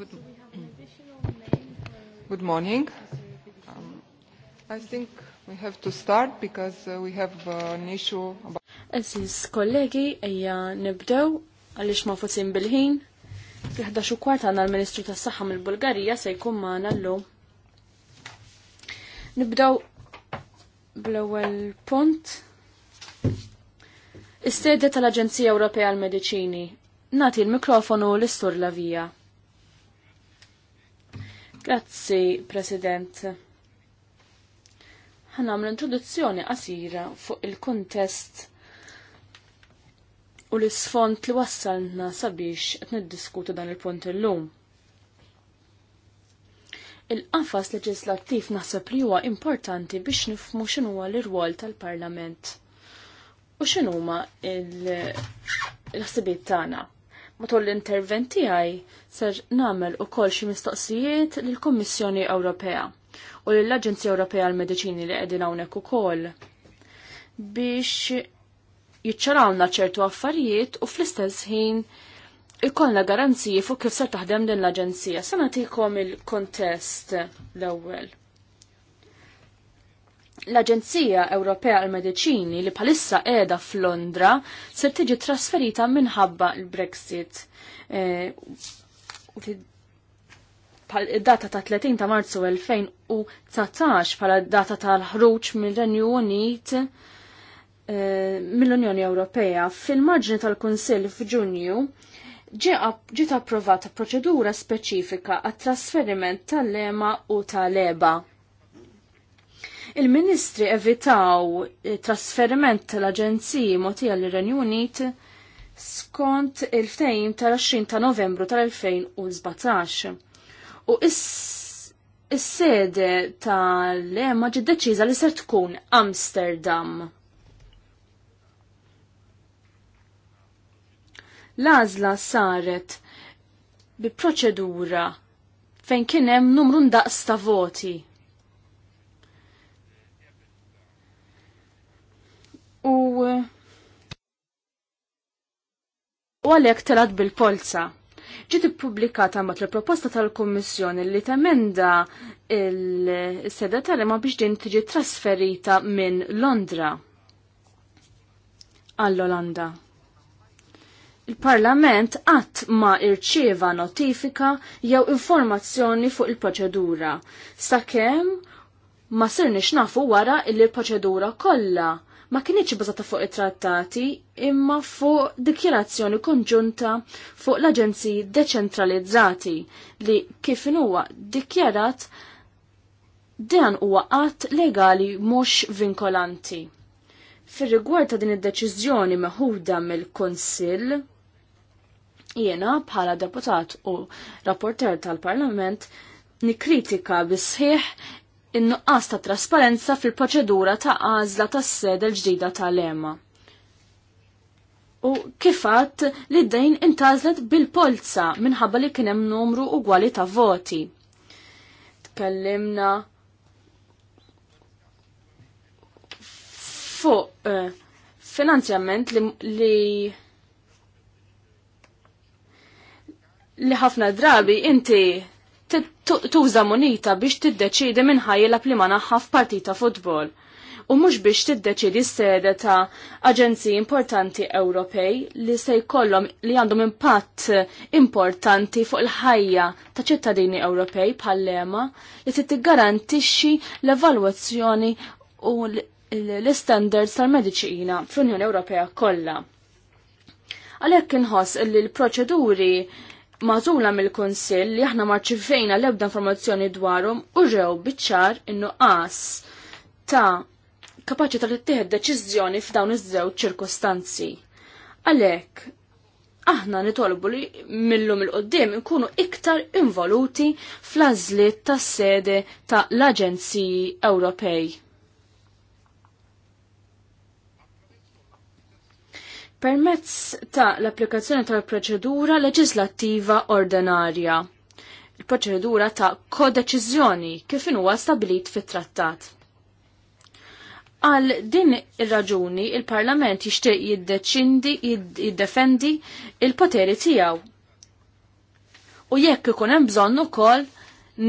Good, good morning. Um, I think we have to start because uh, we have uh, an issue about... Aziz kollegi, eja nibdew għalix ma fusim bilħin, ħin 11 kwart għanna l-Ministru tas saħħa mill-Bulgarija se jkun maħna l-lum. Nibdew bl-ewwel punt. Istedja tal-Aġenzija Ewropea għal medicini Nati l-mikrofonu l-Istur vija. Grazzi, President. Ħanamlu introduzzjoni qasira fuq il-kontest u l isfond li wassalna sabiex qed niddiskutu dan il-punt illum. Il-qafas leġislattiv naħseb li huwa importanti biex nifmu x'inhuwa l-irwol tal-Parlament u x'inhuma l-ħsibiet tagħna matul l-intervent tiegħi ser nagħmel ukoll xi mistoqsijiet lill-Kummissjoni Ewropea u lill-Aġenzija Ewropea għall-Mediċini li qegħdin hawnhekk ukoll biex jiċċarawna ċertu affarijiet u fl-istess ħin ikollna garanziji fuq kif se taħdem din l-Aġenzija. Se nagħtikom il-kontest l-ewwel l-Aġenzija Ewropea għal mediċini li palissa qiegħda f'Londra se tiġi trasferita minħabba l-Brexit. E, data ta' 30 ta' Marzu 2019 pala data tal-ħruġ mill-Renju Unit e, mill-Unjoni Ewropea fil-marġni tal-Kunsill f'Ġunju ġiet approvata proċedura speċifika għat-trasferiment tal-lema u tal-eba Il-Ministri evitaw trasferiment tal-Aġenziji motija l renju Unit skont il-ftejn tal-20 ta' novembru tal-2017. U is-sede tal-EMA ġid deċiża li ser tkun Amsterdam. L-għażla saret bi proċedura fejn kien hemm numru ndaqs ta' voti. u u għalhekk telat bil-polza. Ġiet ippubblikata mat l-proposta tal-Kummissjoni li temenda il-seda tal-ma biex din tiġi trasferita minn Londra għall-Olanda il-Parlament qatt ma irċieva notifika jew informazzjoni fuq il-proċedura, sakemm ma sirniex nafu wara il proċedura kollha ma kienieċi bazata fuq it-trattati imma fuq dikjerazzjoni konġunta fuq l-aġenziji deċentralizzati li kif huwa dikjerat dan huwa qatt legali mhux vinkolanti. Fir-rigward ta' din id-deċiżjoni meħuda mill-Kunsill, jiena bħala deputat u rapporter tal-Parlament nikritika bisħiħ in-nuqqas ta' trasparenza fil-proċedura ta' għażla tas sede l-ġdida tal-EMA. U kifat li d-dejn intazlet bil-polza minħabba li kienem numru ugwali ta' voti. Tkellimna fuq eh, finanzjament li, li li ħafna drabi inti tuża munita biex tiddeċidi minn ħajjilab li ma naħħaf f'partita futbol. U mhux biex tiddeċidi s-sede ta' aġenziji importanti Ewropej li se jkollhom li għandhom impatt importanti fuq il-ħajja ta' ċittadini Ewropej bħall-lema li se tiggarantixxi l-evalwazzjoni u l-standards tal-mediċina fl-Unjoni Ewropea kollha. Għalhekk inħoss li l-proċeduri mażula mill-Kunsill li aħna marċifejna l-ebda informazzjoni dwarhom u ġew biċċar in-nuqqas ta' kapaċi ta' tieħed deċiżjoni f'dawn iż-żewġ ċirkostanzi. Għalhekk aħna nitolbu li millum il-qoddim nkunu iktar involuti fl-għażliet tas-sede ta' l-Aġenziji Ewropej. permezz ta' l-applikazzjoni tal-proċedura leġislattiva ordinarja. Il-proċedura ta' kodeċiżjoni kif huwa stabilit fit-trattat. Għal din ir-raġuni il parlament jixtieq jiddeċindi jiddefendi il-poteri tiegħu. U jekk ikun hemm bżonn ukoll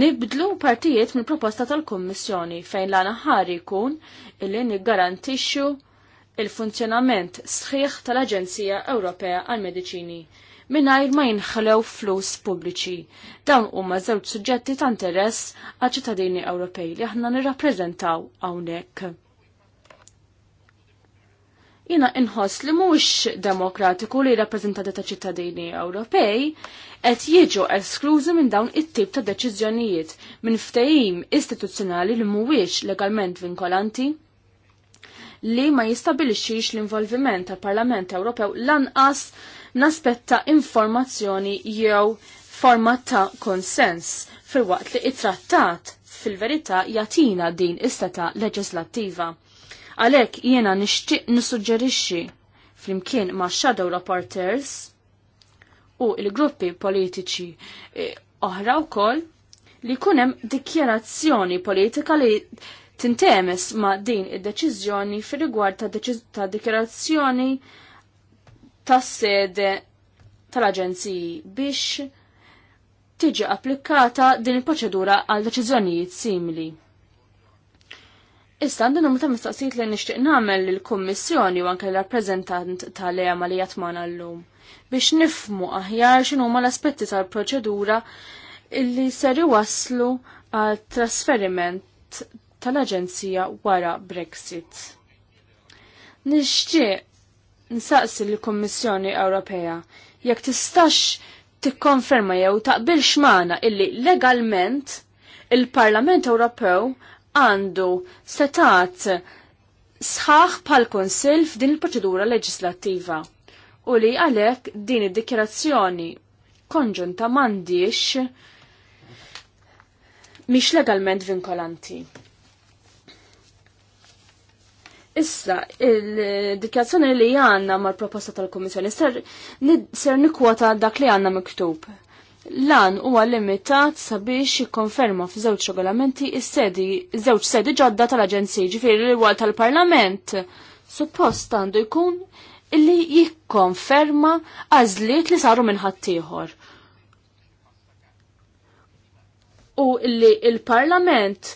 nibdlu partijiet mill-proposta tal-Kummissjoni fejn l-anaħħar jkun illi niggarantixxu il-funzjonament sħiħ tal-Aġenzija Ewropea għal-Mediċini mingħajr ma jinħlew flus pubbliċi. Dawn huma żewġ suġġetti ta' interess għal ċittadini Ewropej li aħna nirrappreżentaw hawnhekk. Jina inħoss li mhuwiex demokratiku li rappreżentati ta' ċittadini Ewropej qed jiġu esklużi minn dawn it-tip ta' deċiżjonijiet minn ftehim istituzzjonali li mhuwiex legalment vinkolanti li ma jistabilixxix l-involviment tal-Parlament Ewropew lanqas naspetta informazzjoni jew forma ta' konsens fil-waqt li it-trattat fil-verità jatina din istata leġislattiva. Għalek jiena nixtieq nissuġġerixxi flimkien ma' shadow rapporters u il-gruppi politiċi eh, oħra wkoll li kunem dikjerazzjoni politika li tintemes ma' din id-deċiżjoni fir-rigward ta' dikjarazzjoni tas sede tal-aġenziji biex tiġi applikata din il-proċedura għal deċiżjonijiet simili. Issa għandu numru ta' mistaqsijiet li nixtieq nagħmel lill-Kummissjoni u anke l-rappreżentant tal-EMA li jatmana llum biex nifmu aħjar x'inhu l-aspetti tal-proċedura illi ser iwasslu għal trasferiment tal-Aġenzija wara Brexit. Nixtieq nsaqsi l-Kommissjoni Ewropea jekk tistax tikkonferma jew taqbilx magħna illi legalment il-Parlament Ewropew għandu setat sħaħ pal konsil f'din il-proċedura leġislattiva u li għalek din id-dikjerazzjoni konġunta mandiex mhix legalment vinkolanti. Issa, il-dikjazzjoni li għanna mal proposta tal-Komissjoni ser, ser nikwota dak li għanna miktub. Lan huwa limitat sabiex jikkonferma fi żewġ regolamenti is-sedi, żewġ sedi ġodda tal aġenzija ġifieri l tal-Parlament. Suppost għandu jkun illi jikkonferma għażliet li saru minn ħaddieħor u illi il-parlament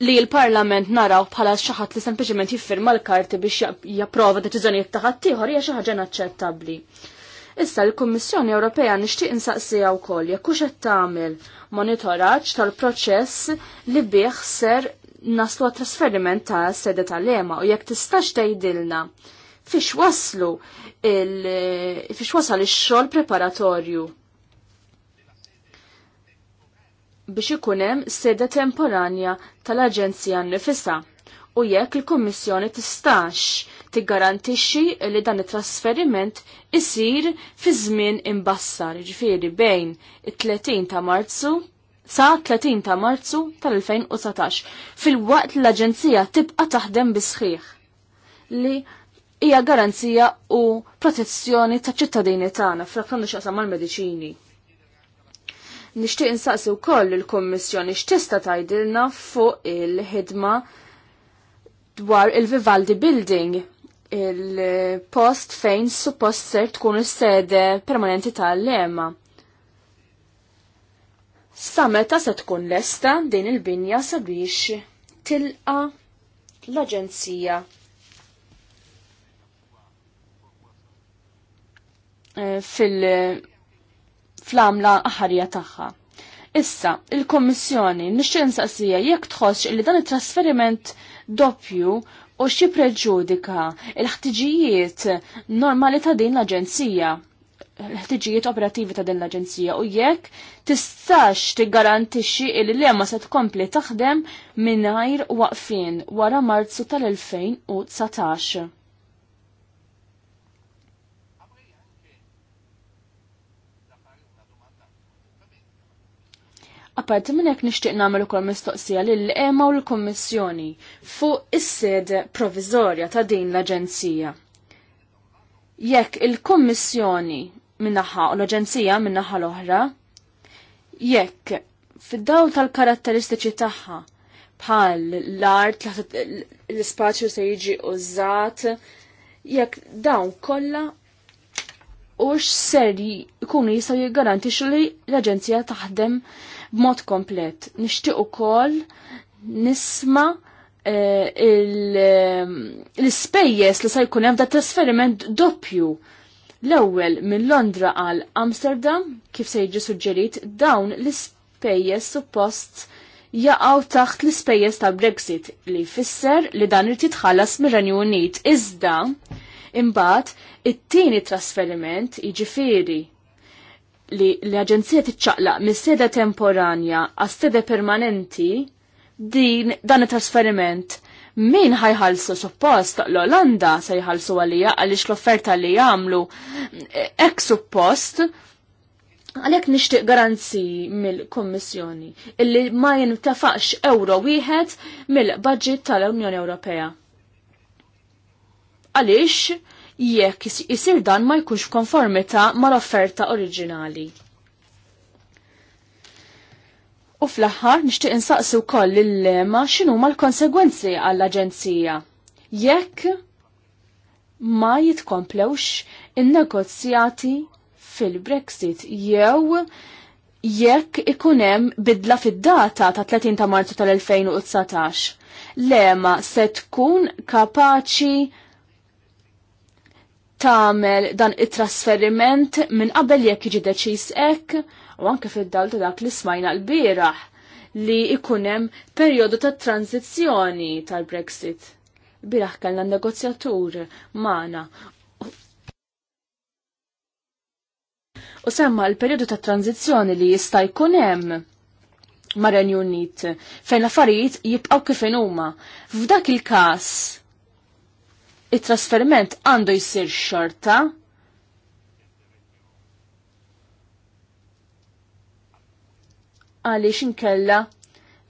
li l-Parlament naraw bħala xaħat li sempliċement jiffirma l-karti biex japprova deċizjoni ta' ħaddieħor hija xi ħaġa inaċċettabbli. Issa l-Kummissjoni Ewropea nixtieq insaqsija wkoll jekk hux qed tagħmel monitoraġġ tal-proċess li bih ser naslu trasferiment ta' sede tal-ema u jekk tistax tgħidilna fiex waslu fiex wasal ix-xogħol preparatorju biex ikun hemm sede temporanja tal-Aġenzija nifisa u jekk il-Kummissjoni tistax tiggarantixxi li dan it-trasferiment isir fi żmien imbassar, ġifieri bejn it-30 ta' Marzu sa 30 ta' Marzu tal-2019 fil-waqt l-Aġenzija tibqa' taħdem bisħiħ li hija garanzija u protezzjoni ta' ċittadini tagħna f'rakondu x'qasam mal-mediċini. Nixtieq insaqsi wkoll il-Kummissjoni x'tista' tgħidilna fuq il-ħidma dwar il-Vivaldi Building il-post fejn suppost ser tkun is-sede permanenti tal-lema. Sa meta se tkun lesta din il-binja sabiex tilqa l-Aġenzija eh, fil- fl-għamla ħarja tagħha. Issa, il-Kommissjoni nixtieq nsaqsija jekk tħossx li dan it-trasferiment doppju u xi preġudika il-ħtiġijiet normali ta' din l-Aġenzija l-ħtiġijiet operativi ta' din l-Aġenzija u jekk tistax tiggarantixxi li l lema se tkompli taħdem mingħajr waqfien wara Marzu tal-2019. Apparti minn hekk nixtieq nagħmel ukoll mistoqsija lil EMA u l-Kummissjoni fuq is-sede provizorja ta' din l-Aġenzija. Jekk il-Kummissjoni minnaħa u l-Aġenzija minnaħa l-oħra, jekk fid daw tal-karatteristiċi tagħha bħal l-art, l ispazju se jiġi użat, jekk dawn kollha u x seri jkunu jistaw jgaranti li l-Aġenzija taħdem b'mod komplet. Nixtieq ukoll nisma' eh, eh, l-ispejjeż li se jkun hemm da trasferiment doppju l-ewwel minn Londra għal Amsterdam kif se jiġi suġġerit dawn l-ispejjeż suppost jaqgħu taħt l-ispejjeż tal-Brexit li jfisser li dan irid jitħallas mir-Renju Unit iżda imbagħad it-tieni trasferiment jiġifieri li l-Aġenzija tiċċaqlaq mis-sede temporanja għas sede permanenti din dan it-trasferiment min ħajħalsu suppost l-Olanda se jħalsu għalija għaliex l-offerta li jagħmlu hekk eh, suppost għalhekk nixtieq garanzi mill-Kummissjoni illi ma jintafaqx euro wieħed mill-budget tal-Unjoni Ewropea. Għaliex jekk isir dan ma jkunx konformita mal-offerta oriġinali. U fl-aħħar nixtieq insaqsi wkoll il lema x'inhu l-konsegwenzi għall-Aġenzija jekk ma jitkomplewx in-negozjati fil-Brexit jew jekk ikun hemm bidla fid-data ta' 30 ta' Marzu tal-2019. Lema se tkun kapaċi tagħmel dan it-trasferiment minn qabel jekk jiġi deċiż hekk u anke fid-dawl ta' dak li smajna l-bieraħ li hemm perjodu ta' tranzizzjoni tal-Brexit. Bieraħ kellna negozjatur magħna u semma l perjodu ta' tranzizzjoni li jista' jkun hemm mar-Renju Unit fejn affarijiet jibqgħu kif huma. F'dak il-każ it-trasferiment għandu jisir xorta għaliex inkella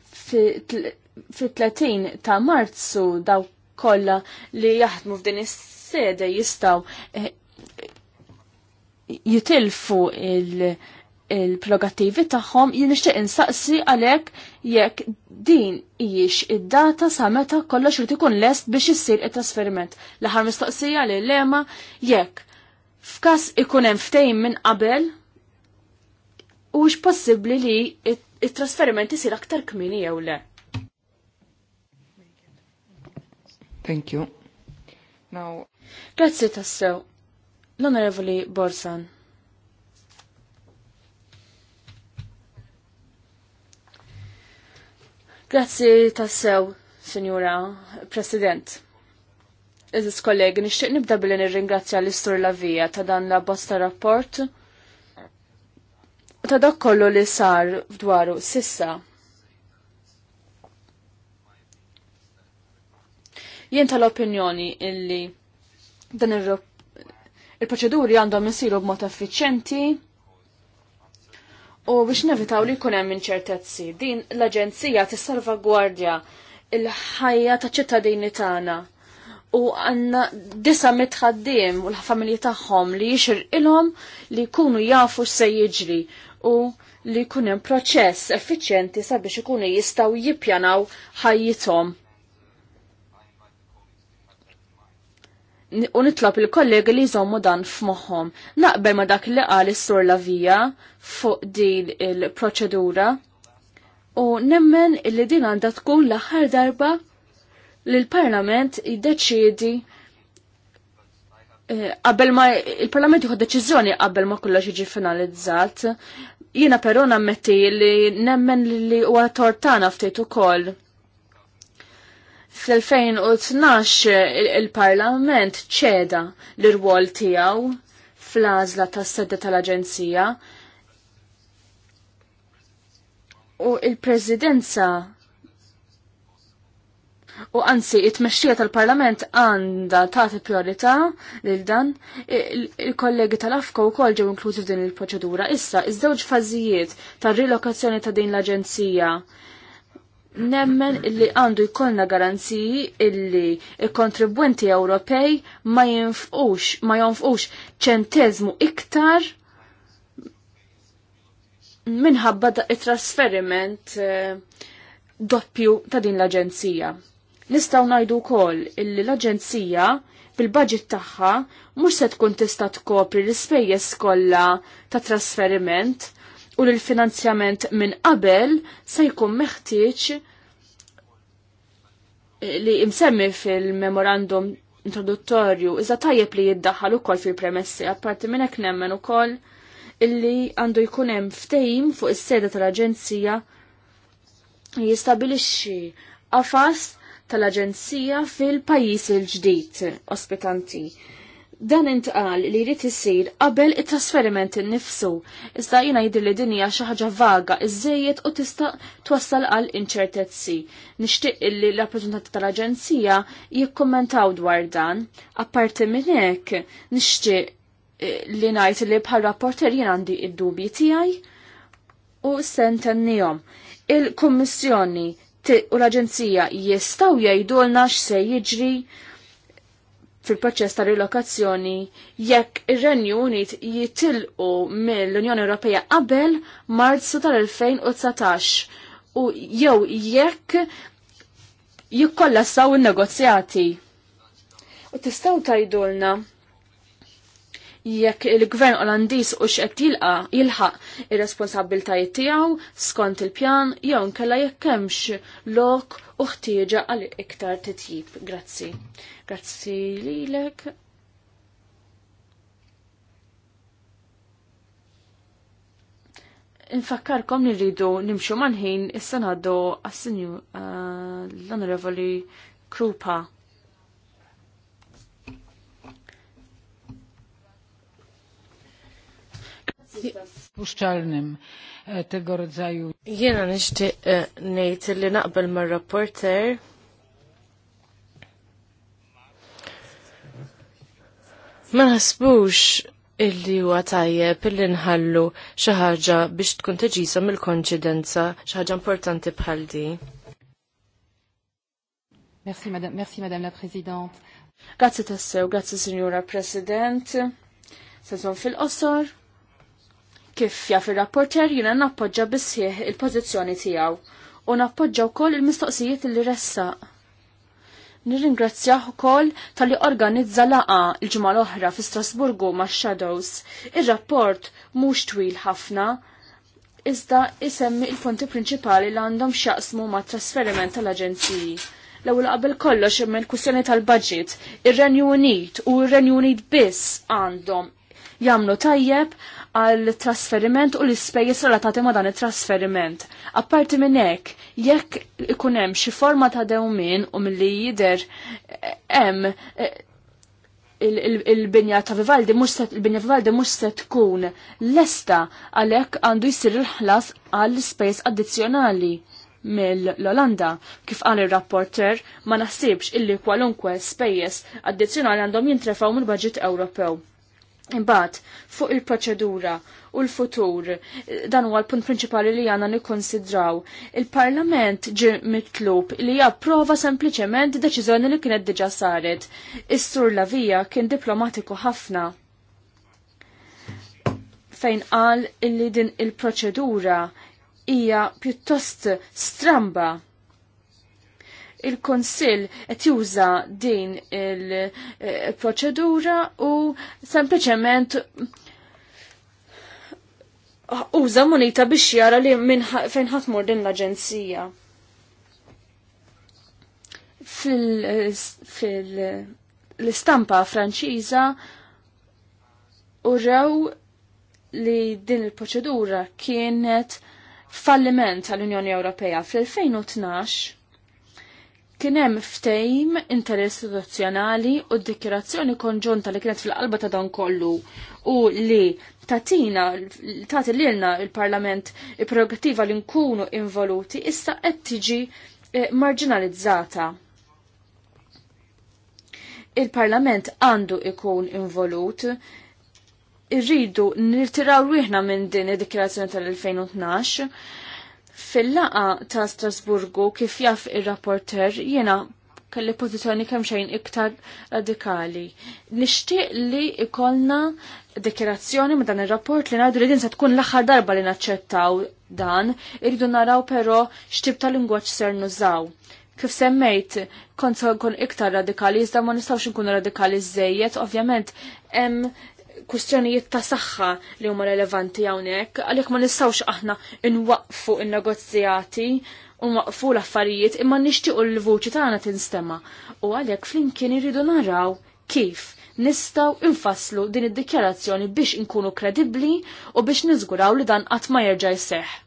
fi 30 ta' marzu daw kolla li jaħdmu f'din is-sede jistaw eh, jitilfu il- il-prerogattivi tagħhom jien nixtieq insaqsi għalhekk jekk din hijiex id-data sa meta kollox irid ikun lest biex issir it-trasferiment. L-aħħar mistoqsija li lema jekk f'każ ikun hemm ftehim minn qabel hux possibbli li it-trasferiment isir aktar kmini jew le. Thank you. Now... Grazzi tassew. L-Onorevoli Borsan. Grazzi tassew, Signora President. Iżis kollegi, nixtieq nibda billi nirringrazzja l-Istur Lavija ta' dan la bosta rapport ta' dak kollu li sar dwaru sissa. Jien tal-opinjoni illi dan il-proċeduri għandhom jisiru b'mod effiċenti u biex nevitaw li jkun hemm inċertezzi. Din l-Aġenzija tissalvagwardja il-ħajja ta' ċittadini tagħna u għanna disa mitħaddim u l-familji tagħhom li jixir ilhom li jkunu jafu se jiġri u li jkun hemm proċess effiċjenti sabiex ikunu jistgħu jippjanaw ħajjithom u nitlob il-kollegi li jżommu dan f'moħħom. Naqbel ma dak li qal is-sur Lavija fuq din il-proċedura u nemmen li din għandha tkun l-aħħar darba li l-Parlament jiddeċiedi eh, qabel ma il-Parlament jieħu deċiżjoni qabel ma kollox jiġi finalizzat. Jiena però nammetti li nemmen li huwa tortana ftit ukoll Fl-2012 il-Parlament ċeda l-irwol tiegħu fl-għażla tas-sedda tal-Aġenzija u il-Presidenza u anzi it-mexxija tal-Parlament għandha tagħti priorità lil dan il-kollegi tal-Afko wkoll ġew inklużi din il-proċedura. Issa iż-żewġ fażijiet tar-rilokazzjoni ta' din l-Aġenzija nemmen illi għandu jkollna garanziji illi il-kontribwenti Ewropej ma jinfqux, ma jonfqux ċentezmu iktar minħabba it-trasferiment eh, doppju ta' din l-Aġenzija. Nistaw najdu kol illi l-Aġenzija fil-budget tagħha mhux se tkun tista' tkopri l-ispejjeż kollha ta' trasferiment u l-finanzjament minn qabel se jkun meħtieġ li imsemmi fil-memorandum introduttorju, iżda tajjeb li jiddaħħal ukoll fil-premessi, apparti minn hekk nemmen ukoll illi għandu jkun hemm ftehim fuq is-seda tal-Aġenzija jistabilixxi qafas tal-Aġenzija fil-pajjiż il-ġdid ospitanti. Dan intqal li jrid isir qabel it-trasferiment innifsu, iżda jiena jidher li dinja xi ħaġa vaga iżejjed u tista' twassal għal inċertezzi. Nixtieq li l-rappreżentanti tal-Aġenzija jikkommentaw dwar dan. Apparti minn hekk, nixtieq eh, li ngħid li bħal rapporter jien għandi id-dubji tiegħi u sentennihom. Il-Kummissjoni u l-Aġenzija jistgħu jgħidulna x'se jiġri fil-proċess ta' rilokazzjoni jekk ir-Renju Unit jitilqu mill-Unjoni Ewropea qabel Marzu tal-2019 u jew jekk saw il negozjati U tistaw tgħidulna jekk il-gvern Olandiż u x'qed jilqa' jilħaq ir responsabiltajiet tiegħu skont il-pjan jew nkella jekk hemmx lok u ħtieġa għal iktar titjib. Grazzi. Grazzi lilek. Infakkarkom li rridu nimxu manħin is senadu għas-senju uh, eh, l-onorevoli Krupa. Puxċarnim e, tego rodzaju. Jena nishtiq e, nejt li naqbel mar-rapporter Ma naħsbux illi huwa tajjeb illi nħallu xi ħaġa biex tkun teġisa il konċidenza xi ħaġa importanti bħal di. Merci madame, merci madame la Présidente. Grazzi tassew, grazie Signora President. Sezon fil-qosor. Kif jaf il-rapporter jina nappoġġa bisħieħ il-pożizzjoni tiegħu u nappoġġa wkoll il-mistoqsijiet li ressaq Nirringrazzjah ukoll tal-li organizza laqa l-ġimgħa l-oħra fi Strasburgu max Shadows. Ir-rapport mhux twil ħafna, iżda isemmi il-punti prinċipali li għandhom x'jaqsmu ma' trasferiment tal-aġenziji. L-ewwel qabel kollox imma l-kwistjoni tal-budget, ir-Renju Unit u r-Renju Unit biss għandhom jagħmlu tajjeb għal trasferiment u l-ispejjeż relatati ma' dan it-trasferiment. Apparti minn hekk, jekk ikun hemm xi forma ta' dewmien u milli jidher eh, hemm eh, il-binja ta' Vivaldi il-binja Vivaldi mhux se tkun lesta għalhekk għandu jsir il-ħlas għall ispejjeż addizzjonali mill-Olanda. Kif qal il rapporter ma naħsibx illi kwalunkwe spejjeż addizzjonali għandhom jintrefaw mill-Baġit Ewropew Imbagħad fuq il-proċedura u l-futur, dan huwa l-punt prinċipali li għandna nikkonsidraw. Il-Parlament ġi mitlub li japprova sempliċement deċiżjoni li kienet diġà saret. Is-Sur Lavija kien diplomatiku ħafna fejn qal illi din il-proċedura hija pjuttost stramba il konsil qed juża din il-proċedura u sempliċement uża munita biex jara li minn fejn ħatmur din l-aġenzija. Fil-istampa Franċiża u li din il-proċedura kienet falliment għall-Unjoni Ewropea fl-2012 Kien hemm ftejm interistituzzjonali u d-dikjerazzjoni konġunta li kienet fil-qalba ta' dan kollu u li tatina li lilna il-Parlament il prerogativa li nkunu involuti issa qed tiġi eh, marginalizzata. Il-Parlament għandu ikun involut irridu nirtiraw rieħna minn din id-dikjerazzjoni tal-2012 Fil-laqa ta' Strasburgu kif jaf ir-rapporter jiena kelli pożizzjoni kemm xejn iktar radikali. Nixtieq li ikolna dekirazzjoni ma' dan ir-rapport li ngħidu li din se tkun l-aħħar darba li naċċettaw dan, irridu naraw però x'tib ta' lingwaġġ ser nużaw kif semmejt, kont nkun iktar radikali, iżda ma nistawx nkun radikali żejjed, ovvjament, hemm kustjonijiet ta' saħħa li huma relevanti hawnhekk, għalhekk ma nistgħux aħna nwaqfu n-negozjati u nwaqfu l-affarijiet imma nixtiequ l-vuċi tagħna tinstema' u għalhekk flimkien iridu naraw kif nistgħu infasslu din id-dikjarazzjoni biex inkunu kredibbli u biex niżguraw li dan qatt ma jerġa' jseħħ.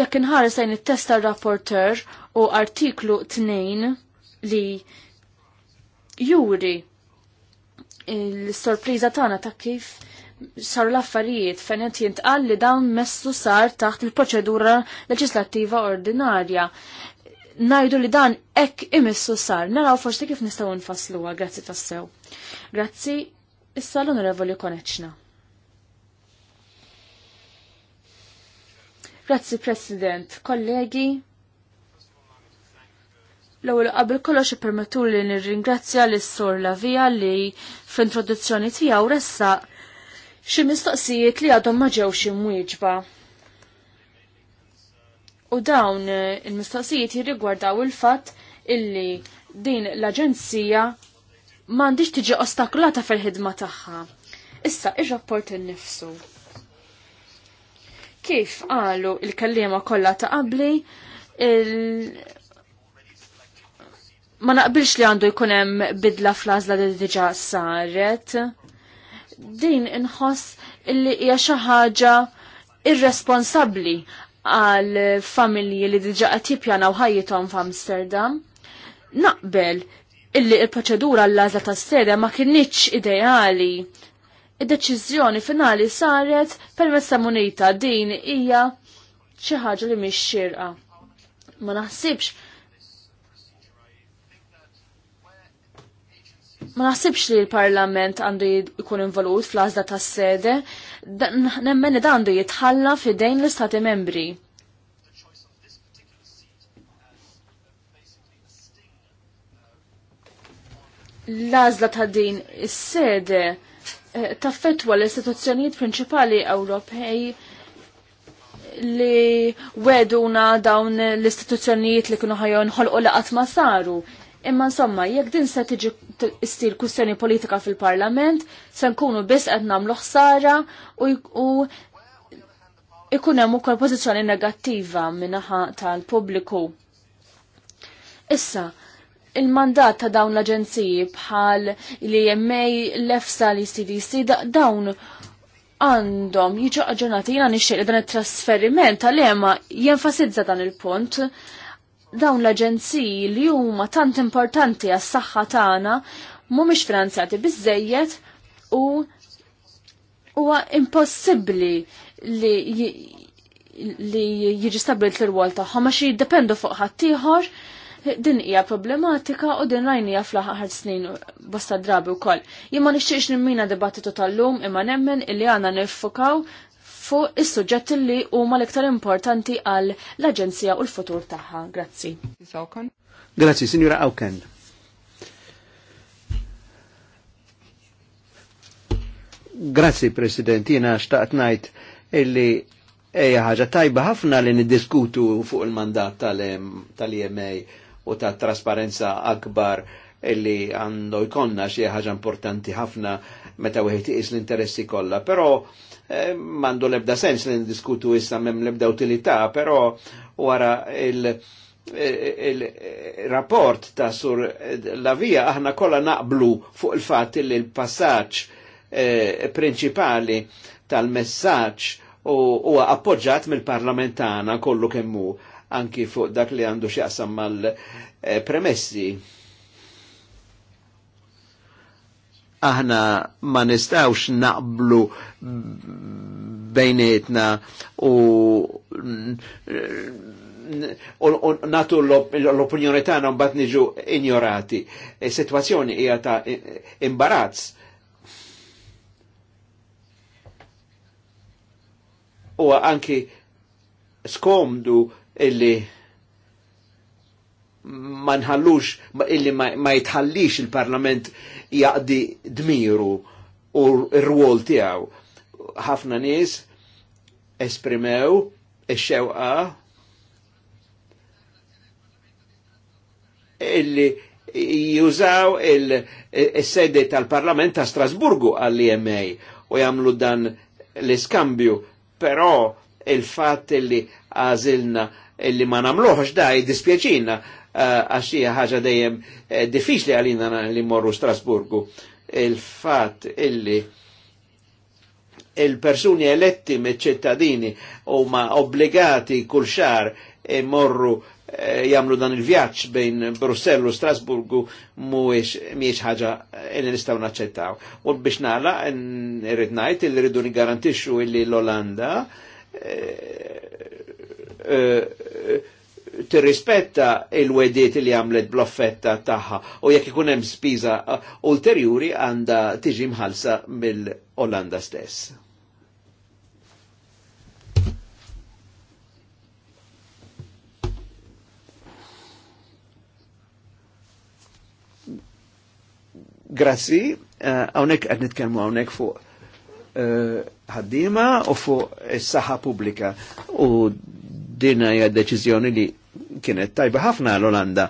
Jekk inħares lejn it-testa rapporter u artiklu 2 li juri l sorpriza tagħna ta' kif saru l-affarijiet fejn qed jintqal li dawn messu sar taħt il-proċedura leġislattiva ordinarja. Najdu li dan hekk imissu sar, naraw forsi kif nistgħu nfassluha, grazzi tassew. Grazzi, issa l-Onorevoli Koneċna. Grazzi President, kollegi, L-ewwel qabel kollox ippermettuli nirringrazzja lis sur Lavija li f'introduzzjoni tiegħu ressa xi mistoqsijiet li għadhom ma ġewx imwieġba. U dawn eh, il-mistoqsijiet jirrigwardaw il-fatt illi din l-aġenzija m'għandix tiġi ostakulata fil-ħidma tagħha. Issa ir-rapport innifsu. Kif qalu il kelliema kollha ta' qabli il ma naqbilx li għandu jkun hemm bidla fl-għażla li diġà saret. Din inħoss illi hija xi ħaġa irresponsabbli għal familji li diġa qed jippjanaw ħajjithom f'Amsterdam. Naqbel illi il-proċedura l-għażla s sede ma kinitx ideali. Id-deċiżjoni finali saret permezz ta' munita din hija xi ħaġa li mhix xirqa. Ma naħsibx ma naħsibx li l-Parlament għandu jkun involut fl-għazda tas sede nemmen da għandu jitħalla fidejn l-Istati membri. l għazda ta' din is-sede eh, taffetwa l-istituzzjonijiet prinċipali Ewropej li weduna dawn l-istituzzjonijiet li kienu ħajon ħolqu li qatt ma saru. Imma insomma, jekk din se tiġi issir kwistjoni politika fil-Parlament, se nkunu biss qed nagħmlu ħsara u ikun hemm ukoll pożizzjoni negattiva minaħa tal-pubbliku. Issa, il-mandat ta' dawn l-aġenziji bħal li EMA, l-EFSA, l-CDC, dawn għandhom jiġu aġġornati jina nixxieq dan it-trasferiment tal-ema jenfasizza dan il-punt dawn l-aġenziji li huma tant importanti għas saħħa tagħna mhumiex finanzjati biżejjed u huwa impossibbli li li jiġi stabilt l-rwol tagħhom għax jiddependu fuq ħaddieħor din hija problematika u din rajni hija fl-aħħar snin bosta drabi wkoll. Jien ma nixtieqx nimmina dibattitu tal-lum imma nemmen illi għandna niffukaw fuq is-suġġetti li huma l-iktar importanti għal l-Aġenzija u l-futur tagħha. Grazzi. Grazzi, Sinjura Awken. Grazzi, President, jina xtaqt ngħid illi eja ħaġa tajba ħafna li niddiskutu fuq il-mandat tal-EMA u tat trasparenza akbar illi għandu jkonna xi ħaġa importanti ħafna meta wieħed is l-interessi kollha, però eh, m'għandu l lebda sens li ndiskutu issa mem lebda utilità, però wara il- il-rapport ta' sur la via aħna kollha naqblu fuq il fatt li l passaġġ eh, prinċipali tal messaġġ u appoġġat mill-parlamentana kollu kemmu anki fuq dak li għandu xjaqsam mal-premessi. Eh, aħna ma nistawx naqblu bejnietna u natu l-opinjoni ta' tagħna mbagħad niġu ignorati. E situazzjoni hija ta' imbarazz. U anki skomdu illi ma nħallux illi ma jitħallix il-Parlament il parlament jaqdi dmiru u r-rwol tijaw. Ħafna nis esprimew ix-xewqa illi jużaw il-sede il sede tal parlament ta' Strasburgu għall-IMA u jamlu dan l-iskambju, però il-fat illi għazilna illi ma namluħx da jiddispieċina għax hija ħaġa dejjem eh, diffiċli għalina li morru Strasburgu. il fat illi il-persuni eletti me ċittadini u ma obbligati kull xar morru eh, jamlu dan il-vjaċ bejn Brussellu Strasburgu mhuwiex miex ħaġa eh, li nistaw naċċettaw. U biex nala, irrid ngħid li rridu nigarantixxu illi l-Olanda tirrispetta il-wediet li għamlet bloffetta taħħa u jekk ikun hemm spiża uh, ulterjuri għandha tiġi mħalsa mill-Olanda stess. Grassi, għawnek uh, għed nitkelmu għonek fuq uh, ħaddima u fuq is-saħħa pubblika u dina hija deċiżjoni li kienet tajba ħafna l-Olanda.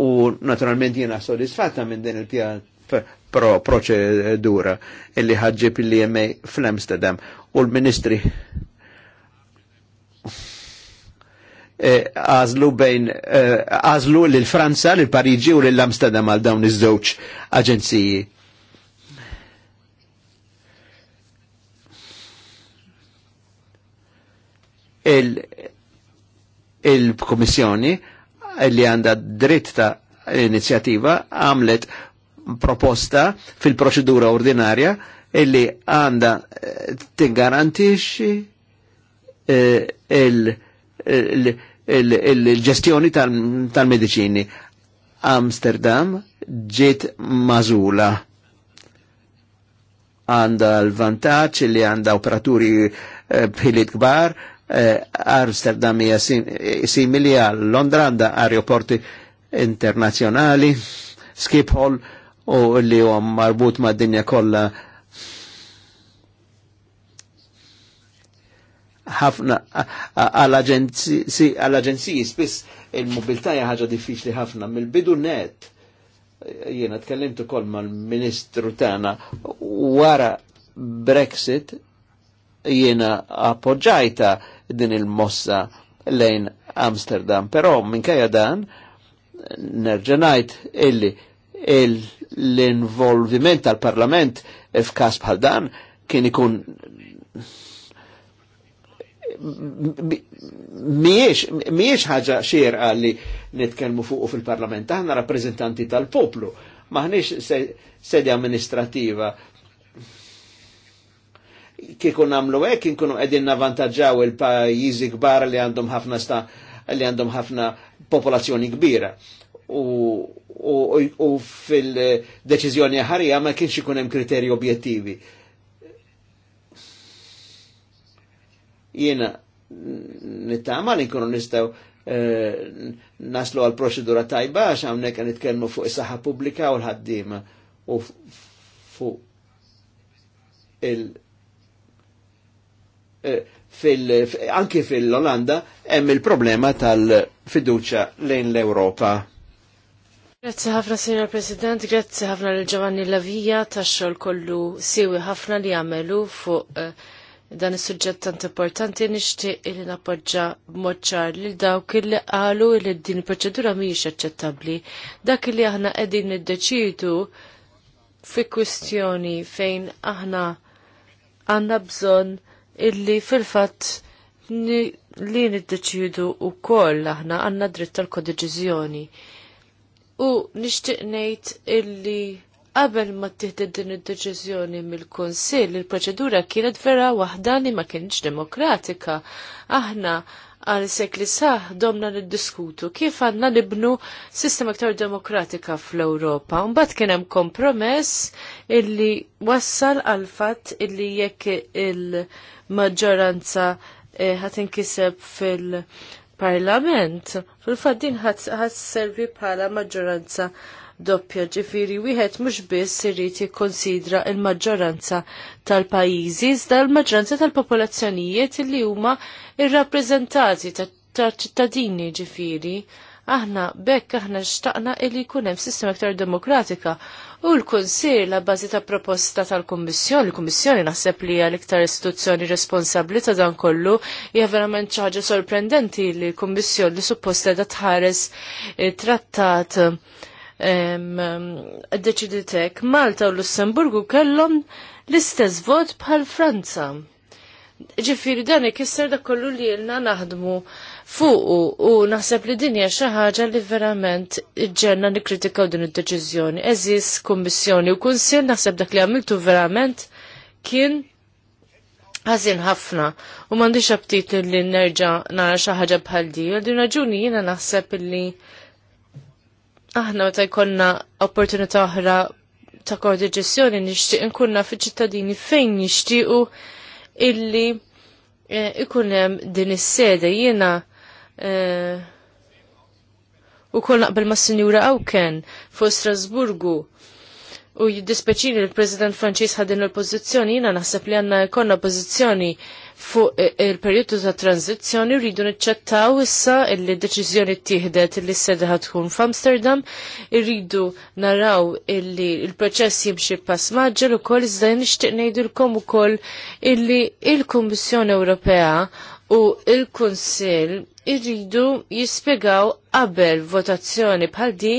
U naturalment jiena soddisfatta minn din il pjan pro proċedura illi ħagġib illi jemmej fl-Amsterdam u l-ministri e, għazlu e, bejn għazlu e, l franza l pariġi u l amsterdam għal dawn iż-żewġ aġenziji. Il Il-Komissjoni li għanda dritt ta' inizjativa għamlet proposta fil-proċedura ordinarja illi għanda t eh, tingarantixi eh, il-ġestjoni tal-medicini. Amsterdam ġiet mażula għanda l-vantaċ li għanda operaturi eh, bħilit kbar, Eh, Amsterdam hija eh, simili għal Londra għandha aeroporti internazzjonali, skiphol u li huwa marbut ma' dinja kollha ħafna għall-aġenziji spiss il-mobilità hija ħaġa diffiċli ħafna mill-bidu net jiena tkellimt ukoll mal-Ministru tagħna wara Brexit jiena appoġġajta uh, din il-mossa lejn Amsterdam. Però minkejja dan, nerġenajt illi l-involviment tal-parlament f'kas bħal dan kien ikun miex ħaġa xierqa li nitkelmu fuq fil-parlament, aħna rappresentanti tal-poplu, maħniex sedja amministrativa kieku namlu hekk inkunu edin navantaġġaw il-pajjiżi kbar li għandhom ħafna sta li għandhom ħafna popolazzjoni kbira. U, u, u fil deċizjoni ħarija ma kienx ikun hemm kriterji objettivi. Jiena nittama li nkunu nistgħu eh, naslu għal proċedura tajba għax hawnhekk qed nitkellmu fuq is-saħħa pubblika u l-ħaddiema u fuq il- Eh, fil, anki fil-Olanda hemm il-problema tal-fiduċa lejn l-Ewropa. Grazzi ħafna, Signor President, grazzi ħafna l Giovanni Lavija tax-xogħol kollu siwi ħafna li għamelu fuq eh, dan is-suġġett tant importanti nixtieq li nappoġġa Moċċar ċar lil dawk li qalu li din il-proċedura mhijiex aċċettabbli. Dak li aħna qegħdin niddeċidu fi kwistjoni fejn aħna għandna bżonn illi fil-fatt li niddeċidu u koll aħna għanna dritt tal-kodeċizjoni. U nishtiq ngħid illi qabel ma tieħded din id-deċiżjoni mill-Kunsill, il-proċedura kienet vera waħda li ma kienx demokratika. Aħna għal sekli saħ domna niddiskutu kif għanna nibnu sistema aktar demokratika fl-Europa. Mbagħad kien hemm kompromess illi wassal għal fatt illi jekk il-maġġoranza eh, ħat inkiseb fil-parlament, fil-fatt din ħat servi bħala maġġoranza doppja ġifiri wieħed mhux biss irid jikkonsidra l-maġġoranza tal-pajjiżi iżda l-maġġoranza tal-popolazzjonijiet li huma irrappreżentati tal-ċittadini ġifiri. Aħna bekk aħna xtaqna li jkun hemm sistema iktar demokratika u l kunsir la bażi ta' proposta tal-Kummissjoni, l-Kummissjoni naħseb li hija l-iktar istituzzjoni responsabbli ta' dan kollu, hija verament xi ħaġa sorprendenti li l-Kummissjoni li supposta da tħares trattat deċiditek Malta u Lussemburgu kellhom l-istess vot bħal Franza. Ġifiri dan ikisser da kollu li jilna naħdmu fuqu u naħseb li dinja xi ħaġa li verament ġenna nikkritikaw din id-deċiżjoni. Eżis kummissjoni u kunsil naħseb dak li għamiltu verament kien ħażin ħafna u m'għandix xabtit li nerġa' nara xi ħaġa bħal di. Għal raġuni jiena naħseb li aħna meta jkollna opportunità oħra ta' kordiġessjoni nixtieq nkunna fiċ-ċittadini fejn jixtiequ illi eh, ikun hemm din is-sede jiena eh, u kol naqbel ma' Sinjura Awken fuq Strasburgu u jiddispeċini l-President Franċis ħadin l-pozizjoni jiena naħseb li għandna jkollna pożizzjoni fuq il-periodu ta' tranzizzjoni rridu niċċettaw issa il deċiżjoni tieħdet li s-sedha tkun f'Amsterdam, irridu naraw illi il-proċess jimxi pass maġġel ukoll iżda nixtieq ngħidilkom ukoll illi il-Kummissjoni Ewropea u il-Kunsill irridu jispjegaw qabel votazzjoni bħal di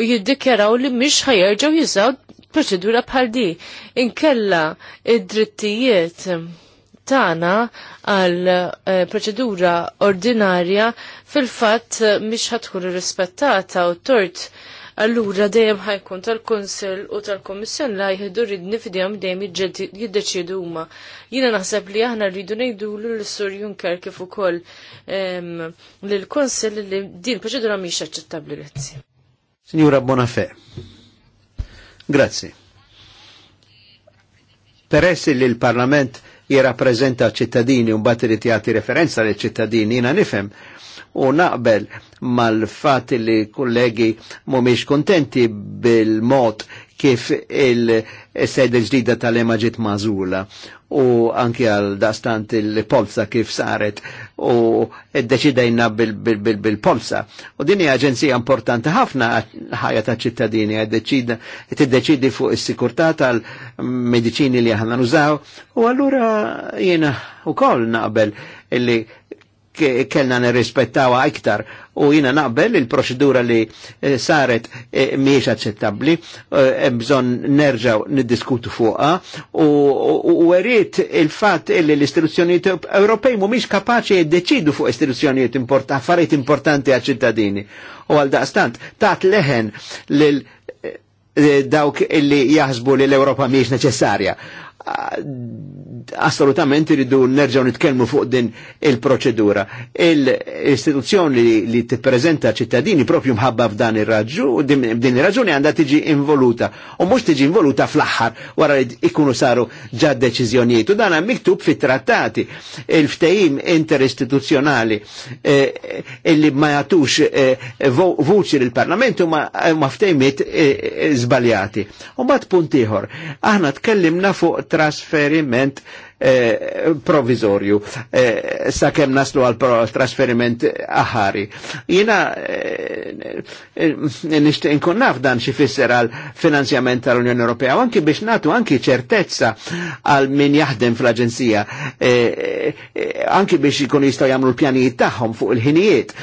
u jiddikjaraw li mhix ħajerġgħu jużaw proċedura bħal di. Inkella id-drittijiet Tana għal eh, proċedura ordinarja fil-fatt eh, mhix ħadkun irrispettata u tort Allura dejjem ħajkun tal-Kunsill u tal-Kommissjoni la jħidu ridni f'dejjem dejjem jiddeċidu huma. Jiena naħseb li aħna rridu ngħidulu l sur Juncker kif ukoll lill-Kunsill li din proċedura mhix aċċettabbli lezzi. Signora Bonafè. Grazzi. Per essere il parlament jirrappreżenta ċittadini u bat irid jagħti referenza lil ċittadini jiena nifhem u naqbel mal-fat li kollegi mumiex kontenti bil-mod kif il-sejda ġdida tal-ema ġit mażula u anki għal dastant il-polsa kif saret u id-deċidajna bil-polsa. U din hija aġenzija importanti ħafna ħajja ta' ċittadini tiddeċidi fuq is-sikurtà tal medicini li aħna nużaw u allura jiena ukoll naqbel illi kellna nirrispettawha iktar u jina naqbel il-proċedura li eh, saret eh, miex aċċettabli, eh, bżon nerġaw niddiskutu fuqa u għerit il-fat li l-istituzzjoniet Ewropej mumiex kapaċi jiddeċidu fuq istituzzjoniet affarijiet importanti għal ċittadini. U għal daqstant, tat leħen lil dawk illi jaħsbu li l-Europa miex neċessarja assolutament iridu nerġaw nitkellmu fuq din il-proċedura. Il-istituzzjoni li, li tippreżenta ċittadini propju mħabba f'dan ir-raġu, din raġuni għandha tiġi involuta. U mhux tiġi involuta fl-aħħar wara li ikunu saru ġa deċiżjonijiet. U dan miktub fit-trattati il-ftehim interistituzzjonali eh, illi ma jatux eh, vuċi lill-Parlamentu ma, ma ftehimiet eh, eh, zbaljati. U mbagħad punt ieħor, aħna tkellimna fuq trasferiment eh, provizorju eh, sakem naslu għal trasferiment aħari. Jina eh, eh naf dan xi fisser għal finanzjament tal-Unjoni Ewropea u anki biex natu anki ċertezza għal min jaħdem fl-Aġenzija anki biex jkun jistgħu jagħmlu l-pjanijiet tagħhom fuq il-ħinijiet.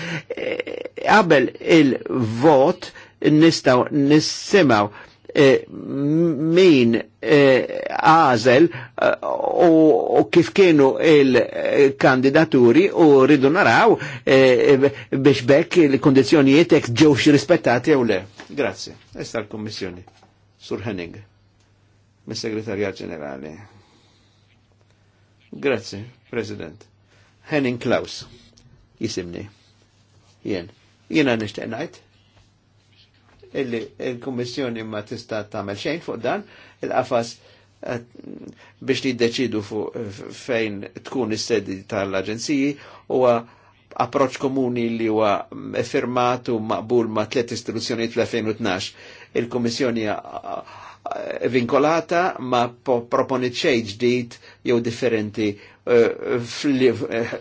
Qabel il-vot nistaw nissimaw Eh, min eh, għazel eh, u kif kienu il-kandidaturi u ridu naraw biex bekk il-kondizjonijiet ek ġewx rispettati u le. Grazie. Esta l-Kommissjoni. Sur Henning, mis segretarja Ġenerali. Grazie, President. Henning Klaus, jisimni. Jien. Jien għan iġtenajt illi il-Kummissjoni ma tista' tagħmel xejn fuq dan, il-qafas eh, biex li deċidu fuq eh, fejn tkun is-sedi tal-aġenziji huwa approċ komuni li huwa u maqbul ma' tliet istituzzjonijiet fl-2012. Il-Kummissjoni eh, Eh, vinkolata ma proponit xej ġdid jew differenti eh, eh,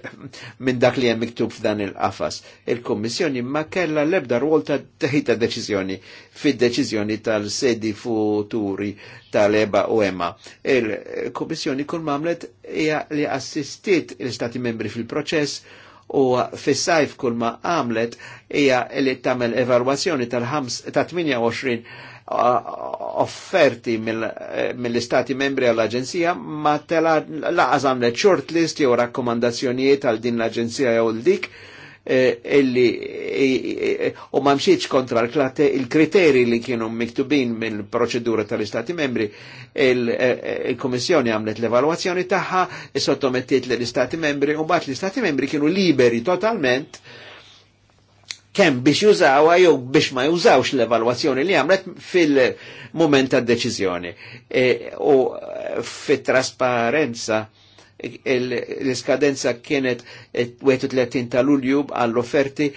minn dak li hemm miktub f'dan il-qafas. Il-Kummissjoni ma kellha l-ebda rwol ta' teħita deċiżjoni fid-deċiżjoni tal-sedi futuri tal-EBA u EMA. Il-Kummissjoni kull mamlet hija li assistit l istati membri fil-proċess u fis-sajf kull ma għamlet hija li tagħmel evalwazzjoni tal-28 offerti eh, mill-istati membri għall-Aġenzija ma tela laqas għamlet shortlist jew rakkomandazzjonijiet għal din l-Aġenzija jew dik eh, illi eh, u ma mxieċ kontra il-kriteri li kienu miktubin mill-proċedura tal-Istati membri il-Komissjoni għamlet l-evaluazzjoni taħħa e sottomettiet l-Istati membri u bat l-Istati membri kienu liberi totalment kemm biex jużawha jew biex ma jużawx l-evalwazzjoni li għamlet fil-moment tad deċiżjoni. E, u fit-trasparenza e, l-iskadenza kienet 31 e, ta' lulju għall-offerti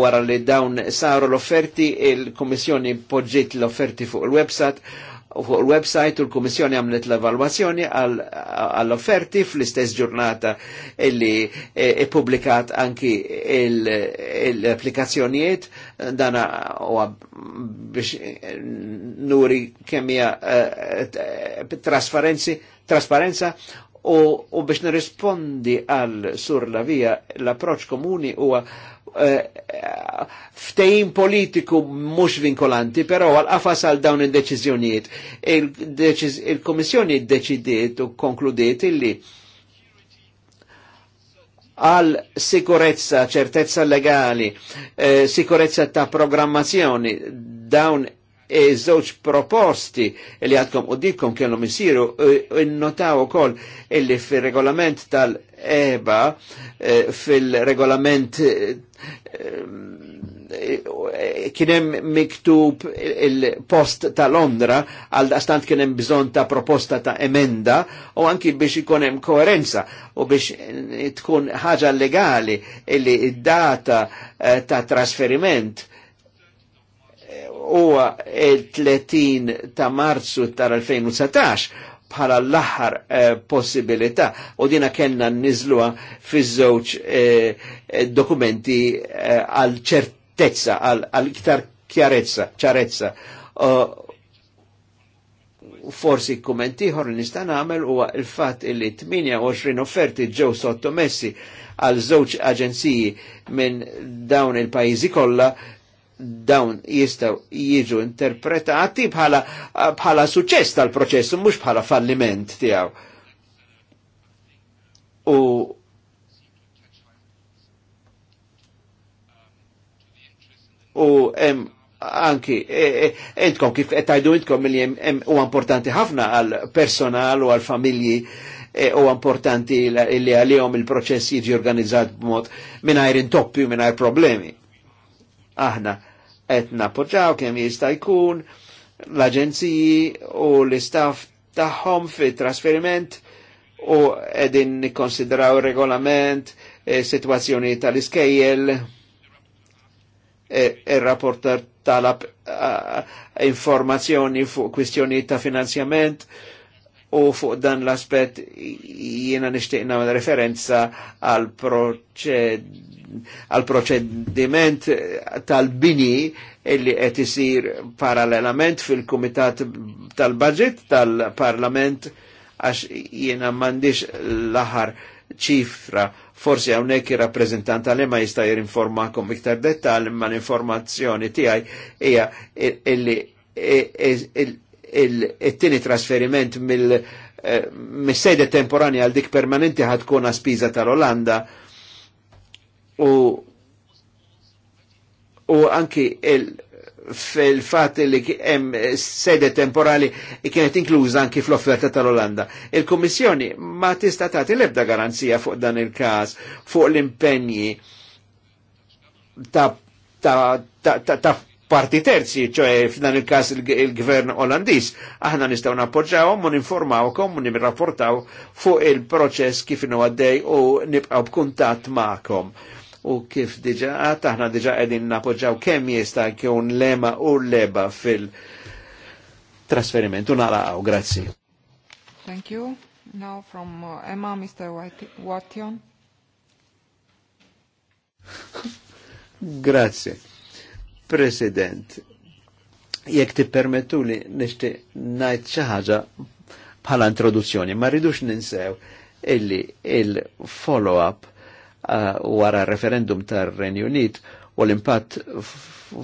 wara li dawn saru l-offerti, il-Komissjoni poġġiet l-offerti fuq il-websat fuq il-website u l-Kummissjoni għamlet l-evalwazzjoni għall-offerti fl-istess ġurnata illi e, e publikat anki l-applikazzjonijiet dana u biex nuri kemija e, e, trasparenza u biex nirrispondi għal sur la via l-approċ komuni u Eh, ftejn politiku mhux vinkolanti, però għal-qafas għal dawn il-deċizjoniet. Il-Komissjoni deċidiet u konkludiet illi għal sikurezza, ċertezza legali, eh, sikurezza ta' programmazzjoni, dawn e żewġ proposti li għadkom u dikkom kellhom isiru eh, innotaw ukoll illi fir-regolament tal- eba eh, fil-regolament eh, eh, kienem miktub il-post ta' Londra għal stant kienem bżon ta' proposta ta' emenda u anki biex ikonem koerenza u biex tkun ħaġa legali illi id-data ta' trasferiment huwa il-30 ta' marzu tar-2019 bħala l-aħħar eh, possibilità u dina kellna nniżluha fiż-żewġ eh, eh, dokumenti eh, għal ċertezza, għal iktar ċarezza, ċarezza. forsi kumenti ħor nista' nagħmel huwa l-fatt il 28 offerti ġew sottomessi għal żewġ aġenziji minn dawn il-pajjiżi kollha dawn jistaw jiġu interpretati bħala, bħala suċess tal-proċess, mux bħala falliment tijaw. U u em, anki e, e, entkom kif għettajdu entkom li u importanti ħafna għal personal u għal familji e, u importanti li għalihom il-proċess jiġi organizzat b'mod minn intoppju u minn problemi. Aħna qed nappoġġaw kemm jista' jkun l-aġenziji u l-istaff tagħhom fit trasferiment u qegħdin nikkonsidraw regolament e, sitwazzjoni tal-iskejjel e, ir-rapporter tal informazzjoni fuq kwistjoni ta' finanzjament u fuq dan l-aspet jiena nishtiqna referenza għal proċediment tal-bini illi qed isir parallelament fil-Kumitat tal-Budget tal-Parlament għax jiena m'għandix l-aħar ċifra forsi hawnhekk ir-rappreżentant tal ma jista' jirinformakom iktar dettall imma l-informazzjoni tiegħi hija illi il-tini trasferiment mill-sejde eh, temporani għal dik permanenti ħatkun spiża tal-Olanda u u anki il fil-fat li hemm sede temporali kienet inkluża anki fl-offerta tal-Olanda. Il-Kummissjoni ma tista' tagħti l-ebda garanzija fuq dan il-każ fuq l-impenji ta' ta' ta' ta' parti terzi, ċoħe f'dan il-kas il-gvern olandis. Aħna nistaw nappoġġawhom u ninformawkom u nirrapportaw fuq il-proċess kif inhu għaddej u nibqgħu b'kuntatt magħkom. U kif diġa għat, aħna diġa qegħdin napoġġaw kemm jista' jkun lema u leba fil-trasferiment. U naraqgħu, grazzi. Thank you. Now from uh, Emma, Mr. Wattion. grazie. President, jekk ti permettu li nishti najt xaħġa bħala introduzzjoni, ma rridux ninsew illi il-follow-up uh, wara referendum tar renju Unit u l-impatt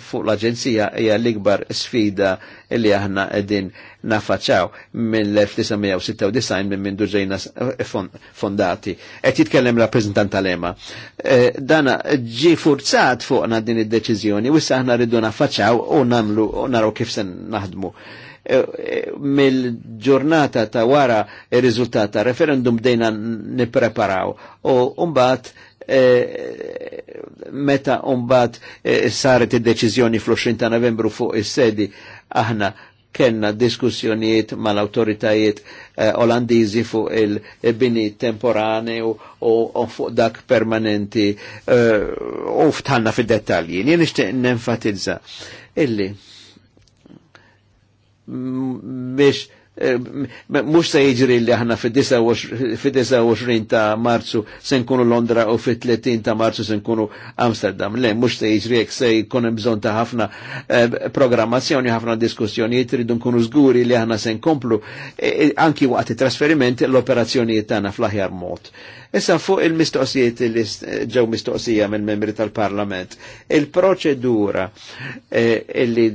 fuq l-Aġenzija hija l-ikbar sfida li aħna qegħdin nafaċaw mill-1996 minn minn ġejna eh, fondati. Qed jitkellem rappreżentant tal-EMA. Eh, dana ġi forzat fuqna din id-deċiżjoni u issa aħna rridu nafaċaw u nagħmlu u naraw kif se naħdmu eh, mill-ġurnata ta' wara il-rizultat ta' referendum dejna nipreparaw u mbagħad Eh, meta umbat eh, saret id-deċizjoni fl-20 ta' novembru fuq is-sedi aħna kellna diskussjonijiet mal-autoritajiet eh, olandizi fuq il-bini temporane u, fuq dak permanenti u ftalna fil-dettalji. Jien nishtiq nenfatizza illi biex Eh, mux se jiġri li aħna fi 29 ta' marzu se nkunu Londra u fit-30 ta' marzu se nkunu Amsterdam. Le, mux se jiġri jek se jkun bżon ta' ħafna eh, programmazzjoni, ħafna diskussjoni rridu nkunu zguri li aħna se nkomplu eh, anki waqt trasferiment l operazzjoni tagħna fl ħjar mod. Issa fuq il-mistoqsijiet li ġew mistoqsija mill-membri tal-Parlament, il-proċedura li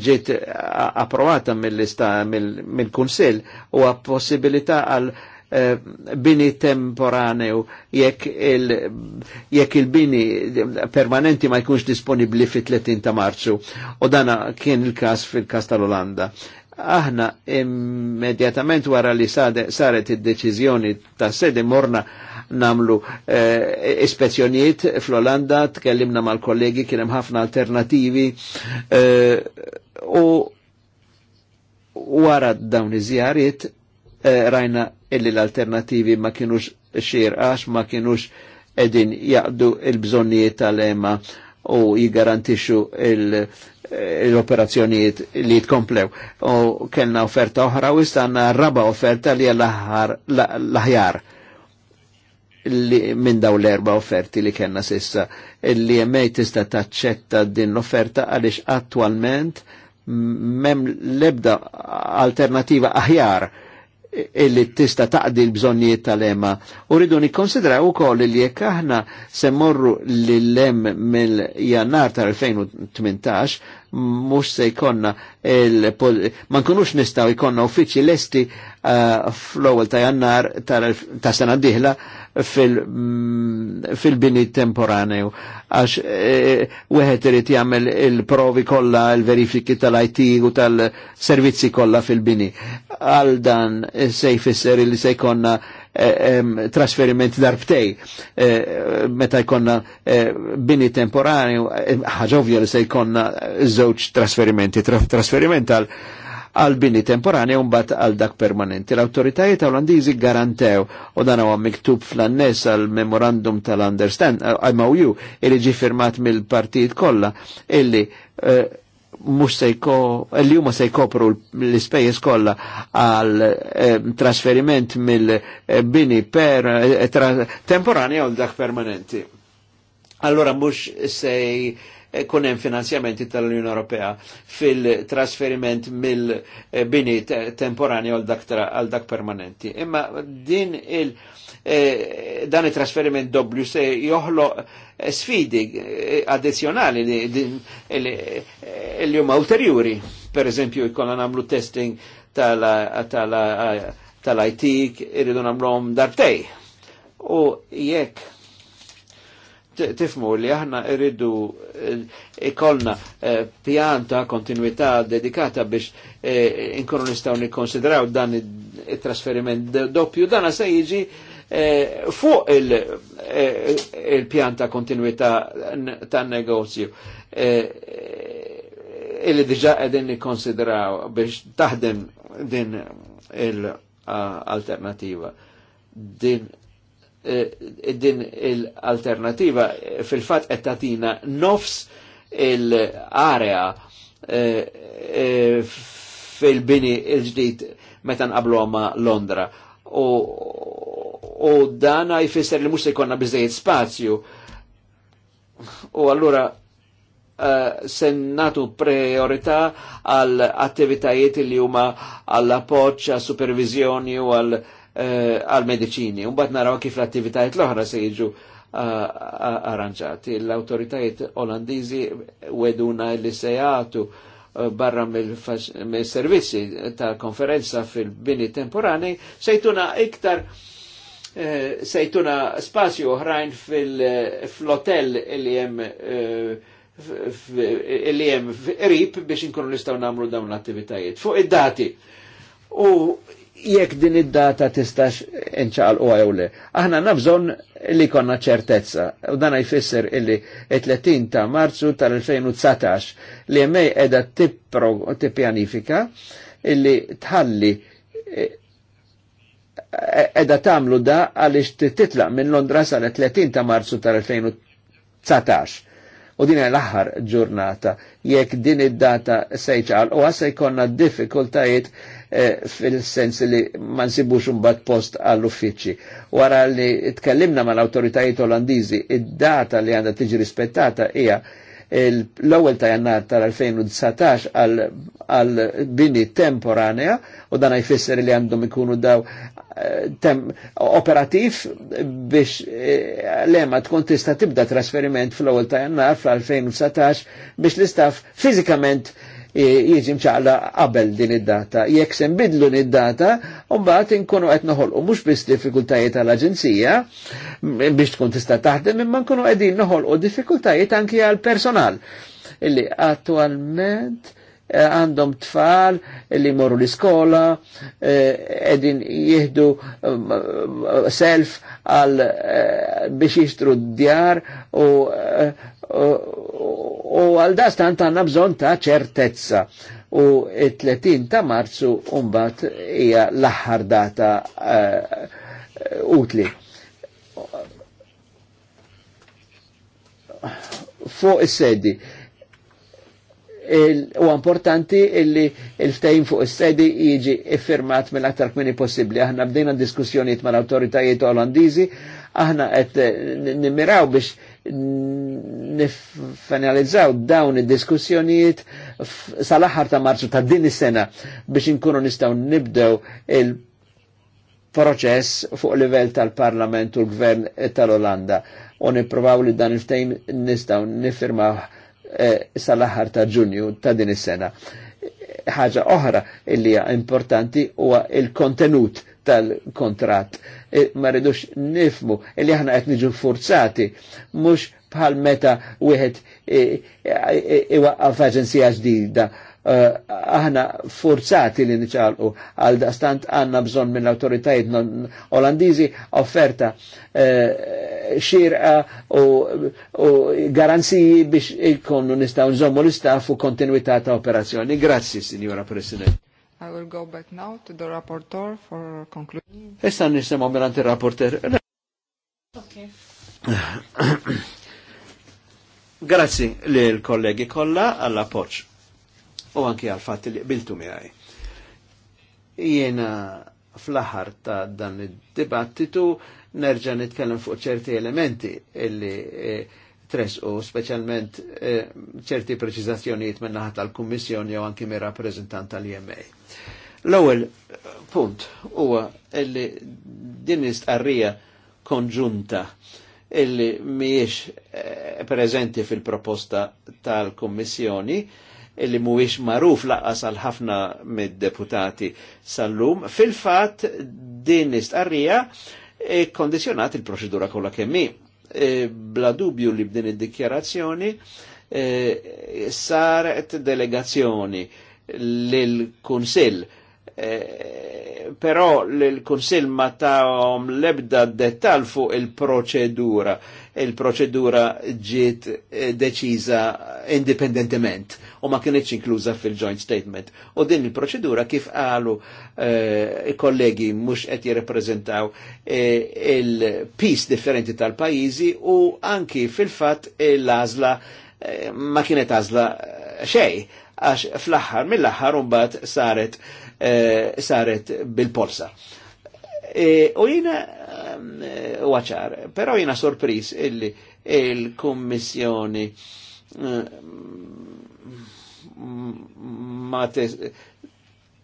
ġiet approvata mill-Kummissjoni mill-Kunsill u possibilità għal eh, bini temporanew jekk il-bini il permanenti ma jkunx disponibli fit 30 ta' marzu u dana kien il-kas fil-kas tal-Olanda. Aħna immedjatament wara li sade, saret id-deċizjoni ta' sede morna namlu eh, ispezzjonijiet fl-Olanda, tkellimna mal-kollegi kienem ħafna alternativi eh, u wara dawn iż-żjariet eh, rajna illi l-alternativi ma kienux xirqax, ma kienux edin jaqdu il-bżonnijiet tal-ema u jigarantixu eh, l-operazzjonijiet li jitkomplew. U kellna offerta oħra u istanna raba offerta li l-aħjar minn daw l-erba offerti li kellna sissa. Li jemmej tista taċċetta din l-offerta għalix attualment mem lebda alternativa aħjar illi tista taqdi l-bżonnijiet tal-ema. U rridu u ukoll li jekk aħna semmorru l-lem mill-jannar tal-2018 mhux se jkollna ma nkunux nistgħu jkollna uffiċċji lesti uh, fl-ewwel ta' jannar ta' sena d-dieħla Mm, fil-bini fil temporanew. Għax e, wieħed irid jagħmel il-provi kolla, il-verifiki tal-IT u tal-servizzi kolla fil-bini. Għal dan e, se il li sejkonna e, trasferiment darbtej e, meta jkonna bini temporanju ħaġa ovvja li se jkonna żewġ trasferimenti trasferiment għal bini temporanja u mbagħad għal dak permanenti. L-awtoritajiet Olandiżi garantew u dan għu miktub fl-annes għal memorandum tal-understand eh, MOU illi ġi firmat mill-partijiet kollha illi eh, mux sejko, li huma se jkopru l-ispejjeż kollha għal eh, trasferiment mill-bini per temporanja għal dak permanenti. Allora mhux se kun hemm finanzjamenti tal-Unjoni Ewropea fil-trasferiment mill-bini temporani għal dak permanenti. Imma din il- e, dan il-trasferiment doppju se joħlo e, sfidi e, addizjonali li, huma ulterjuri. Per eżempju, jkollna namlu testing tal-IT, irridu namlhom dartej. U jekk tifmu li aħna irridu eh, ikolna eh, pjanta kontinuità dedikata biex eh, inkunu nistaw nikkonsidraw dan il-trasferiment doppju dana se jiġi fuq il-pjanta kontinuità tan negozju illi diġa edin nikkonsidraw biex taħdem din il-alternativa din Eh, din l-alternativa eh, fil-fat qed nofs il-area eh, fil-bini il-ġdid meta nqablu għama Londra. U dana jfisser li musse se jkollna biżejjed spazju. U allura sennatu priorità għal attivitajiet li huma għall-appoċċ, għal supervizjoni u għal, -appoċ, Eh, għal-medicini. Umbat naraw kif l-attivitajiet l-oħra se jiġu eh, arranġati. L-autoritajiet olandizi weduna li sejatu eh, barra mill-servizzi tal-konferenza fil-bini temporani sejtuna iktar sejtuna spazju oħrajn fil flotel li jem li jem rip biex inkunu nistaw namlu dawn l-attivitajiet. Fuq id-dati. U jekk din id-data tistax inċaqal u għajwle. Aħna nabżon li konna ċertezza. U dan jfisser illi 30 ta' marzu tal-2019 li jemmej edha tippjanifika illi tħalli eh, edha tamlu da għalix titla minn Londra sal 30 ta' marzu tal-2019. U din l-aħħar ġurnata, jekk din id-data sejċal u għasaj konna diffikultajiet Eh, fil-sens li ma nsibux un bad post għall-uffiċċji. Wara li tkellimna mal-awtoritajiet Olandiżi, id-data li għandha tiġi rispettata hija l-ewwel ta' jannar tal-2019 għal bini temporanea u dan jfisser li għandhom ikunu daw eh, tem operativ biex eh, lema tkun tista' tibda trasferiment fl-ewwel ta' jannar fl-2019 biex l istaf fiżikament jizim ċaqla qabel din id-data. Jekk se nbidlu id-data, mbagħad inkunu qed noħolqu mhux biss diffikultajiet għall aġenzija biex tkun tista' taħdem, imma nkunu qegħdin noħolqu diffikultajiet anki għal personal illi attualment eh, għandhom tfal li morru l-iskola, edin eh, jihdu eh, self għal biex jishtru d-djar u Eh, u għal dastant għanna bżon ta' ċertezza u 30 ta' marzu umbat hija l-aħħar data eh, utli. Fuq is-sedi u importanti illi il-ftejn fuq is-sedi jiġi iffirmat mill-aktar kmini possibbli. Aħna bdejna diskussjonijiet mal-awtoritajiet Olandiżi, aħna qed nimmiraw biex nifanalizzaw dawn id-diskussjonijiet sal-aħħar ta' marzu ta' din is-sena biex inkunu nistgħu nibdew il- proċess fuq livell tal-Parlament u l-Gvern tal-Olanda u nipprovaw li dan il-ftejn nistaw nifirmaw sal-aħħar ta' ġunju ta' din is-sena. Ħaġa oħra illi hija importanti huwa il-kontenut tal-kontrat. E, ma rridux nifmu li aħna qed niġu forzati mhux bħal meta wieħed e, e, iwaqqaf aġenzija ġdida. Aħna forzati li nċalqu għal dastant għanna bżon minn l autoritajt olandizi offerta xirqa u garanziji biex ikonu nistaw nżommu l istaf u kontinuità ta' operazzjoni. Grazzi, Signora President. I will go back now to the rapporteur for conclusion. Issa nisimaw mirant il-rapporter. Okay. Grazzi li l-kollegi kolla għall-appoċ u anki għal-fat li biltu miħaj. Jena fl-aħar ta' dan il-dibattitu nerġa nitkellem fuq ċerti elementi illi eh, Tres u, speċjalment eh, ċerti eh, preċizazzjonijiet minn naħat tal-Kummissjoni jew anki mir rappreżentant tal-IMA. L-ewwel punt huwa li din istqarrija konġunta illi mhijiex eh, preżenti fil-proposta tal-Kummissjoni illi mhuwiex magħruf l'aqas għal ħafna mid-deputati sal-lum. Fil-fatt din istqarrija eh, kondizjonat il-proċedura kollha kemm e, bla dubju li b'din id-dikjarazzjoni e, saret delegazzjoni l kunsil e, però l kunsil ma ta l lebda dettal fuq il-proċedura il-proċedura ġiet eh, deċiża indipendentement u ma kienx inkluża fil-joint statement. U din il-proċedura kif qalu eh, kollegi mhux qed jirrepreżentaw uh, eh, il-pis differenti tal-pajjiżi u anki fil-fatt l-għażla uh, eh, ma kienet għażla xej għax fl-aħħar mill-aħħar mbagħad saret saret bil-polsa. U jina waċar. Eh, Però jina sorpris illi il-Kommissjoni eh,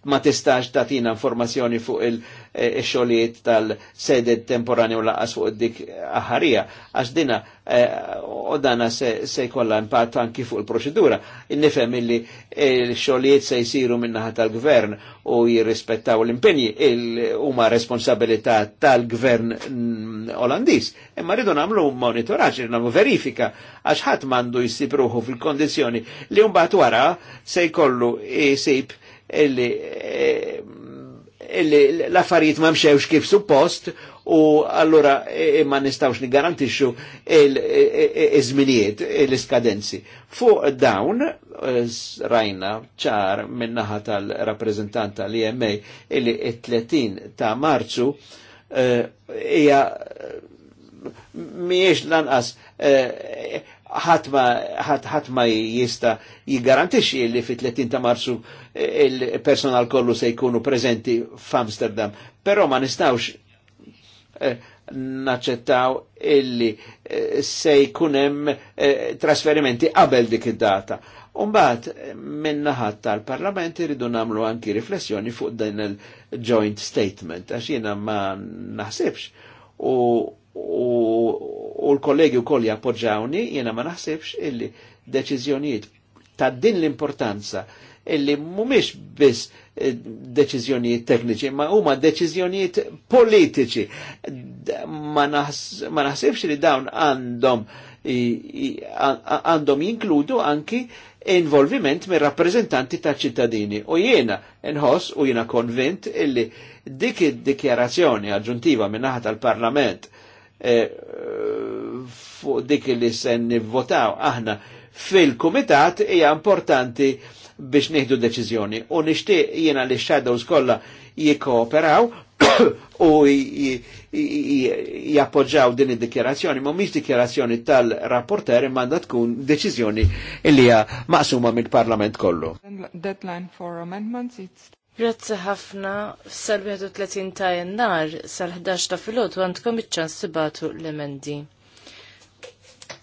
ma tistax tatina informazzjoni fuq il- xogħlijiet tal-sede temporanju laqas fuq dik aħarija, għax dina eh, u dana se jkollha impatt anki fuq il-proċedura. Nifhem illi xoliet se jsiru minnaħat tal-gvern u jirrispettaw l-impenji huma responsabilità tal-gvern mm, Olandiż. Imma rridu nagħmlu monitoraġġ, nagħmlu verifika għax ħadd m'għandu jistipruħu fil-kondizzjoni li mbagħad wara se jkollu jsib illi eh, l-affarijiet ma mxewx kif suppost u allura e, e, ma nistawx nigarantixxu il e, żminijiet l-iskadenzi. Fuq dawn eh, rajna ċar minnaħa tal rappresentanta l ima illi 30 ta' Marzu eh, hija miex lanqas eh, ħatma jista jigarantixxi li fit-30 ta' Marzu il-personal kollu se jkunu prezenti f'Amsterdam. Però ma nistawx eh, naċċettaw illi eh, se jkun hemm eh, trasferimenti qabel dik id-data. Umbat, naħat tal-parlament irridu namlu anki riflessjoni fuq din il-joint statement, għax jiena ma naħsibx. U, u, u l-kollegi u koll jappoġġawni, jena ma naħsibx illi deċizjonijiet ta' din l-importanza illi mumiex biss eh, deċiżjonijiet tekniċi, ma huma deċiżjonijiet politiċi. Ma naħsibx li dawn għandhom għandhom jinkludu anki involviment me rappresentanti ta' ċittadini. U jiena nħoss u jiena konvint illi dik id-dikjarazzjoni aġġuntiva minnaħat tal-Parlament eh, fuq dik li se nivvotaw aħna fil-Kumitat hija importanti biex nieħdu deċiżjoni. U nixtieq jiena li shadows kollha jikkooperaw u jappoġġaw din id-dikjerazzjoni, ma mhix dikjerazzjoni tal-rapporter imma tkun deċiżjoni li hija maqsuma mill-Parlament kollu. Deadline for amendments it's Grazzi ħafna sal-31 ta' jennar, sal-11 ta' filgħod u għandkom iċ-ċans tibatu l-emendi.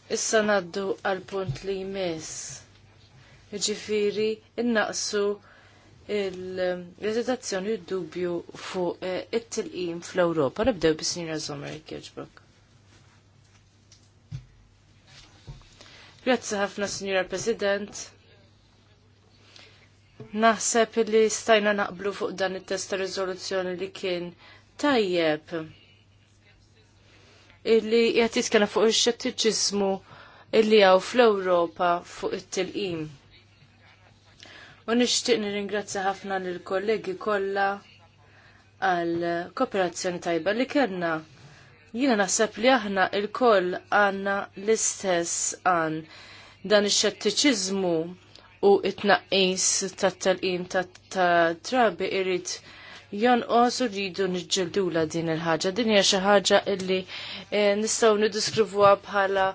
Issa naddu għal punt li jmiss ġifiri innaqsu il-rezitazzjoni u d-dubju fuq eh, it-tilqim fl-Ewropa. Nibdew bis-sinjora Zomer Kirchbrook. Grazzi ħafna, Sinjora President. Naħseb li stajna naqblu fuq dan it-test ta' li kien tajjeb illi jgħat jitkellem fuq ix-xettiċiżmu illi għaw fl-Ewropa fuq it-tilqim. U nixtieq nirringrazzja ħafna lill kollegi kollha għal kooperazzjoni tajba li kellna. Jiena naħseb li aħna il-koll għandna l-istess għan dan ix-xettiċiżmu u it-tnaqqis tat talqim tat-trabi irrid jonqos u rridu nġildula din il-ħaġa. Din hija xi ħaġa illi eh, nistgħu niddiskrivuha bħala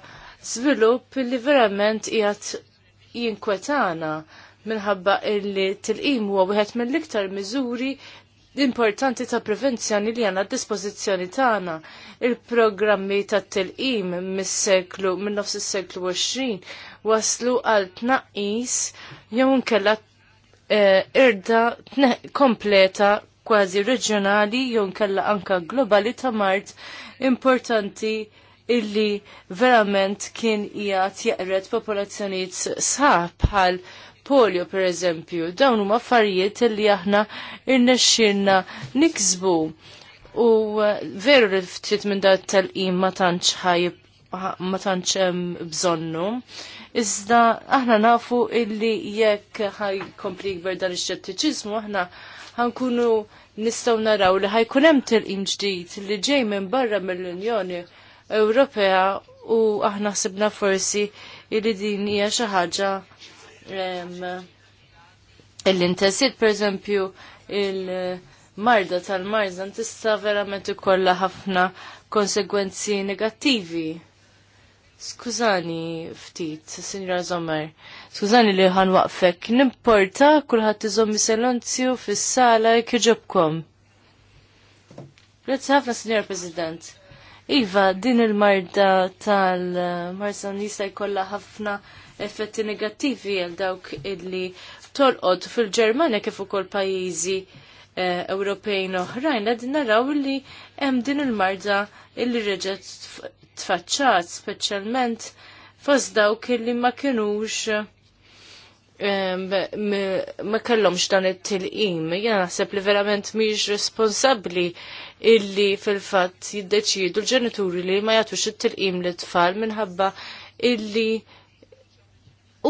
svilupp li verament qiegħed jinkwetana minħabba illi tilqim huwa wieħed mill-iktar miżuri importanti ta' prevenzjoni li għanna dispozizjoni tagħna. Il-programmi ta' tilqim mis-seklu minn nofs is-seklu 20 waslu għal tnaqqis jew nkella eh, irda kompleta kważi reġjonali jew nkella anka globali ta' mart importanti illi verament kien jgħat jaqret popolazzjonijiet sħab bħal polio per eżempju, dawn huma affarijiet li aħna irnexxinna niksbu. U uh, veru li ftit minn dat tal-qim ma tantx ma tantx hemm bżonnu. Iżda aħna nafu illi jekk kompli gber dan ix-xettiċiżmu aħna ħankunu nistgħu naraw li ħajkun hemm tilqim ġdid li ġej minn barra mill-Unjoni Ewropea u aħna ħsibna forsi illi din hija xi ħaġa l intensit per eżempju, il-marda tal-marżan tista' verament ikollha ħafna konsegwenzi negattivi. Skużani ftit, Sinjora Zomer. Skużani li ħan waqfek. Nimporta kulħadd iżomm silenzju fis-sala kieġobkom. Grazzi ħafna, Sinjor President. Iva, din il-marda tal-marsan jista' jkollha ħafna effetti negattivi għal dawk illi tolqod fil-Ġermanja kif ukoll pajjiżi eh, Ewropejn oħrajn qed naraw li hemm din il-marda illi reġgħet tfaċċat speċjalment fost dawk illi ma kinux ma kellhomx dan it-tilqim. Jena naħseb li verament mhijiex responsabbli illi fil-fatt jiddeċidu l-ġenituri li ma jagħtux it-tilqim lit tfal minħabba illi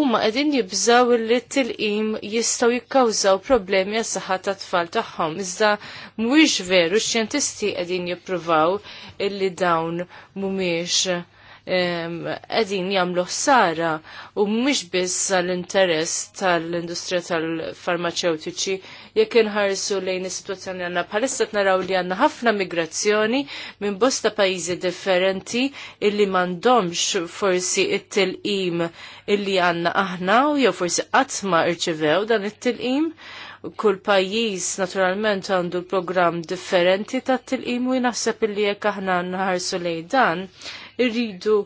huma qegħdin jibżaw li t-tilqim jistgħu jikkawżaw problemi għas saħħa tat-tfal tagħhom. Iżda mhuwiex veru x-xjentisti qegħdin jippruvaw li dawn mhumiex qegħdin jagħmlu ħsara u mhumiex biss għall-interess tal-industrija tal-farmaceutiċi jekk inħarsu lejn is-sitwazzjoni għandna bħalissa naraw li għandna ħafna migrazzjoni minn bosta pajjiżi differenti illi m'għandhomx forsi it-tilqim illi għandna aħna u jew forsi qatt ma rċivew dan it-tilqim kull pajjiż naturalment għandu l-programm differenti ta' tilqim u naħseb illi jekk aħna nħarsu lejn dan, irridu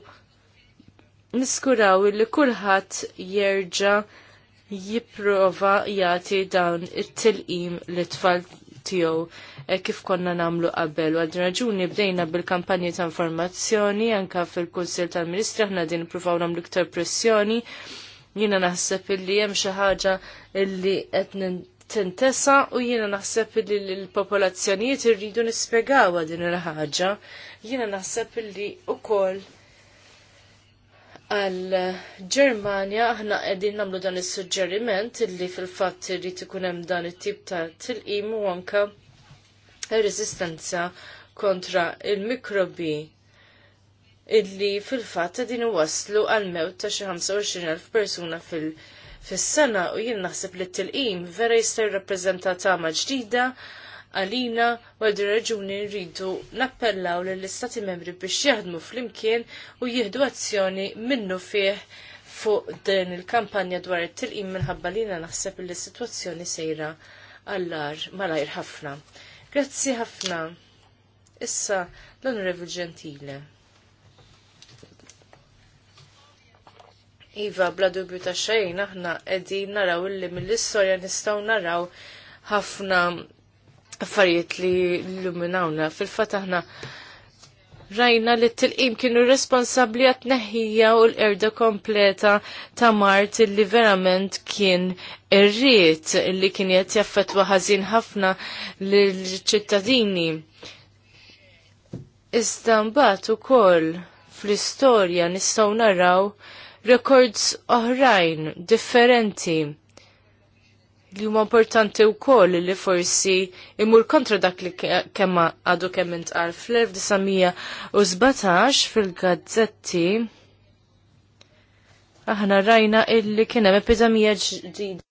niskuraw li kulħadd jerġa' jipprova jagħti dawn it-tilqim li tfal tiegħu eh, kif konna namlu qabel. Għal din raġuni bdejna bil-kampanji ta' informazzjoni anka fil kunsill tal-Ministri aħna din nippruvaw nagħmlu iktar pressjoni. Jiena naħseb illi hemm xi ħaġa illi qed tintesa u jiena naħseb li l-popolazzjonijiet irridu nispjegaw din il-ħaġa jiena naħseb illi ukoll għal ġermania aħna qegħdin nagħmlu dan is-suġġeriment illi fil-fatt irid ikun hemm dan it-tip ta' tilqim u anke resistenza kontra il-mikrobi illi fil-fatt qegħdin iwasslu għal mewt ta' xi 25,000 persuna fil- fis-sena u jien naħseb li t-tilqim vera jista' jirrappreżenta tama ġdida għalina u għal raġuni rridu nappellaw lill-Istati membri biex jaħdmu fl-imkien u jieħdu azzjoni minnu fih fuq din il-kampanja dwar it-tilqim minħabba lina naħseb li situazzjoni sejra għallar malajr ħafna. Grazzi ħafna. Issa l-Onorevol Ġentile. Iva, bla dubju ta' xejn, aħna qegħdin naraw illi mill-istorja nistgħu naraw ħafna affarijiet li l-luminawna. Fil-fat aħna rajna li t-tilqim kienu responsabli għat neħija u l-erda kompleta ta' Mart li verament kien irrit li kien jett jaffetwa ħazin ħafna l-ċittadini. Iżda mbagħad ukoll fl-istorja nistgħu naraw rekords oħrajn differenti li huma importanti wkoll li forsi imur kontra dak li kemm għadu kemm intqal fl-1917 fil-gazzetti aħna rajna illi kien hemm epidemija ġdida.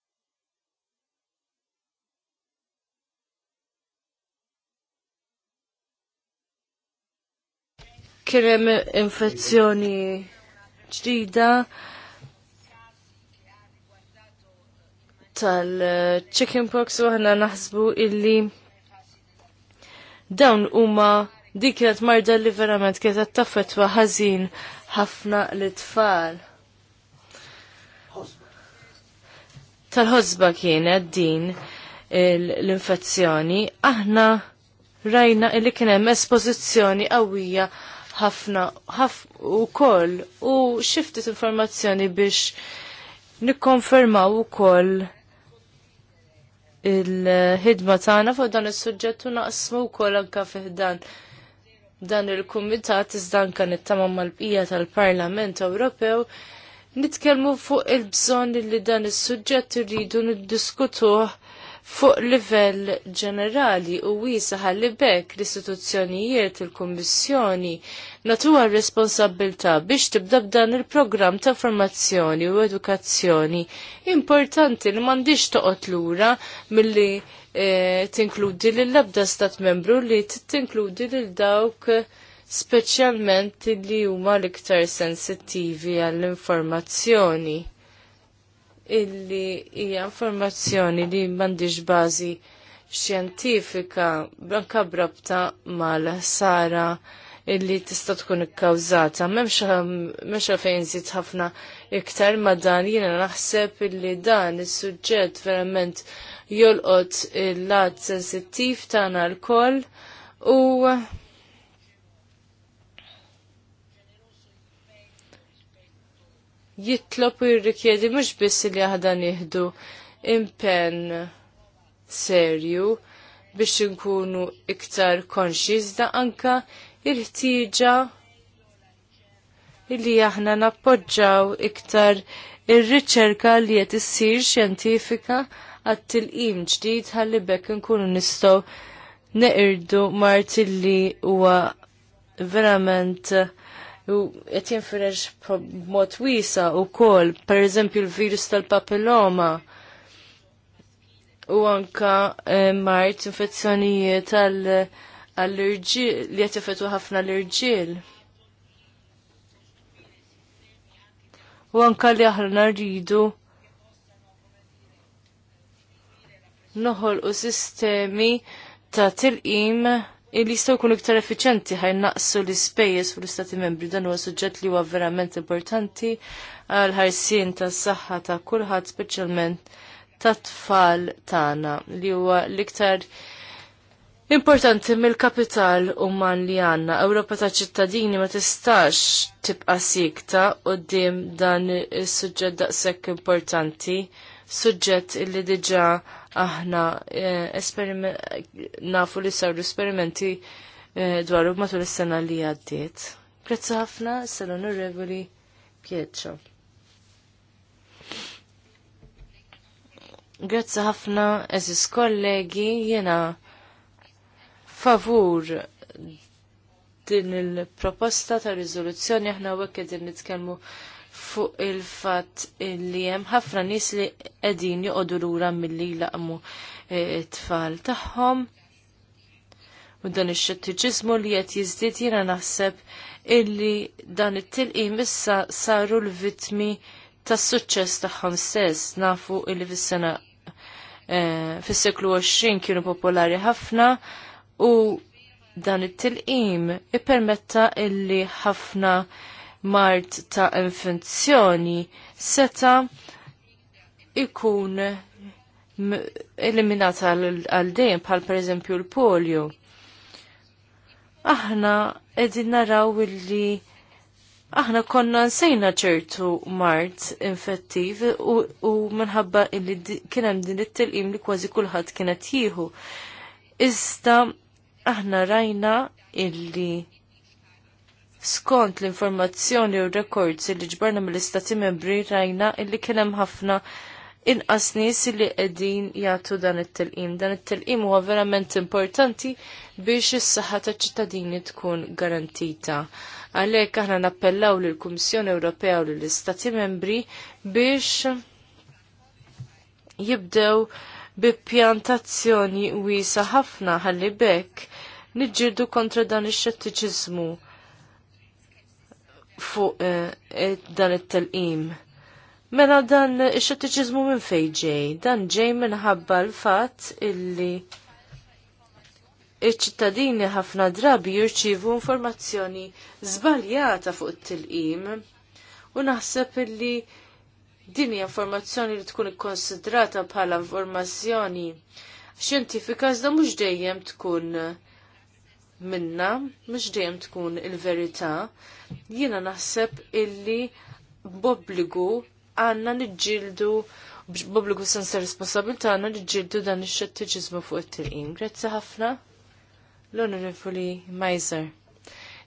Kien hemm infezzjoni ġdida tal-chickenpox u aħna naħsbu illi dawn huma dik kienet marda li verament kienet attaffetwa ħażin ħafna l-tfal. Tal-ħosba kienet din l-infezzjoni, aħna rajna illi kien hemm espożizzjoni qawwija ħafna u koll u xiftit informazzjoni biex nikkonfermaw ukoll il-ħidma tagħna fuq dan is-suġġett u naqsmu wkoll anke fih dan dan il-kumitat iżda anke nittama' mal-bqija tal-Parlament Ewropew nitkellmu fuq il-bżonn li dan is-suġġett irridu niddiskutuh fuq livell ġenerali u wisa ħalli bekk l-istituzzjonijiet, il-Kummissjoni, natuwa r-responsabilità biex tibda b'dan il-programm ta' formazzjoni u edukazzjoni importanti li m'għandix toqgħod lura milli eh, tinkludi lill-ebda stat membru li tinkludi lil dawk speċjalment li huma l-iktar sensittivi għall-informazzjoni illi hija informazzjoni li m'għandix bażi xjentifika anke brabta mal sara illi tista' tkun ikkawżata. M'hemmx fejn żid ħafna iktar ma dan jiena naħseb illi dan is-suġġett verament jolqot il-lat sensittiv tagħna l-koll u jitlob u jirrikjedi mhux biss li aħna nieħdu impenn serju biex inkunu iktar konxi iżda anka il-ħtieġa illi aħna nappoġġaw iktar ir-riċerka li qed issir xjentifika għat-tilqim ġdid ħalli bekk nkunu nistgħu neqirdu mart illi huwa verament u qed jinfirex b'mod wiesa wkoll, pereżempju l-virus tal-papilloma u anka eh, mart infezzjonijiet tal-, -papilloma, għall li qed jafetu ħafna l-irġiel. U anka li aħna rridu noħol u sistemi ta' tilqim li jistgħu jkunu iktar effiċenti ħaj naqsu l-ispejjeż fl-istati membri dan huwa suġġett li huwa verament importanti għal ħarsien tas-saħħa ta' kulħadd speċjalment tat-tfal tagħna li huwa l-iktar importanti mill-kapital umman li għanna. Ewropa ta' ċittadini ma tistax tibqa sikta u dim dan il-sujġet daqsek importanti, suġġett illi diġa aħna eh, nafu li sarru esperimenti dwar eh, dwaru matul is-sena li għaddiet. Grazzi ħafna, s-salon revoli pieċa. Grazzi ħafna, eżis kollegi, jena favur din il-proposta ta' riżoluzzjoni aħna għek qegħdin nitkellmu fuq il-fatt li hemm ħafna nies li qegħdin joqogħdu lura milli laqmu e, t-tfal tagħhom. U dan ix-xettiċiżmu li qed jiżdied jiena naħseb illi dan it-tilqim issa saru l-vittmi tas-suċċess tagħhom stess nafu illi fis-sena e, fis-seklu 20 kienu popolari ħafna u dan it-tilqim ippermetta illi ħafna mart ta' infezzjoni seta ikun eliminata għal dejjem bħal pereżempju l-polio. Aħna qegħdin naraw illi aħna konna nsejna ċertu mart infettiv u, u minħabba illi kien hemm din it-tilqim li kważi kulħadd kienet jieħu. Iżda aħna rajna illi skont l-informazzjoni u records li ġbarna mill-istati membri rajna illi kienem ħafna inqas nies li qegħdin jagħtu dan it-tilqim. Dan it-tilqim huwa verament importanti biex is-saħħa taċ-ċittadini tkun garantita. Għalhekk aħna nappellaw lill kummissjoni Ewropea u lill-Istati Membri biex jibdew bi pjantazzjoni wiesa ħafna ħalli bekk niġġieldu kontra dan ix-xettiċiżmu fuq eh, eh, dan it-telqim. Mela dan ix-xettiċiżmu minn fejn ġej? Dan ġej minħabba l-fatt illi iċ-ċittadini ħafna drabi jirċivu informazzjoni żbaljata fuq it-tilqim u naħseb illi din hija informazzjoni li tkun ikkonsidrata bħala informazzjoni xjentifika iżda mhux dejjem tkun minna, mhux dejjem tkun il-verità. Jiena naħseb illi bobligu għandna niġġieldu bobligu sensa responsabilità għandna niġġieldu dan ix xettiġiżmu fuq it tilqin Grazzi ħafna. L-onorevoli Meiser.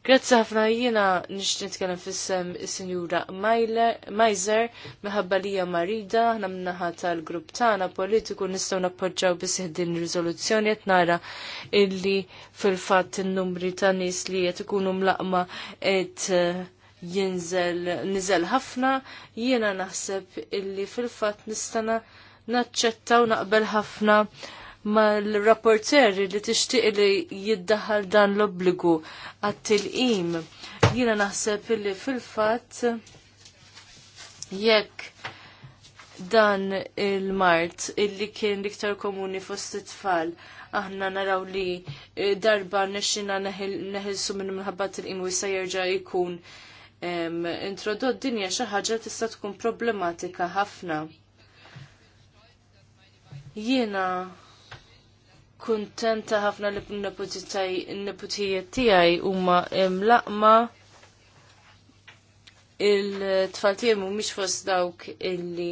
Grazzi ħafna jiena nixtieq nitkellem fissem il is-Sinjura Majzer minħabba li hija marida aħna minnaħa tal-grupp tagħna politiku nistgħu nappoġġaw bisih din riżoluzzjoni qed nara illi fil-fatt in-numri ta' nies li qed ikunu mlaqma qed eh, jinżel nizel ħafna jiena naħseb illi fil-fatt nistana naċċettaw naqbel ħafna mal-rapporter li tixtieq li jiddaħal dan l-obbligu għat-tilqim. Jiena naħseb li fil-fatt jekk dan il-mart illi kien liktar komuni fost it-tfal aħna naraw li eh, darba nexxina neħilsu minn minħabba tilqim u jista' jkun introdott dinja xi ħaġa tista' tkun problematika ħafna. Jiena kuntenta ħafna li n-neputijiet tiegħi huma imlaqma il tfaltijem u mhumiex fost dawk illi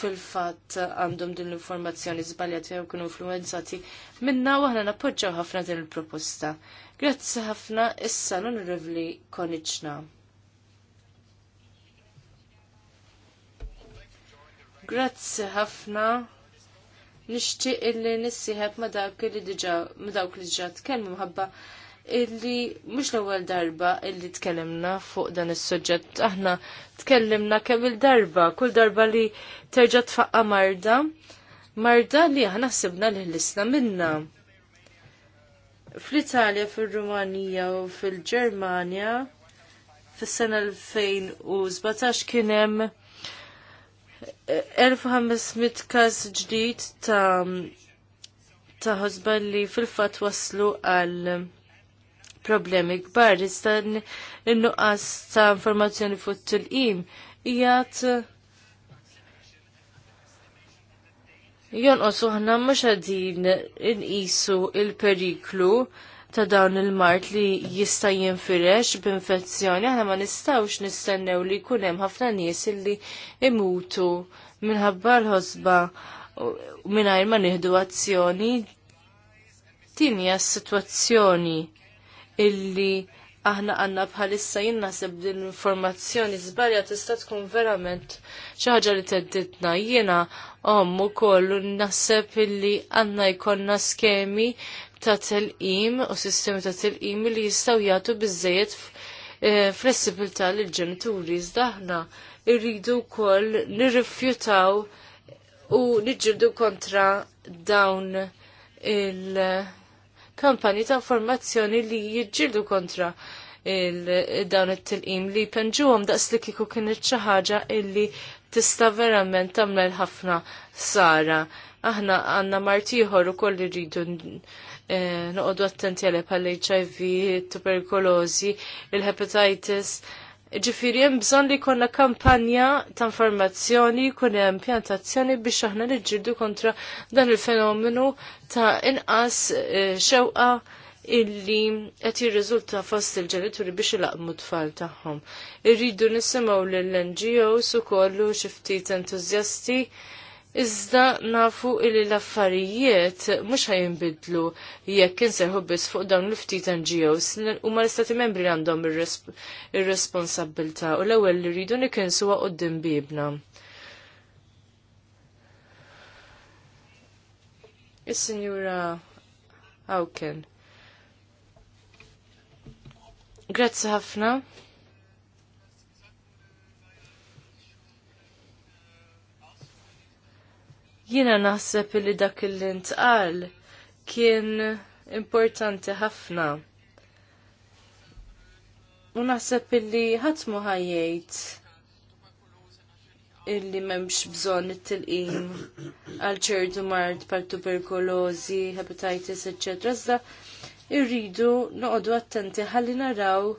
fil-fatt għandhom din l-informazzjoni żbaljat jew kunu influenzati minna u aħna nappoġġaw ħafna din il-proposta. Grazzi ħafna issa non rivli koniċna. Grazzi ħafna nixtieq illi nissieħeb ma dawk li diġà ma dawk li diġà tkellmu mħabba illi mhux l-ewwel darba illi tkellimna fuq dan is-suġġett. Aħna tkellimna kemm il-darba, kull darba li terġa' tfaqqa marda, marda li aħna ħsibna li ħlisna minna. Fl-Italja, fil-Rumanija u fil-Ġermanja, fis-sena 2017 kien hemm 1500 każ ġdid ta' ta' ħosba li fil-fat waslu għal problemi kbar, Istan n-nuqqas ta' informazzjoni fuq til-qim jgħat jonqosu ħna mhux in-isu il-periklu ta' dawn il-mart li jista' jinfirex b'infezzjoni, aħna ma nistgħux nistennew li jkun hemm ħafna nies li imutu minħabba l-ħosba mingħajr ma nieħdu azzjoni. Din hija s-sitwazzjoni illi aħna għanna bħalissa naħseb din l-informazzjoni żbalja tista' tkun verament xi ħaġa li tedditna. Jiena ommu kollu naħseb illi għandna jkollna skemi ta' tal-im u sistemi ta' tal-im li jistgħu jagħtu biżejjed eh, flessibilità lill ġenituri iżda aħna irridu wkoll nirrifjutaw u niġġieldu kontra dawn il-kampanji ta' informazzjoni li jiġġieldu kontra dawn it-tilqim li penġuhom daqs li kieku kienet xi ħaġa illi tista' verament l ħafna sara aħna għanna martiħor u koll rridu Eh, noqogħdu attenti għalih bħall-HIV, tuberkulosi il-hepatitis. Ġifiri, hemm bżonn li jkollna kampanja ta' informazzjoni, jkun hemm pjantazzjoni biex aħna niġġieldu kontra dan il-fenomenu ta' inqas eh, xewqa illi qed jirriżulta fost il-ġenituri biex ilaqmu tfal tagħhom. Irridu nisimgħu lill-NGOs ukoll xi ftit entużjasti Iżda nafu illi l-affarijiet mhux ħajinbidlu jekk inserħu biss fuq dawn l-ftit NGOs u ma l-istati membri għandhom ir-responsabilta u l-ewwel li rridu nikinsu qudiem bibna. Is-Sinjura Hawken. Grazzi ħafna. Jiena naħseb li dak li ntqal kien importanti ħafna. U naħseb illi ħatmu ħajjejt illi memx bżon it-tilqim għal ċertu mart pal tuberkulozi, hepatitis, eccetera. Iżda irridu noqogħdu attenti ħalli naraw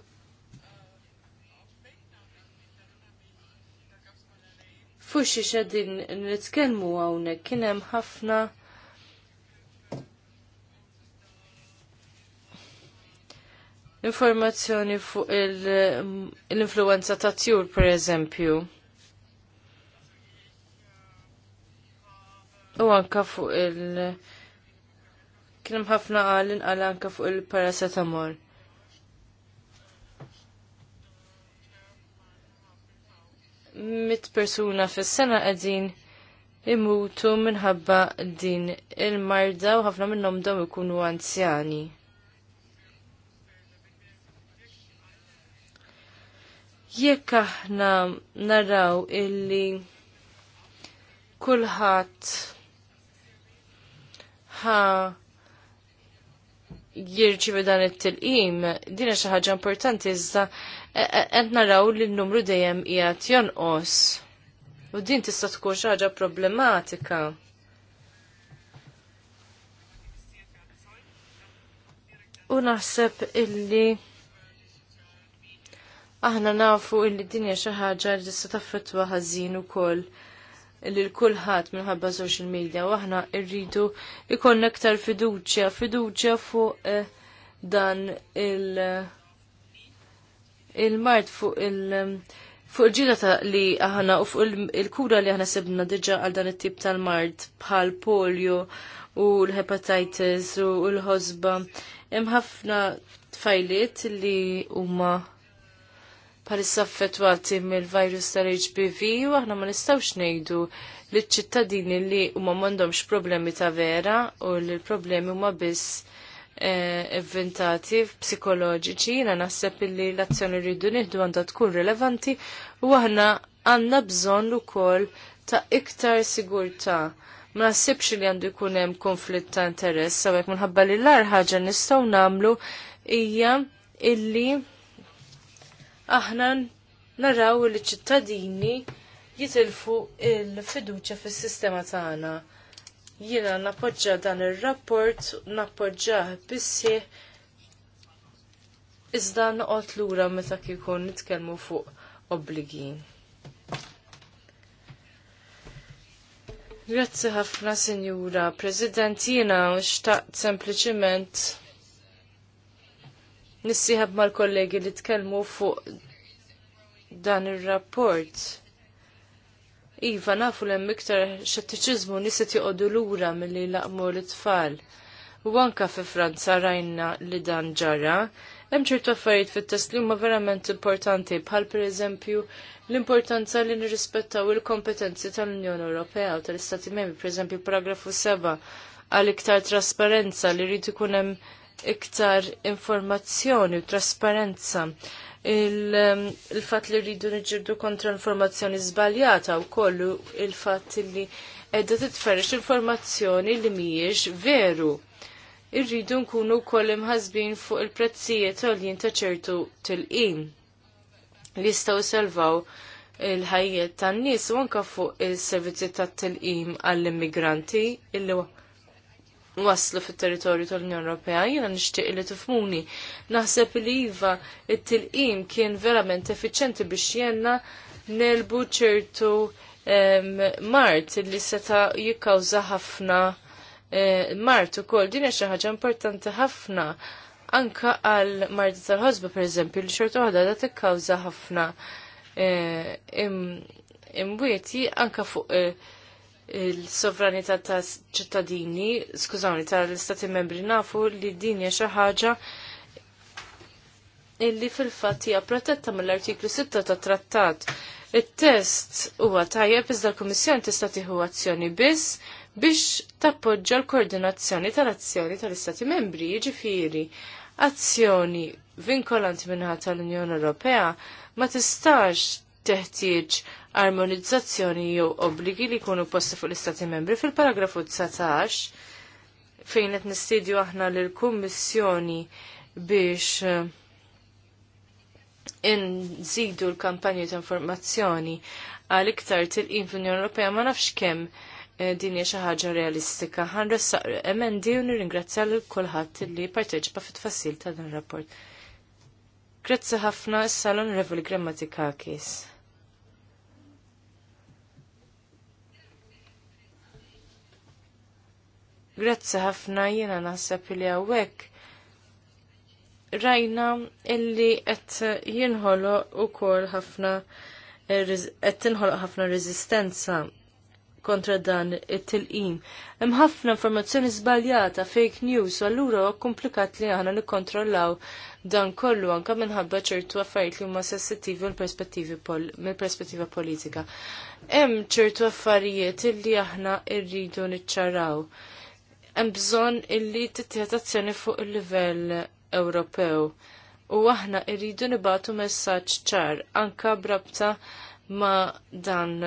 fuxi xedin nitkelmu għawne kienem ħafna informazzjoni fuq l-influenza ta' tjur per eżempju. U anka fuq il- kienem ħafna għal anka fuq il parasetamol mit persuna fis-sena qegħdin imutu minħabba din il-marda u ħafna minnhom dawn ikunu anzjani. Jekk aħna naraw illi kulħadd ħa jirċi dan it-tilqim, dina xi ħaġa importanti iżda E, e, qed naraw li n-numru dejjem qiegħed jonqos. U din tista' tkun xaġa ħaġa problematika. U naħseb illi aħna nafu illi din xi ħaġa li tista' taffettwa ħażin ukoll l kulħadd minħabba social media u aħna rridu ikollna aktar fiduċja, fiduċja fuq eh, dan il- il-mart fuq il- Fuq il-ġila li aħna u fuq il-kura li aħna sebna diġa għal dan it-tip tal-mart bħal polio u l-hepatitis u l-ħosba. Hemm ħafna tfajliet li huma bħalissa affettwati mill-virus tal-HPV u aħna ma nistgħux ngħidu liċ ċittadini li huma m'għandhomx problemi ta' vera u l-problemi huma biss evventati eh, psikoloġiċi, jina naħseb illi l-azzjoni rridu nieħdu għandha tkun rilevanti u aħna għandna bżonn ukoll ta' iktar sigurtà. Ma naħsibx li għandu jkun hemm konflitt ta' interess hekk minħabba li l-ar ħaġa nistgħu nagħmlu hija illi aħna naraw li ċittadini jitilfu il-fiduċa fis-sistema tagħna. Jiena nappoġġa dan ir-rapport, nappoġġah bissi iżda noqgħod lura meta kikun nitkellmu fuq obbligi. Grazzi ħafna, Sinjura President, jina xtaqt sempliciment nissiħab mal-kollegi li tkellmu fuq dan il-rapport. Iva, nafu l iktar xettiċiżmu niset joqodu lura milli laqmu l-tfal. U anka fi Franza rajna li dan ġara, hemm ċertu affarijiet fit-test li huma verament importanti bħal pereżempju l-importanza li nirrispettaw il-kompetenzi tal-Unjoni Ewropea u tal-Istati Membri, pereżempju paragrafu 7 għal iktar trasparenza li rrid ikun hemm iktar informazzjoni u trasparenza um, il-fat li rridu nġirdu kontra informazzjoni zbaljata u kollu il-fat li edda titferrex informazzjoni li miex veru. Irridu nkunu wkoll imħazbin fuq il-prezzijiet għoljin ta' ċertu til-qim li jistgħu salvaw il-ħajjiet tan-nies u anke fuq is-servizzi tat-tilqim għall-immigranti illi waslu fit-territorju tal-Unjoni Ewropea, jiena nixtieq li tifmuni. Naħseb li iva it-tilqim kien verament effiċenti biex jenna nelbu ċertu mart li seta jikkawża ħafna eh, mart ukoll. Din hija xi ħaġa importanti ħafna anka għal marti tal-ħosba pereżempju li ċertu waħda da tikkawża ħafna eh, imwieti anka fuq eh, il-sovranità ta' ċittadini, skużawni, tal-istati membri nafu li din hija xi ħaġa illi fil-fatt hija protetta mill-artiklu 6 ta' trattat. Il-test huwa tajjeb iżda l-Kummissjoni tista' tieħu azzjoni biss biex tappoġġa l-koordinazzjoni tal-azzjoni tal-Istati membri, jiġifieri azzjoni vinkolanti minħata tal-Unjoni Ewropea ma tistax teħtieġ armonizzazzjoni jew obbligi li jkunu posti fuq l-Istati membri fil-paragrafu 19 fejn qed nistidju aħna lil kummissjoni biex eh, inżidu l-kampanji ta' informazzjoni għal iktar tilqim fl-Unjoni Ewropea ma nafx kemm eh, din hija xi ħaġa realistika. Ħanressaq emendi u nirringrazzja lil kulħadd li parteċipa fit-tfassil ta' dan rapport. Grazzi ħafna s-salon Revoli Grammatikakis. Grazzi ħafna jiena naħseb li hawnhekk rajna illi qed jinħolo ukoll ħafna eh, qed tinħoloq ħafna reżistenza kontra dan it-tilqim. Hemm ħafna informazzjoni żbaljata, fake news, u allura komplikat li aħna nikkontrollaw dan kollu anke minħabba ċertu affarijiet li huma sensittivi mill-perspettiva politika. Hemm ċertu affarijiet illi aħna rridu niċċaraw hemm bżonn illi tittieħed azzjoni fuq il-livell Ewropew. U aħna rridu nibatu messaġġ ċar anka brabta ma' dan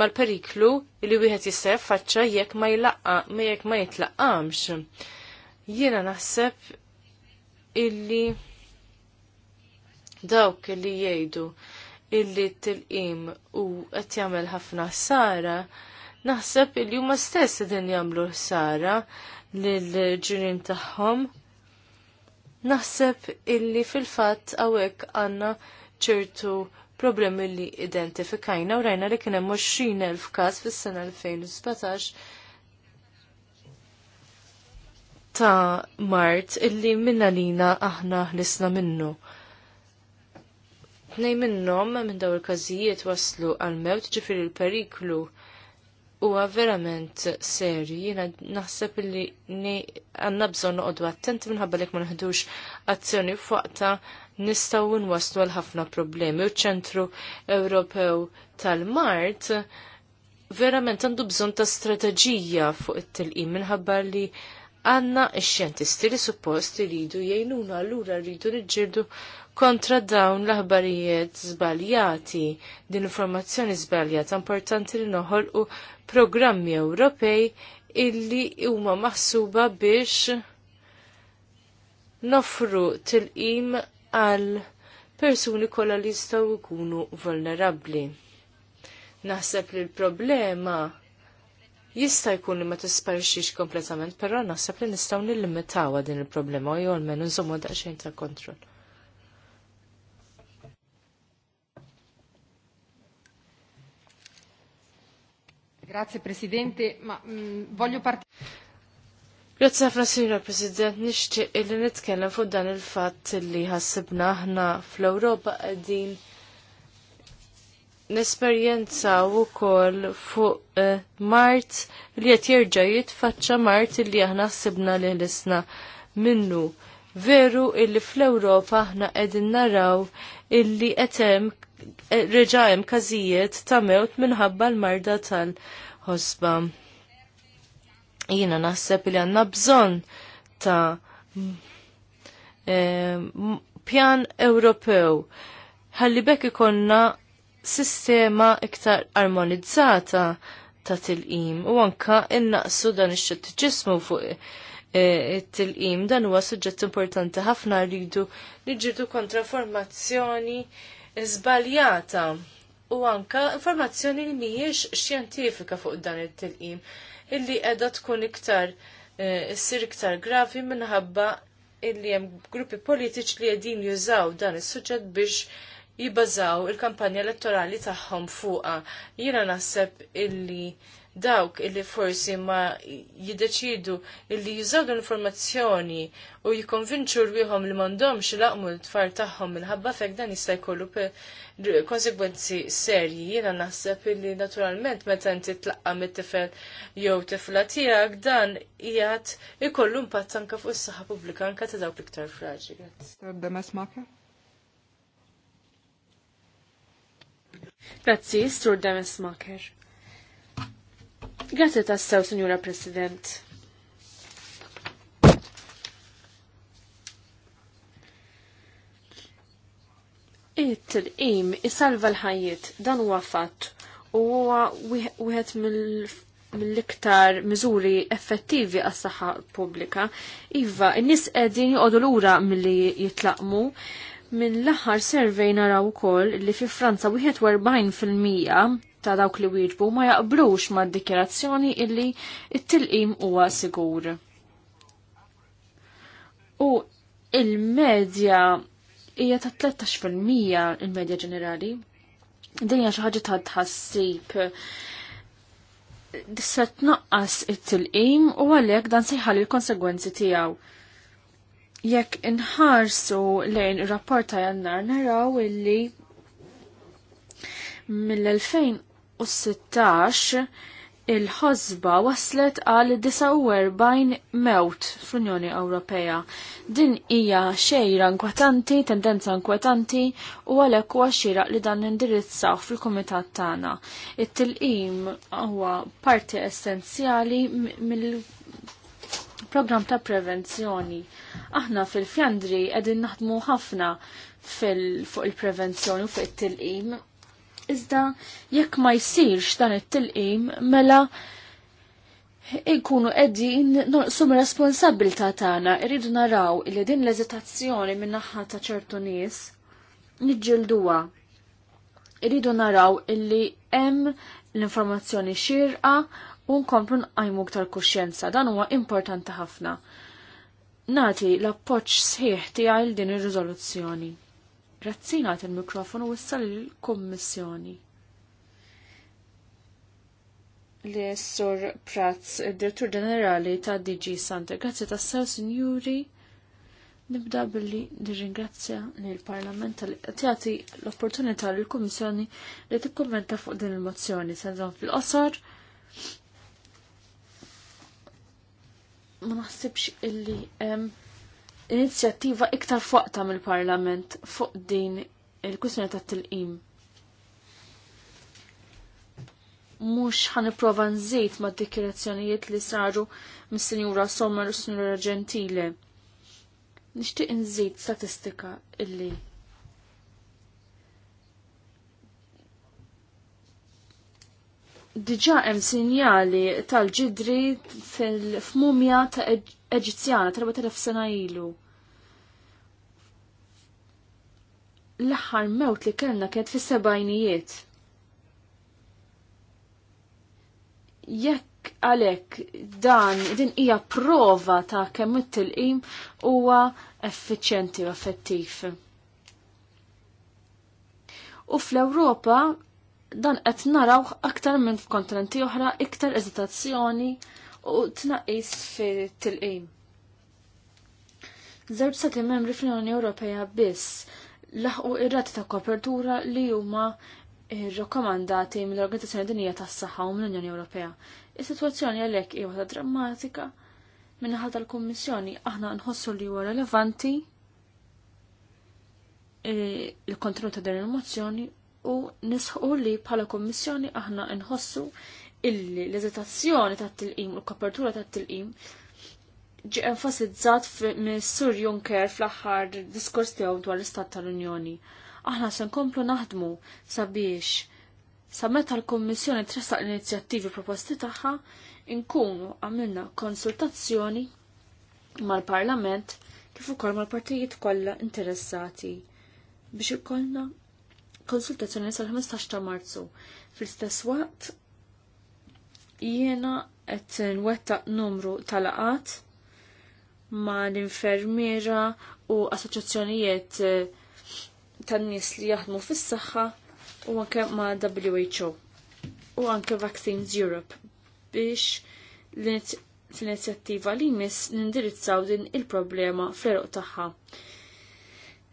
mal-periklu li wieħed jista' faċċa jekk ma jlaqqa ma jekk ma jitlaqamx. Jiena naħseb illi dawk li jgħidu illi t-tilqim u qed jagħmel ħafna sara naħseb li huma stess din jagħmlu ħsara lill-ġirien tagħhom. Naħseb illi fil-fatt hawnhekk għandna ċertu problemi li identifikajna u rajna li kienem 20.000 kas fis sena 2017 ta' Mart illi minna lina aħna ħlisna minnu. Nej minnom minn daw il-kazijiet waslu għal-mewt ġifir il-periklu huwa verament serju, jina naħseb li għandna bżonn noqogħdu attenti minħabba li ma naħdux azzjoni f'waqta nistgħu nwaslu għal ħafna problemi u ċentru Ewropew tal-Mart verament għandu bżonn ta' strateġija fuq it-tilqim minħabba li għanna x-xjentisti li suppost iridu jgħinuna allura rridu niġġieldu kontra dawn l-aħbarijiet żbaljati, din l-informazzjoni żbaljata importanti li noħolqu programmi Ewropej illi huma maħsuba biex nofru tilqim għal persuni kollha li jistgħu jkunu vulnerabbli. Naħseb li l-problema jista' jkun li ma tisparixix kompletament, però naħseb li nistgħu nillimitaw din il-problema u jew almenu nżommu daqsxejn ta' kontroll. Grazie Presidente, ma mh, mm, voglio partire. Grazie ħafna Sinjor President, nixtieq illi nitkellem fuq dan il-fatt li ħassibna aħna fl-Ewropa qegħdin nesperjenzaw ukoll fuq uh, Mart li qed jerġa' jitfaċċa Mart li aħna ħassibna li l-isna minnu. Veru illi fl-Ewropa aħna qegħdin naraw illi qed hemm reġajem kazijiet ta' mewt minħabba l-marda tal-ħosba. Jina naħseb li għanna bżon ta' pjan Ewropew. Ħalli bekk ikonna sistema iktar armonizzata ta' tilqim u anka innaqsu dan ix-xettiġismu fuq e, it-tilqim dan huwa suġġett importanti ħafna rridu li kontra kontraformazzjoni. Zbaljata u anka informazzjoni li mhijiex xjentifika fuq dan it-tilqim illi qiegħda tkun iktar eh, issir iktar gravi minħabba illi hemm gruppi politiċi li qegħdin jużaw dan is-suġġett biex jibbażaw il-kampanja elettorali tagħhom fuqha. Jiena naħseb illi dawk illi forsi ma jiddeċidu illi jużaw l-informazzjoni u jikonvinċu rwieħom li m'għandhomx laqmu l-tfal tagħhom minħabba fek dan jista' jkollu konsekwenzi serji. Jiena naħseb illi naturalment meta inti tlaqqa mit-tifel jew tifla tiegħek dan jgħat ikollu impatt anke fuq is-saħħa pubblika anke ta' dawk iktar fraġili. Grazzi, Stur Demes Maker. Grazie tassew, Signora President. It-tilqim isalva l-ħajjiet dan huwa fatt u huwa wieħed mill-iktar miżuri effettivi għas saħħa pubblika. Iva, n-nies qegħdin joqogħdu lura milli jitlaqmu. Min l-aħħar servej naraw ukoll li fi Franza wieħed 40 fil-mija ta' dawk li wieġbu ma jaqbrux ma' dikjerazzjoni illi it-tilqim huwa sigur. U il-medja hija ta' 13% il-medja ġenerali. hija xi ħaġa ta' tħassib se tnaqqas it-tilqim u għalhekk dan se jħalli l-konsegwenzi tiegħu. Jekk inħarsu lejn ir-rapport ta' jannar naraw illi mill-2000 u 16 il ħosba waslet għal 49 mewt fl-Unjoni Ewropea. Din hija xejra inkwetanti, tendenza inkwetanti u għalhekk huwa xieraq li dan indirizzaw fil-kumitat tagħna. It-tilqim huwa parti essenzjali mill programm ta' prevenzjoni. Aħna fil-Fjandri qegħdin naħdmu ħafna fil fuq il-prevenzjoni u fuq it-tilqim iżda jekk ma jsirx dan it-tilqim mela inkunu qegħdin noqsu responsabbilta tagħna irridu naraw li din l-eżitazzjoni min naħħa ta' ċertu nies niġġilduha. Irridu naraw illi hemm l-informazzjoni xirqa u nkomplu nqajmu ktar kuxjenza. Dan huwa importanti ħafna. Nati l-appoġġ sħiħ tiegħi din ir-riżoluzzjoni. Grazzi nagħti il-mikrofonu issa lill-Kummissjoni. Li Sur il Direttur Ġenerali ta' DG Sante. Grazzi tassew, Sinjuri. Nibda billi nirringrazzja lill parlament tal jagħti l-opportunità lill kummissjoni li tikkummenta fuq din il-mozzjoni senżon fil-qosor. Ma naħsibx illi hemm inizjattiva iktar fuqta mill-Parlament fuq din il-kwistjoni ta' tilqim. Mhux ħan nipprova nżid mad dikjerazzjonijiet li saru mis-Sinjura Sommer u s Sinjura Ġentile. Nixtieq nżid statistika illi diġa hemm sinjali tal-ġidri fil-fmumja ta' Eġizzjana ta' 4000 sena ilu. L-aħħar mewt li kellna kienet fis-sebajnijiet. Jekk għalhekk dan din hija prova ta' kemm it-tilqim huwa effiċjenti u effettiv. U fl-Ewropa dan qed naraw aktar minn f'kontinenti oħra iktar eżitazzjoni u tnaqis fit-tilqim. Zerb stati membri fl-Unjoni Ewropea biss laħqu ir-rati ta' kopertura li huma rrakkomandati mill-Organizzazzjoni Dinija tas-Saħħa u mill-Unjoni Ewropea. Is-sitwazzjoni għalhekk hija waħda drammatika minħat tal-Kummissjoni aħna nħossu li huwa relevanti eh, il-kontenut ta' din il-mozzjoni u nisħu li bħala kommissjoni aħna nħossu illi l-eżitazzjoni ta' tilqim u l-kopertura ta' tilqim ġi enfasizzat mis-Sur Juncker fl-aħħar diskors tiegħu dwar l-Istat tal-Unjoni. Aħna se nkomplu naħdmu sabiex sa meta l-Kummissjoni tressaq l-inizjattivi proposti tagħha inkunu għamilna konsultazzjoni mal-Parlament kif ukoll mal-partijiet kollha interessati biex ikollna konsultazzjoni sal-15 ta' Marzu. Fl-istess waqt jiena qed nwettaq numru tal-laqat ma l-infermiera u assoċjazzjonijiet eh, tan-nies li jaħdmu fis-saħħa u anke ma' WHO u anke Vaccines Europe biex l-inizjattiva li jmiss nindirizzaw din il-problema fl-eruq tagħha.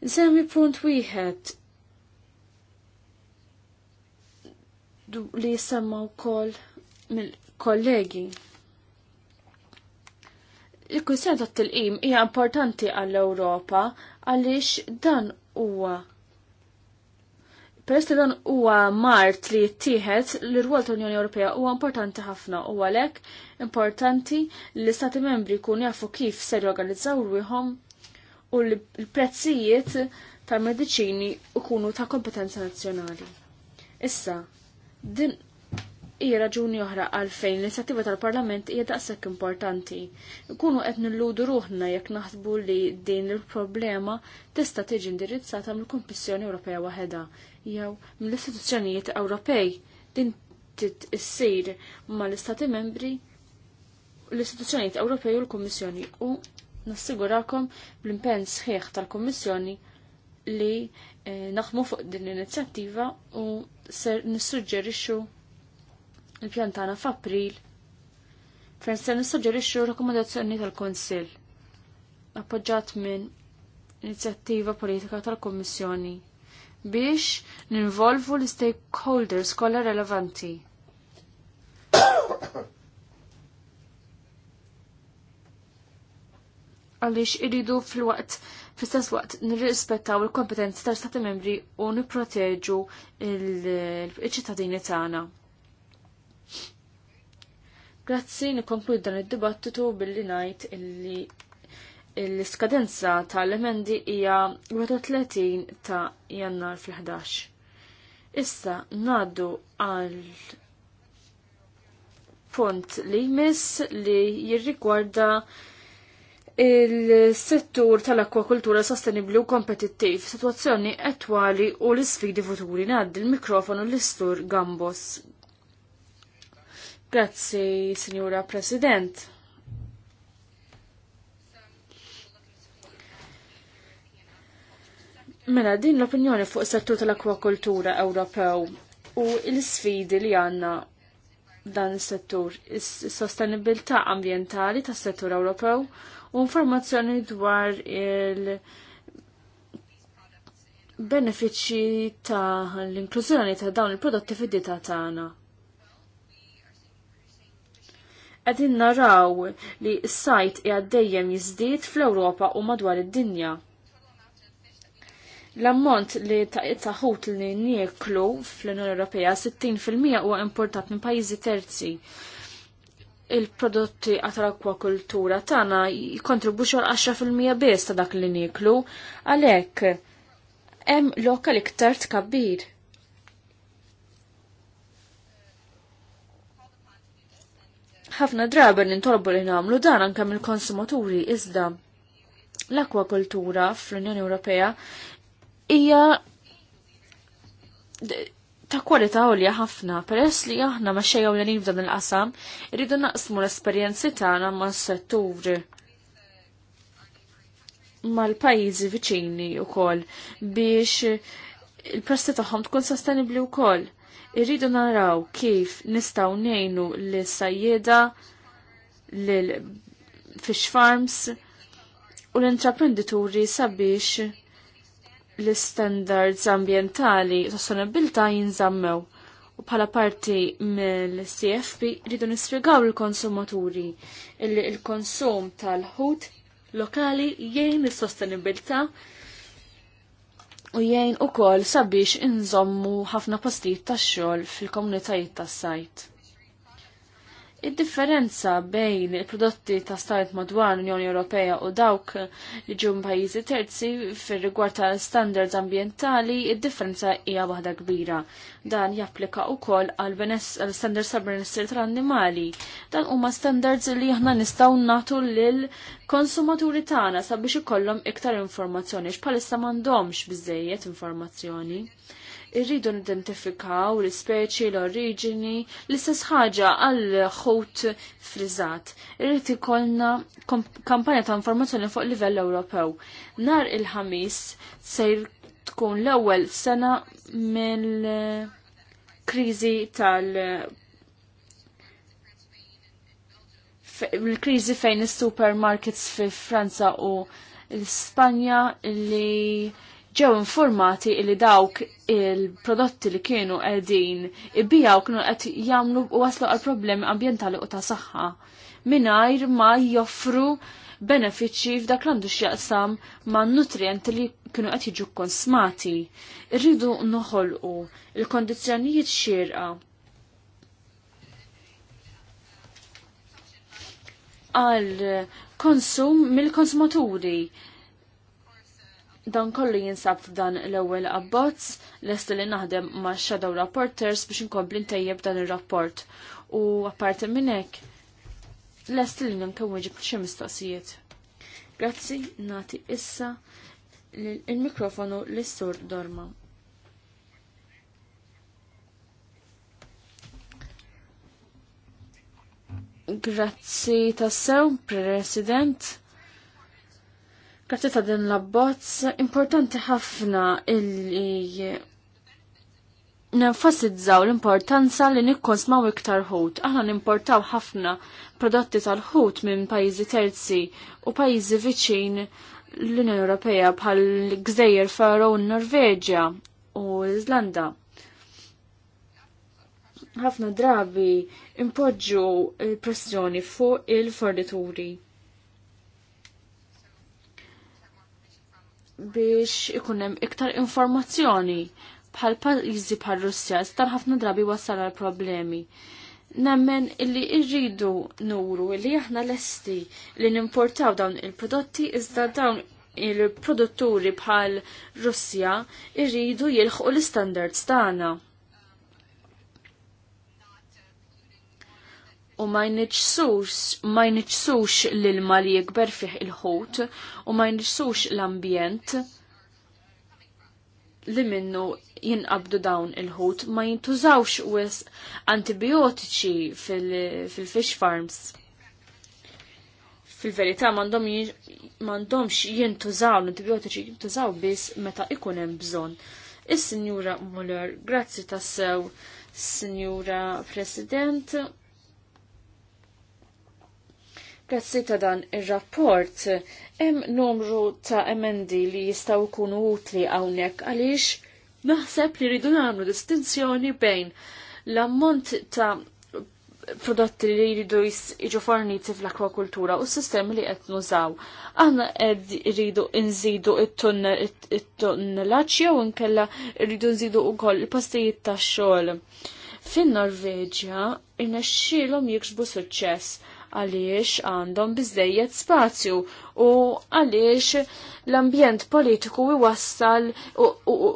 Nsemmi punt wieħed li jisemmaw kol mill-kollegi. Il-kwistjoni ta' tilqim hija importanti għall-Ewropa għaliex dan huwa Peress li dan huwa mart li jittieħed l rwol tal-Unjoni Ewropea huwa importanti ħafna u għalhekk importanti li l-Istati membri jkunu jafu kif se jorganizzaw rwieħhom u l-prezzijiet tal-mediċini jkunu ta' kompetenza nazzjonali. Issa, Din hija raġuni oħra għalfejn l-inizjattiva tal-Parlament hija daqshekk importanti. Ikunu qed nilludu ruħna jekk naħsbu li din il-problema tista' tiġi indirizzata mill-Kummissjoni Ewropea waħedha jew mill-istituzzjonijiet Ewropej din issir mal-Istati membri l-istituzzjonijiet Ewropej u l-Kummissjoni u nassigurakom bl-impenn sħiħ tal-Kummissjoni li eh, naħmu fuq din l-inizjattiva u ser nissuġġerixxu il pjantana f'April fejn se nissuġġerixxu rakkomandazzjoni tal-Kunsill appoġġat minn inizjattiva politika tal-Kummissjoni biex ninvolvu l-stakeholders kollha relevanti. Għaliex iridu fil-waqt fl-istess waqt nirrispettaw il-kompetenzi tal-Stati membri u nipproteġu il-ċittadini tagħna. Grazzi nikkonkludi dan id-dibattitu billi ngħid illi l-iskadenza tal-emendi hija 30 ta' jannar fl-11. Issa ngħaddu għal punt li jmiss li jirrigwarda il-settur tal-akwakultura sostenibli u kompetittiv, situazzjoni attwali u l-sfidi futuri ngħaddi il mikrofonu l-istur Gambos. Grazzi, Signora President. Mela, din l-opinjoni fuq settur tal-akwakultura Ewropew u l-sfidi li għanna dan is-settur, il sostenibilità ambjentali tas-settur Ewropew u informazzjoni dwar il- benefiċċji ta' l-inklużjoni ta' dawn il-prodotti fid-dita tagħna. Qegħdin naraw li s-sajt qiegħed dejjem jiżdied fl-Ewropa u madwar id-dinja. L-ammont li ta' taħut li nieklu fl-Unjoni Ewropea 60% huwa importat minn pajjiżi terzi il-prodotti għatar akwakultura tagħna jikontribuċu għal 10% biss ta' dak li niklu, għalhekk hemm lokal iktar tkabbir. ħafna drabi nintolbu li nagħmlu dan anke mill-konsumaturi iżda l-akwakultura fl-Unjoni Ewropea hija ta' kwalità għolja ħafna, peress li aħna ma xejja u f'dan il-qasam, irridu naqsmu l-esperjenzi tagħna mas settur mal-pajjiżi viċini wkoll biex il-presti tagħhom tkun sostenibbli wkoll. Irridu naraw kif nistgħu ngħinu lis sajjeda lil fish farms u l-intraprenditori sabiex l-standards ambientali u sostenibilità jinżammew u bħala parti mill-CFP rridu nispjegaw il-konsumaturi illi il-konsum tal-ħut lokali jgħin is-sostenibilità u jgħin ukoll sabiex inżommu ħafna postijiet tax-xogħol fil-komunitajiet tas-sajt. Id-differenza bejn il-prodotti ta' stajt madwar l-Unjoni Ewropea u dawk li ġum pajjiżi terzi fir rigward ta' standards ambientali, id-differenza hija waħda kbira. Dan japplika wkoll għal standards ta' benessir tal-annimali. Dan huma standards li aħna nistgħu nagħtu lil konsumaturi tagħna sabiex ikollhom iktar informazzjoni x'bħalissa m'għandhomx biżejjed informazzjoni irridu nidentifikaw l-ispeċi, l-oriġini, l-istess ħaġa għal ħut frizzat. Irrid ikollna kampanja ta' informazzjoni fuq livell Ewropew. Nar il-ħamis sejr tkun l-ewwel sena mill-kriżi tal- il-kriżi fejn is-supermarkets fi Franza u l-Spanja li ġew informati li dawk il-prodotti li kienu qegħdin ibbijaw kienu qed jagħmlu waslu għal problemi ambjentali u ta' saħħa mingħajr ma joffru benefiċċji f'dak l-għandu x'jaqsam ma' nutrienti li kienu qed jiġu konsmati. Irridu noħolqu il-kondizzjonijiet xierqa għal konsum mill-konsumaturi dan kollu jinsab f'dan l-ewwel abbozz, lesti li naħdem ma' Shadow Rapporters biex inkompli ntejjeb dan ir-rapport. U apparti minn hekk, lesti li nanke weġib' xi mistoqsijiet. Grazzi, nati issa il-mikrofonu l-istur Dorma. Grazzi tassew, President. Grazzi ta' din l-abbozz, importanti ħafna illi nenfasizzaw l-importanza li nikkonsmaw iktar ħut. Aħna nimportaw ħafna prodotti tal-ħut minn pajjiżi terzi u pajjiżi viċin l-Unjoni Ewropea bħal Gżejjer, Faro, Norveġja u Iżlanda. Ħafna drabi impoġġu pressjoni fuq il-fornituri. il fornituri biex ikunem iktar informazzjoni bħal pajjiżi bħal Russja, star ħafna drabi wasal għal problemi. Nemmen illi irridu nuru illi aħna lesti li nimportaw dawn il-prodotti iżda dawn il-produtturi bħal Russja irridu jilħqu l-standards tagħna. u ma jniċsux l-ilma li jikber fih il-ħut u ma jniċsux l-ambjent li minnu jinqabdu dawn il-ħut ma jintużawx wis antibiotiċi fil-fish fil farms. Fil-verità mandomx jintużaw l-antibiotiċi jintużaw biss meta ikun hemm bżonn. Is-Sinjura Muller, grazzi tassew, Sinjura President, Grazzi ta' dan ir-rapport hemm numru ta' emendi li jistgħu jkunu utli hawnhekk għaliex naħseb li rridu nagħmlu distinzjoni bejn l-ammont ta' prodotti li jridu jiġu forniti fl-akwakultura u s-sistemi li qed nużaw. Aħna qed jridu nżidu it-tunnelaġġ jew inkella jridu nżidu wkoll il-pastijiet tax-xogħol. Fin-Norveġja irnexxielhom jiksbu suċċess għaliex għandhom biżejjed spazju u għaliex l-ambjent politiku iwassal u,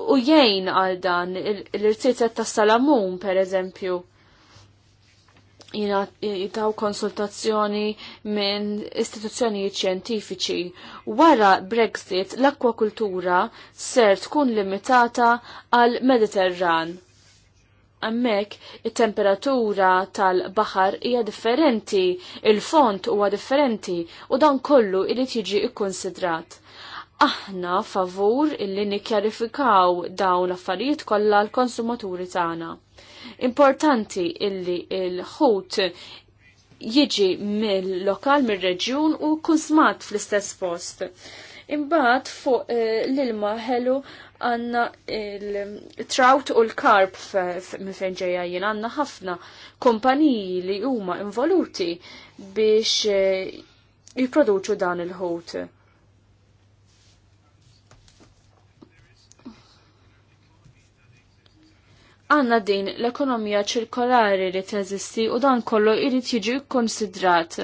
u jgħin għal dan l-irtizet ta' salamun per eżempju jitaw konsultazzjoni minn istituzzjonijiet ċjentifiċi. Wara Brexit l-akwakultura ser tkun limitata għal Mediterran Hemmhekk it-temperatura tal-baħar hija differenti, il-font huwa differenti u dan kollu irid jiġi ikkonsidrat. Aħna favur illi nikkjarifikaw dawn l-affarijiet kollha l-konsumaturi tagħna. Importanti illi il-ħut jiġi mill-lokal, mill-reġjun u kun smat fl-istess post. Imbagħad fuq eh, l-ilma ħelu għandna il-trout u l-karp minn fejn ġejja jien għandna ħafna kumpaniji li huma involuti biex eh, jipproduċu dan il-ħut. għanna din l-ekonomija ċirkolari li teżisti u dan kollu irrit jiġi konsidrat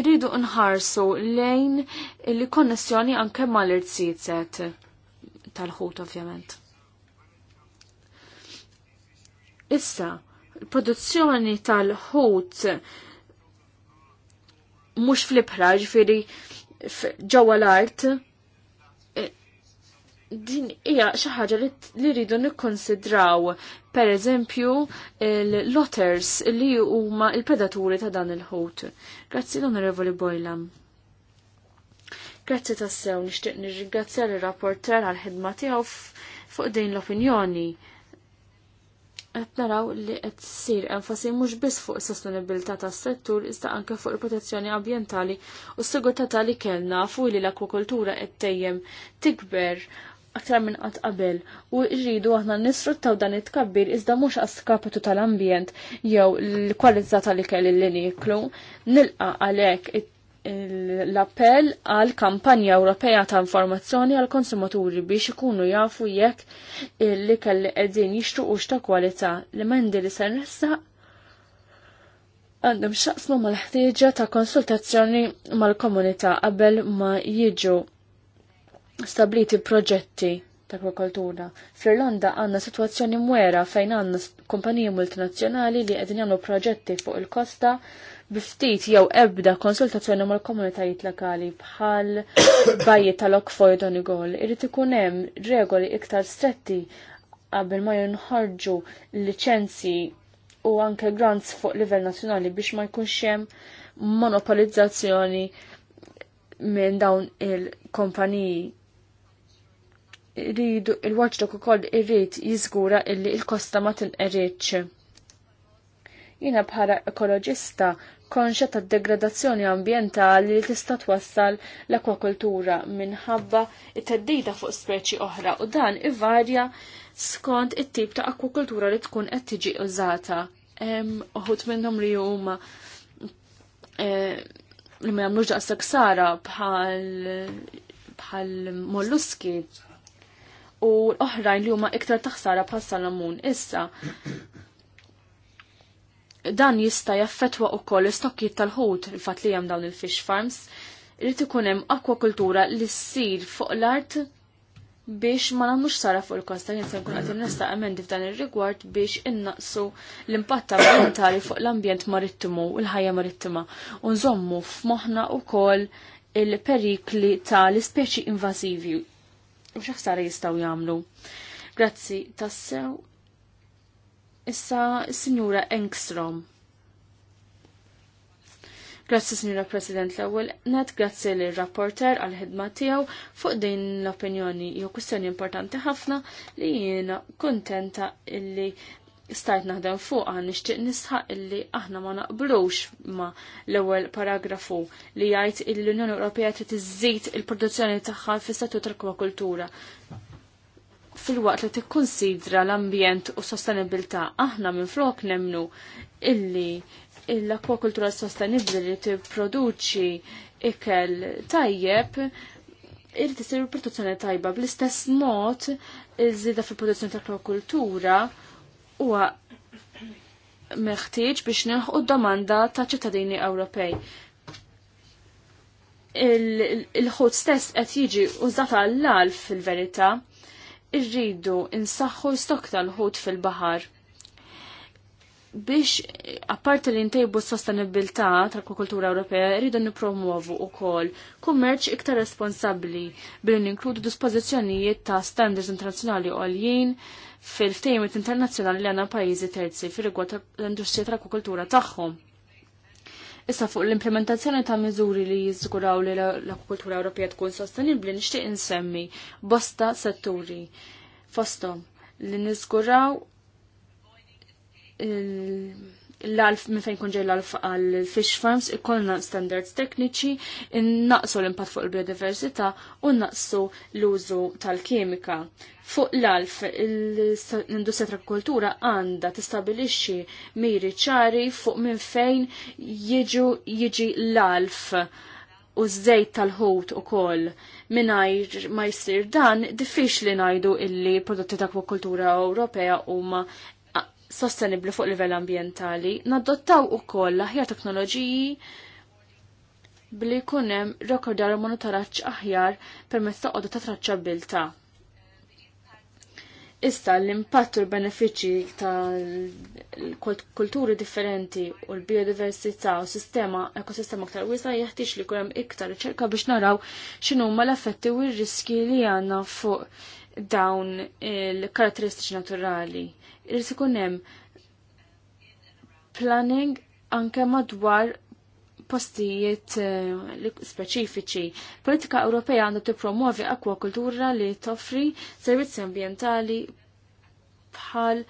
irridu nħarsu lejn il-konnessjoni anke mal-irtsiset tal-ħut ovvjament. Issa, produzzjoni tal-ħut mhux fl-ibħra ġifieri ġewwa l-art din hija xi ħaġa li rridu nikkonsidraw pereżempju l-lotters li huma l-predaturi ta' dan il-ħut. Grazzi l-Onorevoli Boylam. Grazzi tassew nixtieq nirringrazzja l-rapporter għal-ħidma tiegħu fuq din l-opinjoni qed naraw li qed issir enfasi mhux biss fuq is-sostenibilità tas-settur iżda anke fuq il-protezzjoni ambjentali u s-sigurtà tal kellna fuq li l-akwakultura qed tejjem tikber aktar minn qatt qabel u rridu aħna nisfruttaw dan it-tkabbir iżda mhux għas-skapitu tal-ambjent jew l-kwalità tal-ikel li niklu. Nilqa għalhekk l-appell għal kampanja Ewropea ta' informazzjoni għal konsumaturi biex ikunu jafu jekk l-ikel li qegħdin jixtruqux ta' kwalità li mendi li se nressaq għandhom xaqsmu mal-ħtieġa ta' konsultazzjoni mal-komunità qabel ma jiġu stabliti proġetti ta' kultura. Fl-Irlanda għanna situazzjoni mwera fejn għanna kompaniji multinazzjonali li għedin jagħmlu proġetti fuq il-kosta biftit jew ebda konsultazzjoni mal komunitajiet lokali bħal bajji tal-Okfoy Donigol. Irid ikun hemm regoli iktar stretti qabel ma jinħarġu liċenzji u anke grants fuq livell nazzjonali biex ma jkunx hemm monopolizzazzjoni minn dawn il-kompaniji rridu il-watchdog ukoll irrit jiżgura illi il-kosta ma tinqeritx. Jiena bħala ekoloġista konxa ta' degradazzjoni ambjentali li tista' twassal l-akwakultura minħabba it-teddida fuq speċi oħra u dan ivarja skont it-tip ta' akwakultura li tkun qed tiġi użata. Uħut minnhom li huma eh, li ma jagħmlux daqshekk sara bħal bħal molluski u l-oħrajn li huma iktar taħsara bħal Salamun. Issa, dan jista' jaffetwa wkoll l-istokkijiet tal-ħut il-fatt li hemm dawn il-fish farms, irid ikun hemm akwakultura li ssir fuq l-art biex ma nagħmlux sara fuq il-kosta se nkun qed innesta emendi f'dan ir-rigward biex innaqsu l-impatt ambjentali fuq l-ambjent marittimu u l-ħajja marittima u nżommu f'moħħna wkoll il-perikli ta' l-ispeċi invażivi u xaħsara jistaw jamlu. Grazzi, tassew. Issa, signora Engstrom. Grazzi, signora President l-ewel, net grazzi li rapporter għal-ħidma tijaw fuq din l-opinjoni jew kustjoni importanti ħafna li jiena kontenta illi Stajt naħdem fuq għan nixtieq nisħaq illi aħna ma naqblux ma l-ewwel paragrafu li jgħid illi l-Unjoni Ewropea trid iżżid il-produzzjoni tagħha fis-settur tal-akwakultura fil-waqt li tikkunsidra l-ambjent u sostenibilità aħna minn flok nemnu illi l-akwakultura sostenibli li tipproduċi ikel tajjeb irid isir produzzjoni tajba bl-istess mod iż-żieda fil-produzzjoni tal-akwakultura huwa meħtieġ biex nilħu d-domanda ta' ċittadini Ewropej. Il-ħut stess qed jiġi użat għall-għal fil-verità, irridu insaħħu stok tal-ħut fil-baħar biex apparti li ntejbu s-sostenibilità tal kultura Ewropea rridu nipromuovu wkoll kummerċ iktar responsabbli billi ninkludu dispożizzjonijiet ta' standards internazzjonali għaljien fil ftejmet internazzjonali li għandna pajjiżi terzi fil rigward l-industrija tal kultura tagħhom. Issa fuq l-implementazzjoni ta' miżuri li jiżguraw li l-akwakultura Ewropea tkun sostenibbli nixtieq insemmi bosta setturi fosthom li niżguraw l-alf minn fejn kunġej l-alf għal fish farms ikollna standards tekniċi, naqsu l-impatt fuq il-biodiversità u naqsu l-użu tal-kimika. Fuq l-alf, l-industrija tal-kultura għanda tistabilixxi miri ċari fuq minn fejn jiġu jiġi l-alf u żejt tal-ħut u koll. Minajr ma jisir dan, diffiċ li najdu illi prodotti ta' akwakultura Ewropea huma sostenibli fuq livell ambientali, nadottaw ukoll l-aħjar teknoloġiji billi kunem hemm rekordar u monitoraċ aħjar permezz ta' qodu ta' traċċabilta. Issa l-impatt u l-benefiċċji tal-kulturi differenti u l-biodiversità u sistema ekosistema aktar wisa jeħtieġ li jkun hemm iktar riċerka biex naraw x'inhuma l-effetti u r-riski li għandna fuq dawn il-karatteristiċi naturali Irrid ikun hemm planning anke madwar postijiet eh, speċifiċi. Politika Ewropea għandha tippromovi akwakultura li toffri servizzi ambjentali bħal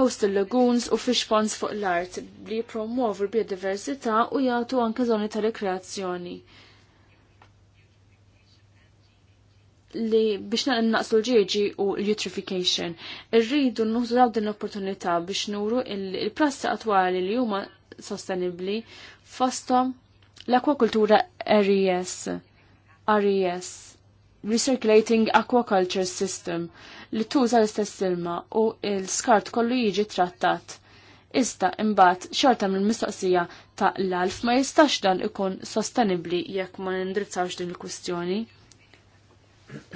coastal lagoons u fish ponds fuq l-art li jippromovu l-biodiversità u jagħtu anke żoni ta' rekreazzjoni. li biex naqsu l ġieġi u l-eutrification. Irridu daw din l-opportunità biex nuru il-prassi attwali li huma sostenibli fostom l-akwakultura RES, RES, Recirculating Aquaculture System, li tuża l-istess ilma u l-skart kollu jiġi trattat. Iżda imbagħad xorta mill-mistoqsija ta' l-alf ma jistax dan ikun sostenibli jekk ma nindrizzawx din il-kwistjoni.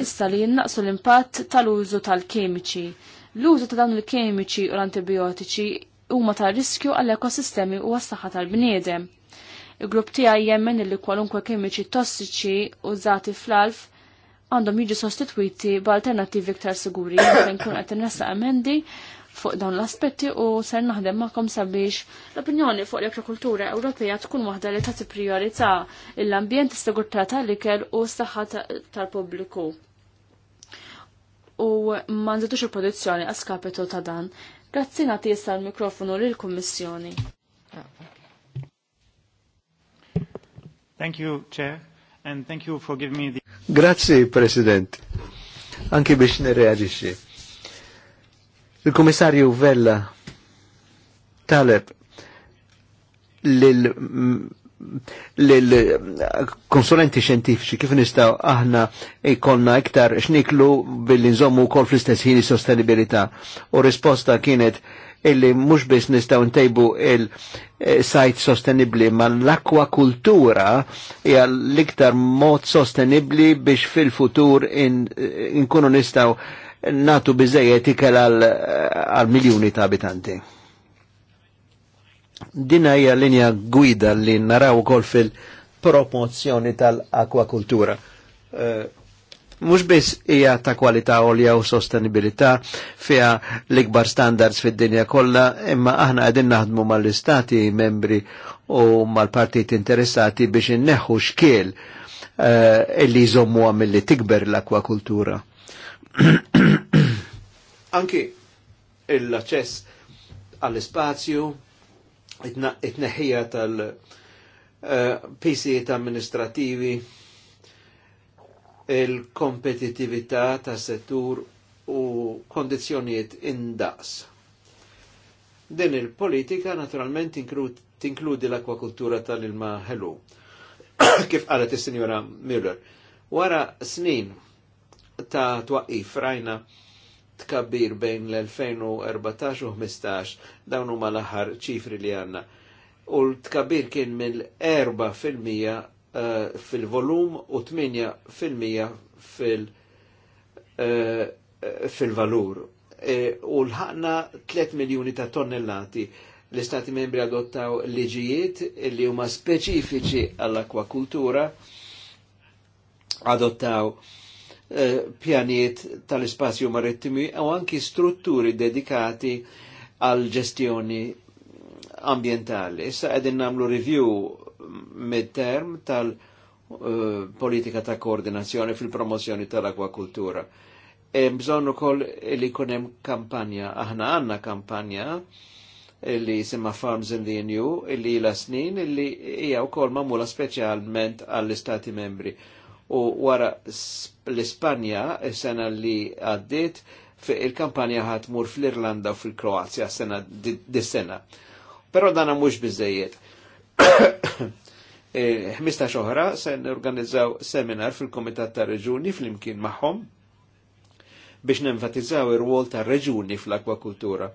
Issa li jinnaqsu l-impatt tal-użu tal-kemiċi. L-użu ta' dawn il-kemiċi u l-antibiotiċi huma ta' riskju għall-ekosistemi u għas-saħħa tal-bniedem. Il-grupp tiegħi jemmen li kwalunkwe kemiċi tossiċi użati fl-alf għandhom jiġu sostitwiti b'alternattivi iktar siguri, jekk nkun qed amendi emendi fuq dawn l-aspetti u ser naħdem magħkom sabiex l-opinjoni fuq l-agrikultura Ewropea tkun waħda li tagħti priorità l-ambjent is-sigurtà tal-ikel u s-saħħa tal-pubbliku. U ma nżidux il-produzzjoni għaskapitu ta' dan. Grazzi nagħti issa l-mikrofonu lill-Kummissjoni. Thank you, Chair, and thank you for giving me the... Grazie, President. Anki biex nereagixi Il-Komissarju Vella taleb lil l-konsulenti xentifiċi kif nistaw aħna ikonna iktar xniklu billi nżommu kol fl-istess ħini sostenibilità. U risposta kienet illi mux biss nistaw ntejbu il-sajt eh, sostenibli ma l-akwa kultura hija l-iktar mod sostenibli biex fil-futur eh, inkunu in nistaw natu bizzejiet ikel għal eh, miljoni ta' abitanti. Dina hija linja gwida li naraw ukoll fil promozzjoni tal-akwakultura. Eh, Mux biss hija ta' kwalità olja u sostenibilità fija l-ikbar standards fid-dinja kollha, imma aħna qegħdin naħdmu mal-istati membri u mal-partit interessati biex inneħħu xkiel eh, illi jżommuha milli tikber l-akwakultura Anki l-aċċess għall-ispazju, it-neħija tal-pisijiet eh, amministrativi, il-kompetitività tas settur u kondizjoniet indaqs. Din il-politika naturalment tinkludi l-akwakultura tal-ilma ħelu. Kif qalet is-Sinjora Miller, wara snin ta' twaqif rajna tkabbir bejn l-2014 u 15 dawn huma l-aħħar ċifri li għanna. U l-tkabbir kien mill-4 fil-mija eh, fil-volum u 8 fil-mija eh, fil-valur. Eh, u l ħanna 3 miljoni ta' tonnellati l-Istati membri adottaw liġijiet li huma speċifiċi għall-akwakultura adottaw Eh, pjaniet tal-ispazju marittimi u anki strutturi dedikati għal ġestjoni ambientali. Issa għedin namlu review mid-term tal-politika ta' koordinazzjoni fil-promozjoni tal-akwakultura. Bżonnu kol li kunem kampanja, aħna għanna kampanja li sema Farms in the New, li la snin, li hija wkoll mamula speċjalment għall-istati membri u wara l-Ispanja sena li għaddit il-kampanja ħat mur fl-Irlanda u fil-Kroazja sena dis-sena. Pero dana mux bizzejiet. Eh, 15 oħra se organizzaw seminar fil-Komitat ta' Reġuni fl-imkien magħhom biex nenfatizzaw ir-rwol ta' reġuni fl-akwakultura.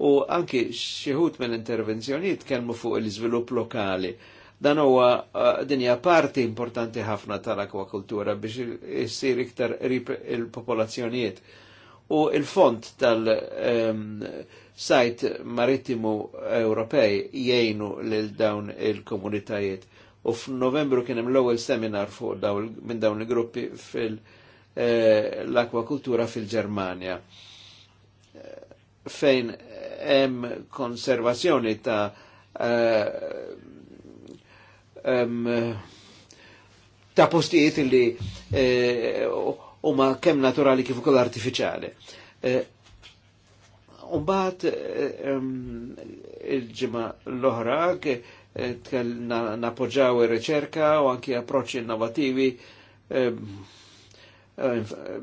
U anki xieħut mill intervenzjoniet kelmu fuq il izvilup lokali Dan huwa eh, dinja parti importanti ħafna tal-akwakultura biex issir iktar rip il-popolazzjonijiet. U il-font tal-sajt ehm, marittimu Ewropej jgħinu lil dawn il-komunitajiet. U f'Novembru kien hemm l-ewwel seminar fuq minn dawn il-gruppi fil-akwakultura eh, fil-Ġermanja fejn hemm konservazzjoni ta' eh, ta' postijiet li eh, huma ma' kem naturali kif ukoll artificiali. E, eh, Umbat eh, il ġima l-oħra napoġaw il-reċerka u anki approċċi innovativi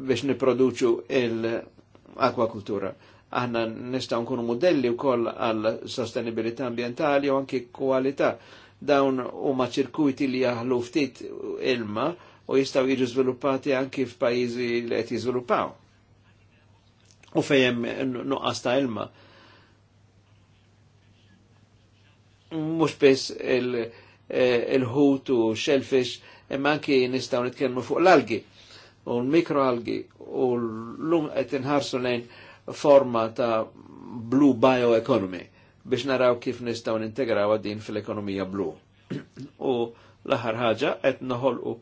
biex niproduċu l-akwakultura. Aħna nistaw nkunu modelli u koll għal sostenibilità ambientali u anki kualità dawn huma ċirkwiti li jaħlu ftit ilma u jistaw jiġu żviluppati anki f'pajjiżi li qed jiżviluppaw. U fejjem nuqqas ta' ilma. Mhux biss eh, il-ħut u shellfish imma anki nistgħu nitkellmu fuq l-algi u l-mikroalgi u l-lum qed inħarsu lejn forma ta' blue bioeconomy biex naraw kif nistaw nintegraw din fil-ekonomija blu. u l-aħħar ħaġa qed noħolqu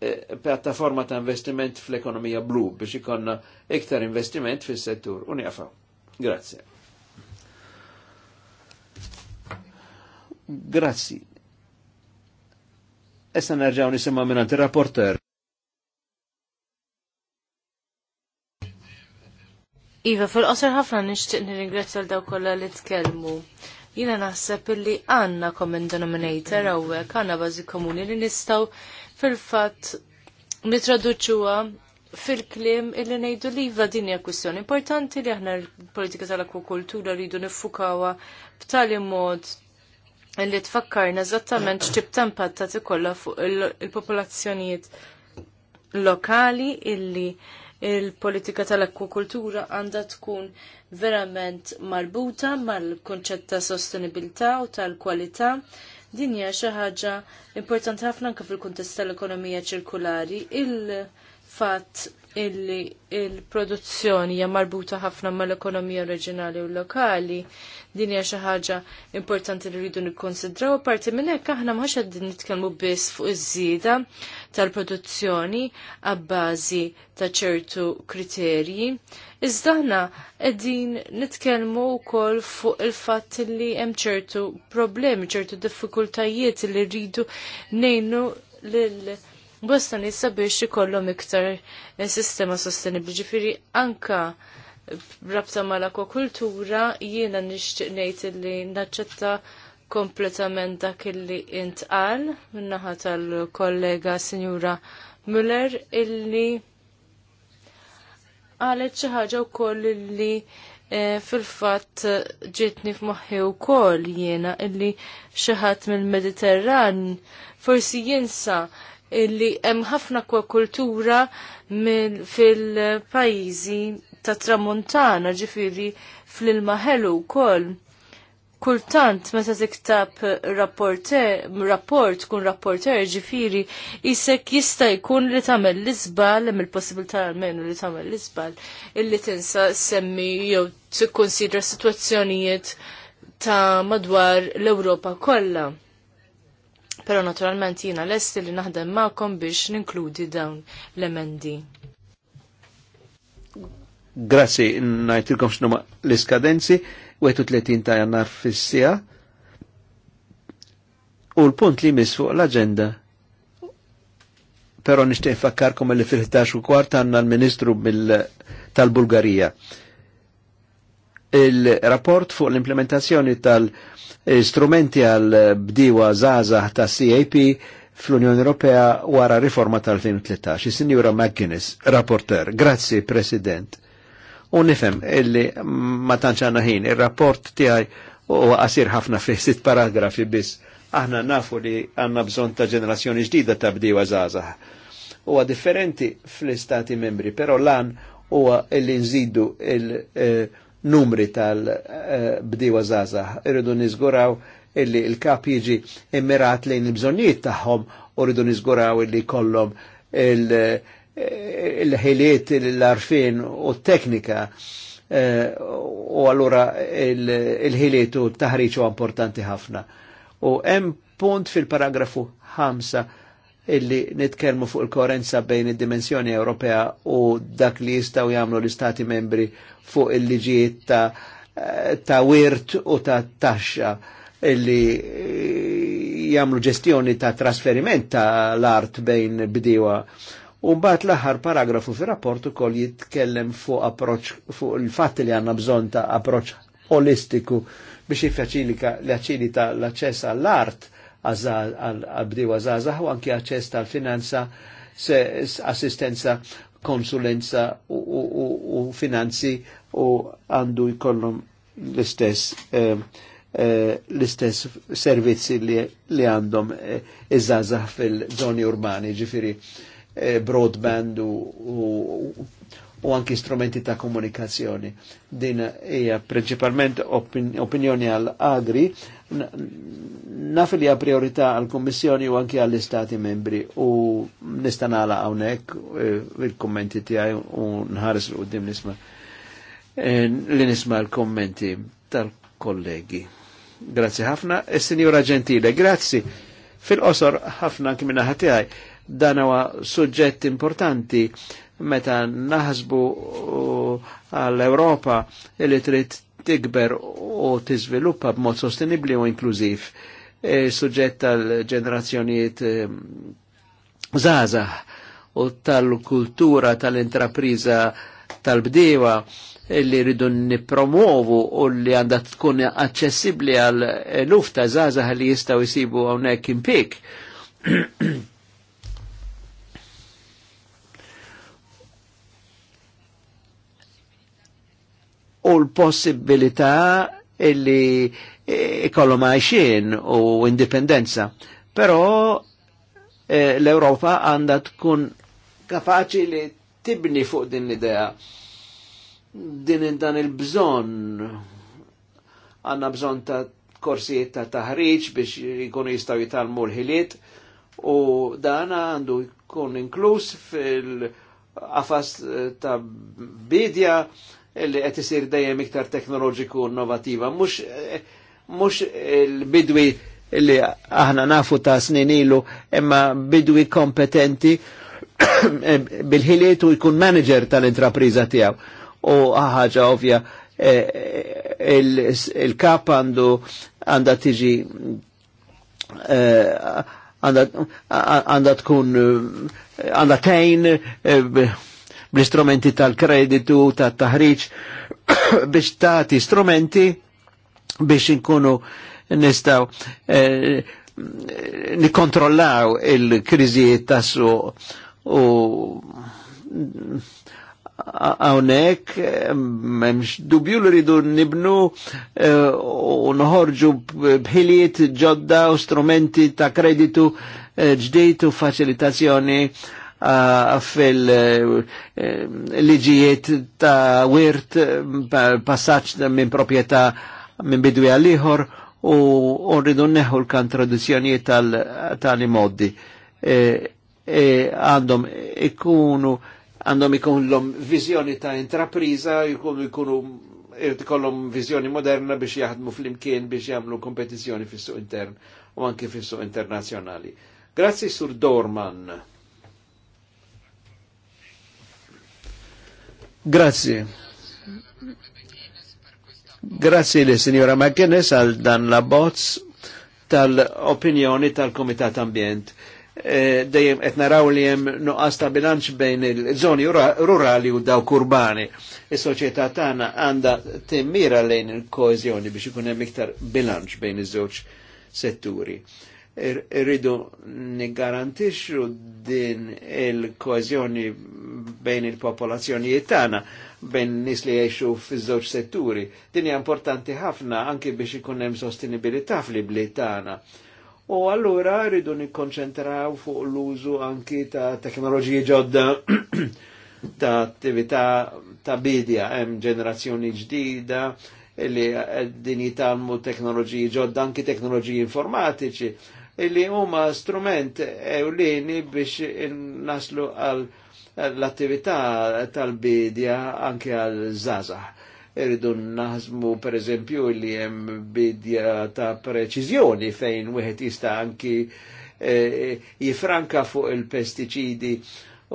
eh, pjattaforma ta' investiment fl-ekonomija blu biex ikonna iktar investiment fis-settur. U Grazie. Grazie. Grazzi. Essa nerġaw nisimma minnant il-rapporter. Iva, fil-qosor ħafna nixtieq nirringrazzja l-daw kollha li tkellmu. Jiena naħseb illi għandna common denominator hawnhekk għandna bażi komuni li nistgħu fil-fatt nitraduċuwa fil-klim illi ngħidu li iva din hija kwistjoni importanti li aħna l-politika tal-akwakultura rridu niffukawha b'tali mod illi tfakkarna eżattament ċtib ta' impatt fuq il-popolazzjonijiet lokali illi il-politika tal-akwakultura għandha tkun verament marbuta mal-konċett ta' sostenibilità u tal-kwalità. Din hija xi ħaġa importanti ħafna anke fil-kuntest tal-ekonomija ċirkulari. Il-fatt illi il-produzzjoni hija marbuta ħafna mal-ekonomija reġjonali u lokali, din hija xi ħaġa importanti li rridu nikkonsidraw parti minn hekk aħna ma qegħdin nitkellmu biss fuq iż-żieda tal-produzzjoni għabbażi ta' ċertu kriterji, iżda aħna qegħdin nitkellmu wkoll fuq il-fatt li hemm ċertu problemi, ċertu diffikultajiet li rridu ngħinu lil bosta ni sabiex ikollhom iktar eh, sistema sostenibbli ġifieri anka rabta mal-akwakultura jiena nixtieq ngħid li naċċetta kompletament dak illi intqal minnaħa tal-kollega Sinjura Müller illi għalet xi ħaġa wkoll illi eh, fil-fat ġitni f'moħħi u kol jena illi xaħat mill-Mediterran forsi jinsa illi hemm ħafna akwakultura fil-pajjiżi ta' tramuntana ġifiri fl-ilma ħelu wkoll. Kultant meta tiktab rapport kun rapporter ġifiri isek jista' jkun li tagħmel l-iżbal hemm il-possibilità almenu li tagħmel l-iżbal illi tinsa semmi jew tikkunsidra sitwazzjonijiet ta' madwar l-Ewropa kollha pero naturalment jina l-esti li naħdem ma'kom biex ninkludi dawn l-emendi. Grazzi, najtilkom x'numa l-iskadenzi, 31 ta' jannar fissija, u l-punt li mis fuq l-agenda pero nishtiq fakkarkom li fil-11 u kwart għanna l-Ministru tal-Bulgarija il-rapport fuq l-implementazzjoni tal istrumenti għal-bdiwa zazah ta' CAP fl-Unjoni Ewropea wara riforma tal-2013. Signora McGuinness, rapporter, grazzi President. U nifem illi ma tanċana ħin, il-rapport tiegħi u għasir ħafna fi sitt paragrafi biss. Aħna nafu li għanna bżon ta' ġenerazzjoni ġdida ta' bdiwa zazah. Huwa differenti fl-istati membri, però lan huwa illi nżidu il- eh, numri tal-bdiwa zaza. Irridu nizguraw illi il-kap jiġi immirat lejn il-bżonijiet tagħhom u rridu nizguraw illi kollom il-ħiliet l-arfin u t-teknika eh, u allura il-ħiliet u t-taħriċ importanti ħafna. U hemm punt fil-paragrafu 5 illi nitkelmu fuq il-koerenza bejn id-dimensjoni Ewropea u dak li jistaw jagħmlu l-istati membri fuq il-liġijiet ta', ta wirt u ta' taxxa illi eh, jagħmlu ġestjoni ta' trasferiment ta' l-art bejn bdiewa. U mbagħad l-aħħar paragrafu fir-rapport ukoll jitkellem fuq approċ fuq il-fatt li għandna bżonn ta' approċ holistiku biex jiffaċilita l-aċċess għall-art għal-bdiwa zazax u anki għacċess tal-finanza, assistenza, konsulenza u, finanzi u għandu jkollhom l-istess ehm, eh, l-istess servizzi li, għandhom eh, iż-żazax fil-żoni urbani, ġifiri eh, broadband u, anki strumenti ta' komunikazzjoni. Din hija prinċipalment opinjoni għal agri naf li priorità għal-Kommissjoni u anki għall-Istati membri u nistanala għawnek eh, il-kommenti tijaj u nħaris u qoddim nisma eh, li nisma l-kommenti tal-kollegi. Grazie ħafna. E, Signora Gentile, grazie. Fil-qosor ħafna kimina ħatijaj dan huwa suġġett importanti meta naħsbu eh, għall-Europa li trid tikber u tiżviluppa b'mod sostenibbli u inklużiv e, suġġett tal-ġenerazzjonijiet e, zaza u tal-kultura tal-intrapriża tal-bdewa li rridu nipromovu u li għandha tkun aċċessibbli għal lufta zazah li jistgħu jsibu hawnhekk impik. u l-possibilità illi e, ikollhom għajxin u indipendenza. Però e, l-Ewropa għandha tkun kapaċi li tibni fuq din l-idea din dan il-bżon għanna bżon ta' korsijiet ta' taħriġ biex jkunu jistaw jitalmu l-ħiliet u dan għandu jkun inkluż fil-qafas ta' bidja li qed isir dejjem iktar teknoloġiku innovativa. Mhux mhux il-bidwi li aħna nafu ta' snin ilu, imma bidwi kompetenti bil-ħiliet u jkun manager tal-intrapriża tiegħu. U ħaġa ovvja e, e, il-kap għandu għanda tiġi e, għanda tkun għanda tejn bl-istrumenti tal-kreditu, tal-taħriċ, biex tati strumenti biex inkunu nistaw eh, nikontrollaw il-kriżijiet tassu u għawnek memx dubju li rridu nibnu eh, u nħorġu bħiliet ġodda u strumenti ta' kreditu eh, ġdejtu facilitazzjoni Uh, fil-liġijiet eh, ta' wirt passaċ minn propieta minn bidu għal-liħor u rridu neħu l-kan tradizjoniet tal-imoddi. E, e għandhom ikunu għandhom ikun l-om vizjoni ta' intrapriza, ikunu ikunu kollom vizjoni moderna biex jaħdmu fl-imkien biex jagħmlu kompetizjoni fissu intern u anki fissu internazjonali. Grazie Grazzi sur Dorman. Grazie. Grazie le signora McGuinness għal dan la bozz tal-opinjoni tal-Komitat Ambjent. E, eh, Dejjem qed naraw li hemm nuqqas ta' bilanċ bejn il-żoni rurali u dawk urbani. Is-soċjetà tagħna għandha timmira lejn il-koeżjoni biex ikun hemm iktar bilanċ bejn iż-żewġ setturi irridu niggarantixxu din il-koeżjoni bejn il-popolazzjonijiet tagħna bejn nies li jgħixu fiż-żewġ setturi. Din hija importanti ħafna anke biex ikun hemm sostenibilità fl-ibliet tagħna. U allura rridu nikkonċentraw fuq l-użu anki ta' teknoloġiji ġodda ta' attività ta' bidja, hemm ġenerazzjoni ġdida, li din jitalmu teknoloġiji ġodda anki teknoloġiji informatiċi illi huma strument ewlini biex naslu għal l-attività tal-bidja anke għal zazah. Irridu naħsmu per eżempju illi hemm bidja ta' preċiżjoni fejn wieħed jista' anki e, jifranka fuq il-pesticidi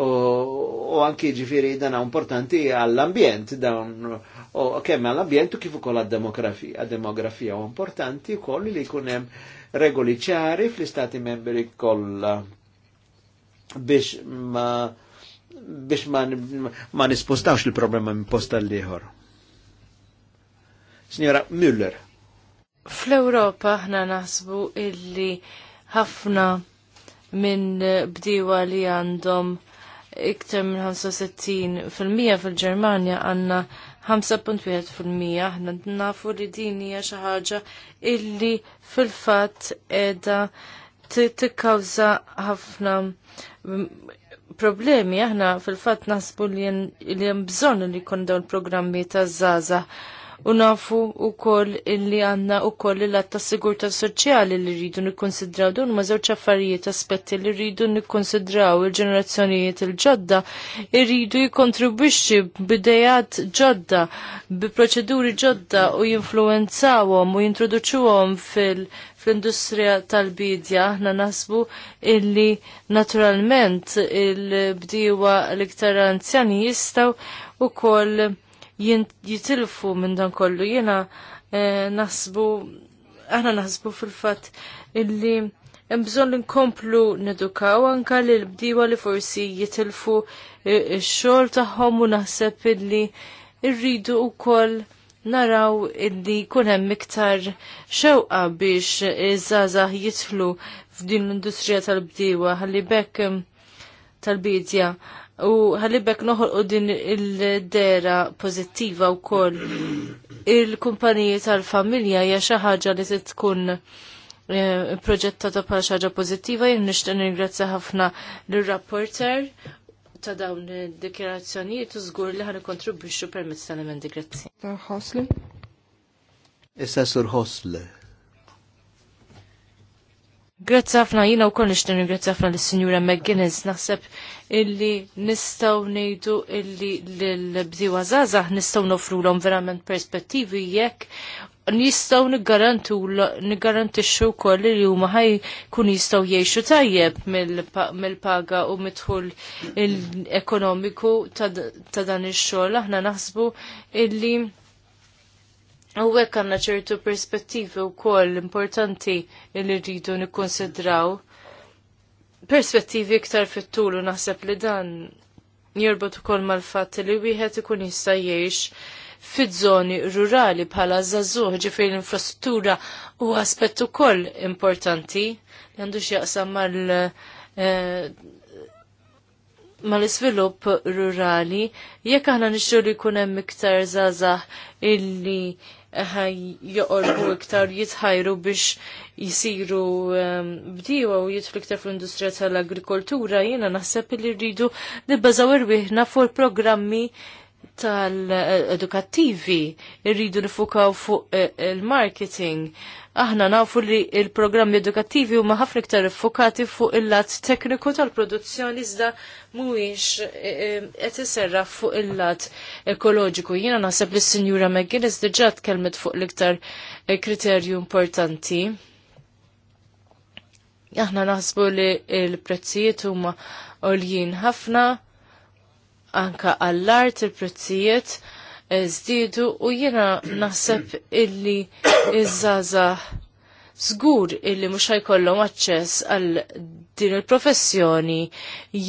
u anki ġifiri dana importanti għall-ambjent dawn u kemm għall-ambjent u kif ukoll għad-demografija. Demografija u importanti koll li kunem hemm regoli ċari fl-istati membri kollha biex ma biex ma, ma nispostawx il-problema minn posta l-liħor. Signora Müller. Fl-Europa ħna nasbu illi ħafna minn bdiwa li għandhom iktar minn 65% fil-mija fil-Ġermanja għanna 5.1% aħna nafu li din hija xi ħaġa illi fil-fatt qiegħda tikkawża ħafna problemi aħna fil-fatt naħsbu li hemm bżonn li jkun dawn programmi ta' żgħażagħ u nafu u koll illi għanna u koll il ta' sigurta soċjali li rridu nikkonsidraw dun ma' zewċ affarijiet aspetti li rridu nikkonsidraw il-ġenerazzjonijiet il-ġodda irridu jikontribuixi b'idejat ġodda bi proċeduri ġodda u jinfluenzawom u jintroduċuhom fil fl-industrija tal-bidja aħna nasbu illi naturalment il bdiwa l-iktar anzjani jistaw u koll jitilfu minn dan kollu. Jena eh, nasbu, aħna nasbu fil-fat illi bżon li nkomplu nedukaw anka li l-bdiwa li forsi jitilfu eh, xol taħħom u naħseb illi irridu u koll naraw illi kunem miktar xewqa biex iż-żazah eh, f'din l-industrija tal-bdiwa għalli bekk tal-bidja u ħalibek noħolqu din il-dera pozittiva u koll il-kumpaniji tal-familja hija xi ħaġa li tkun eh, proġettata bħala xi ħaġa pożittiva jien nixtieq ħafna lir-rapporter ta' dawn id dekirazzjoni u żgur li ħan kontribuċu permezz tal-emendi grazzi. Issa Sur ħosle. Grazzi ħafna jiena kollix nixtieq ringrazzi ħafna lis-Sinjura McGuinness naħseb illi nistgħu ngħidu illi l nistaw nofru nistgħu nofrulhom verament perspettivi jekk nistaw xo wkoll li huma ħaj kun jistgħu jgħixu tajjeb mill-paga u mitħul l ekonomiku ta' dan ix-xogħol aħna naħsbu illi U għek għanna ċertu perspettivi u koll importanti li rridu nikkonsidraw. Perspettivi iktar fit-tul u naħseb li dan jirbot ukoll mal-fatt li wieħed ikun jista' jgħix fiż-żoni rurali bħala żagħżugħ ġifier l-infrastruttura u aspett ukoll importanti li għandu x'jaqsam mal eh, mal-iżvilupp rurali jekk aħna nixtru li jkun hemm iktar żgħażagħ illi joqorbu iktar jitħajru biex jisiru ehm, bdiewa u jitlu iktar fl-industrija tal-agrikoltura, jiena naħseb li rridu nibbażaw irwieħna fuq programmi tal-edukattivi irridu nifukaw fuq eh, il-marketing. Aħna nafu li il-programmi edukattivi huma ħafna iktar iffukati fuq il-lat tekniku tal-produzzjoni iżda mhuwiex eh, eh, qed iserra fuq il-lat ekoloġiku. Jiena naħseb li sinjura McGinnis diġà tkellmet fuq l-iktar kriterju importanti. Aħna naħsbu li l-prezzijiet huma għoljien ħafna anka għall-art il-prezzijiet eh, zdidu u jena naħseb illi iż-żaza zgur illi mhux jkollhom aċċess għal din il-professjoni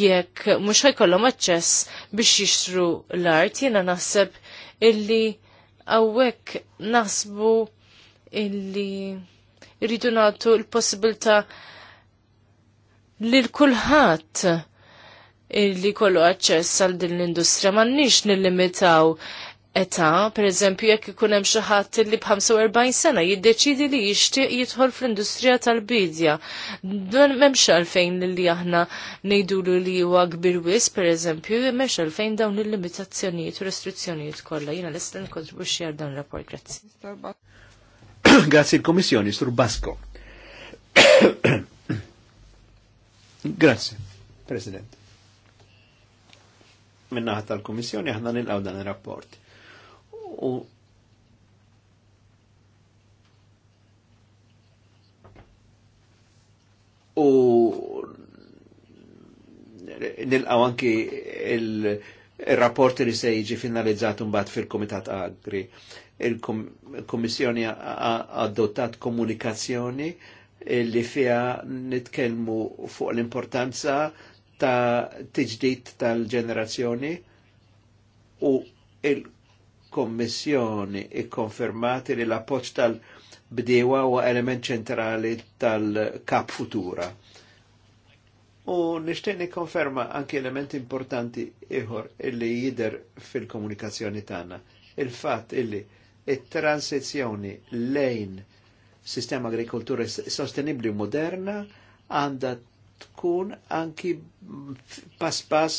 jekk mhux jkollhom aċċess biex jixtru l-art jiena naħseb illi hawnhekk naħsbu illi rridu nagħtu l-possibilità lil kulħadd li kollu aċċess għal din l-industrija m'għandniex nillimitaw età, pereżempju jekk ikun hemm xi ħadd li b'45 sena jiddeċidi li jixtieq jidħol fl-industrija tal-bidja. M'hemmx għalfejn li aħna ngħidulu li huwa kbir wis, pereżempju, m'hemmx għalfejn dawn il-limitazzjonijiet u restrizzjonijiet kollha. Jiena lesta nikkontribwixxi għal dan rapport, grazzi. Grazzi l-Komissjoni, Sur Basko. Grazzi, President minnaħat tal-Komissjoni aħna nilqaw dan ir-rapport. U u nilqaw anki il-rapport il li se jiġi finalizzat mbagħad fil komitat Agri. il komissjoni ha adottat komunikazzjoni li fija nitkellmu fuq l-importanza ta' tiġdid tal-ġenerazzjoni u il-Kommissjoni ikkonfermati li l-appoġġ tal-bdewa huwa element ċentrali tal-kap futura. U nixtieq nikkonferma anki element importanti ieħor illi jider fil-komunikazzjoni tagħna. Il-fatt illi it-transizjoni lejn sistema agrikoltura sostenibli moderna għandha tkun anki pass pas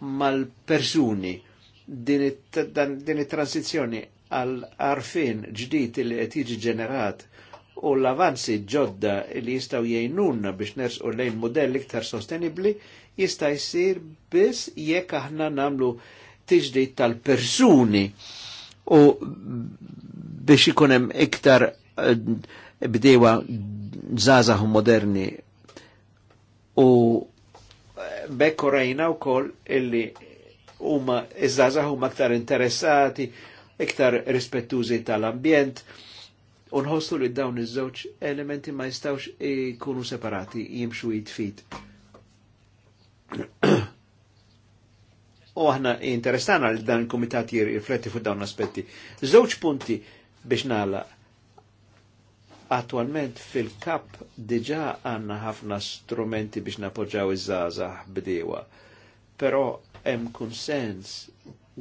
mal-persuni din it-transizjoni għal arfin ġdid li qed jiġi ġenerat u l-avanzi ġodda li jistaw jgħinunna biex nersqu lejn modell iktar sostenibli jista' jsir biss jekk aħna namlu tiġdid tal-persuni u biex ikun hemm iktar eh, bdewa żgħażagħ moderni u eh, bekk rejna u koll illi huma iż-żaza huma aktar interessati, iktar rispettużi tal-ambjent, unħossu li dawn iż-żewġ elementi ma jistawx ikunu separati, jimxu jitfit. u aħna interessana li dan il-komitat jirrifletti fuq dawn aspetti. Żewġ punti biex nagħlaq Attualment fil-kap diġa għanna ħafna strumenti biex napoġġaw iż-żazax bdewa, però hemm konsens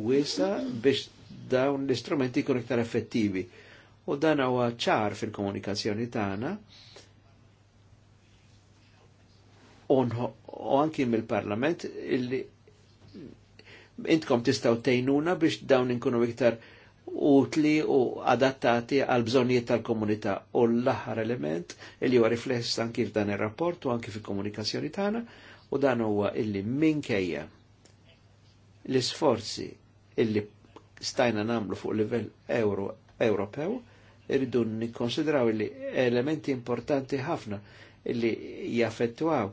wiesa biex dawn l-istrumenti jkunu iktar effettivi. U dan huwa ċar fil-komunikazzjoni tagħna u anki mill-Parlament illi intkom tistaw tejnuna biex dawn inkunu iktar utli u adattati għal bżonijiet tal-komunità. U l-aħħar element li huwa rifless anki f'dan ir-rapport u anki fil-komunikazzjoni tagħna u dan huwa illi minkejja l-isforzi illi stajna namlu fuq livell euro Ewropew irridu nikkonsidraw illi elementi importanti ħafna illi jaffettwaw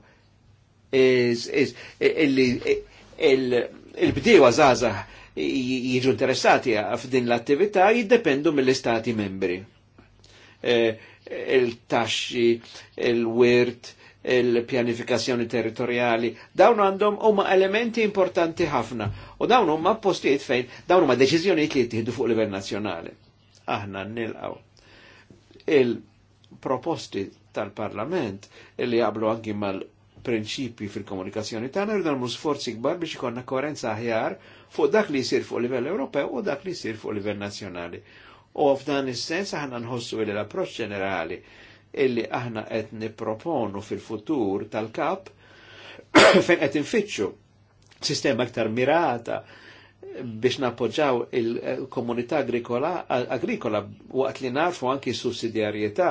illi il-bdiewa il, il, il, jiġu interessati f'din l-attività jiddependu mill-istati membri. E, il-taxxi, il-wirt, il-pjanifikazzjoni territoriali, dawn għandhom huma elementi importanti ħafna u dawn huma postijiet fejn dawn huma deċiżjonijiet li jittieħdu fuq livell nazzjonali. Aħna nilqaw il-proposti tal-Parlament li jaqblu anki mal prinċipi fil-komunikazzjoni tagħna rridu nagħmlu sforzi kbar biex ikonna koerenza aħjar fuq dak li jsir fuq livell Ewropew u dak li jsir fuq livell nazzjonali. U f'dan is-sens aħna nħossu li l-approċċ ġenerali illi aħna qed nipproponu fil-futur tal-kap fejn qed infittxu sistema aktar mirata biex nappoġġaw il-komunità agrikola, agrikola waqt li narfu anki s sussidjarjetà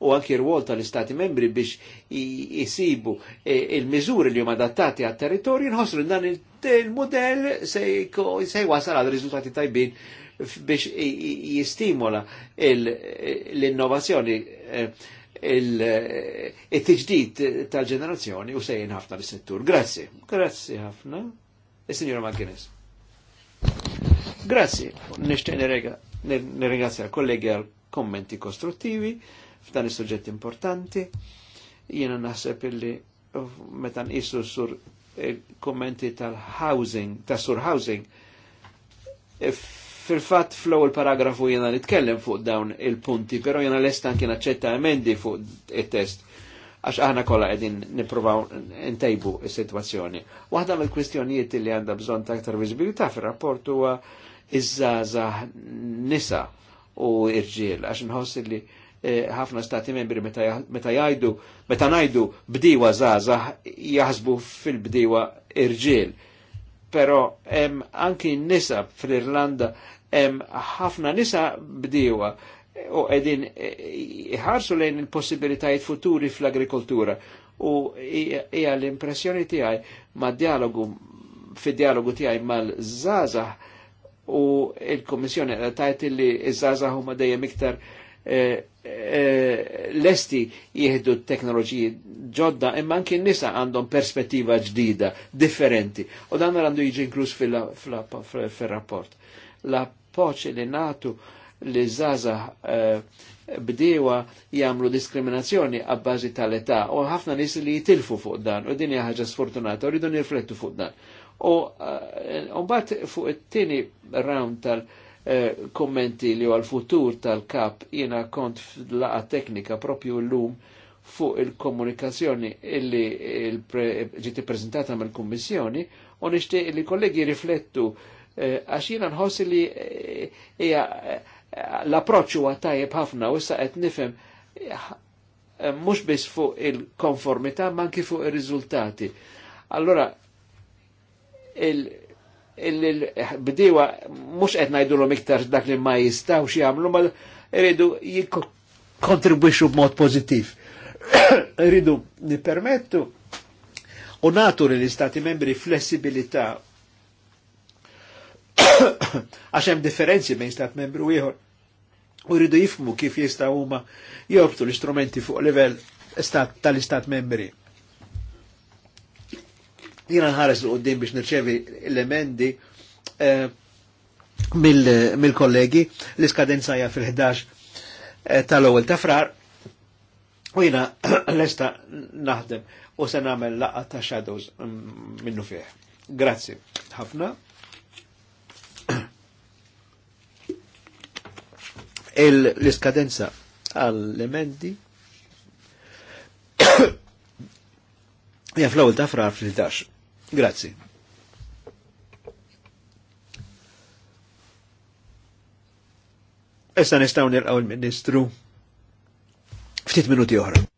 u anki rwol tal-Istati membri biex jisibu e, il-miżuri li huma adattati għat territorju nħossru dan il-modell se wasal għal riżultati tajbin biex jistimola l-innovazzjoni e, il-tġdid e, tal-ġenerazzjoni u sejjen ħafna l-settur. Grazzi, grazzi ħafna. Il-Signora Martinez. Grazzi, nishtiq nirringrazzja kollegi għal kommenti kostruttivi f'dan is-suġġett importanti. Jiena naħseb illi meta nqisu sur il-kommenti eh, tal-housing, ta' sur housing, eh, fil-fat flow il-paragrafu jena nitkellem fuq dawn il-punti, pero jena l-estan kien aċċetta emendi fuq il-test, għax aħna kolla għedin niprovaw ntejbu il-situazzjoni. Waħda mill kwistjonijiet li għanda bżon ta' aktar viżibilità fil-rapport huwa iż nisa u irġiel, għax nħoss li E, ħafna stati membri meta jajdu, meta najdu bdiwa żgħażagħ jaħsbu fil bdiwa irġiel. Pero hemm anki nisa fil irlanda hemm ħafna nisa bdiwa u edin e, iħarsu lejn il-possibilitajiet futuri fl-agrikoltura. U hija l-impressjoni tiegħi ma' dialogu fi dialogu tiegħi mal-żgħażagħ u il-Kommissjoni tajt li iż-żgħażagħ huma dejjem iktar Eh, eh, lesti jihdu teknoloġiji ġodda imma anki nisa għandhom perspettiva ġdida, differenti. U dan għandu jiġi inkluż fil-rapport. La poċi li natu li zaza eh, bdewa jamlu diskriminazzjoni għabbażi tal-età u ħafna nis li jitilfu fuq dan u din ħaġa sfortunata u rridu nirflettu fuq dan. U mbagħad fuq it-tieni round tal- uh, Eh, kommenti li għal futur tal-kap jena kont laqa teknika propju l-lum fuq il-komunikazzjoni illi ġiti prezentata mill kummissjoni u nishtiq li kollegi riflettu eh, għax jena nħossi li eh, l-approċċu għatajib ħafna u issa qed nifhem mhux biss fuq il-konformità ma anki fuq ir-riżultati. Allora il-bdewa mux qed ngħidulhom iktar dak li ma xie jagħmlu ma rridu b b'mod pozitif. Rridu nippermettu u natu li l-istati membri flessibilità għax hemm differenzi bejn stat membru ieħor. U rridu jifmu kif jistaw huma jorbtu l-istrumenti fuq livell tal-istat membri. Jina nħares l-qoddim biex nirċevi l-emendi eh, mill-kollegi, l-iskadenza hija fil-11 eh, tal-ewwel ta' frar, u jina lesta naħdem u se nagħmel laqgħa ta' shadows mm, minnu fih. Grazzi ħafna. l-iskadenza għall-emendi Ja fl-ewwel ta' frar fil 11 Grazie. Issa nistgħu nirqgħu il-Ministru ftit minuti oħra.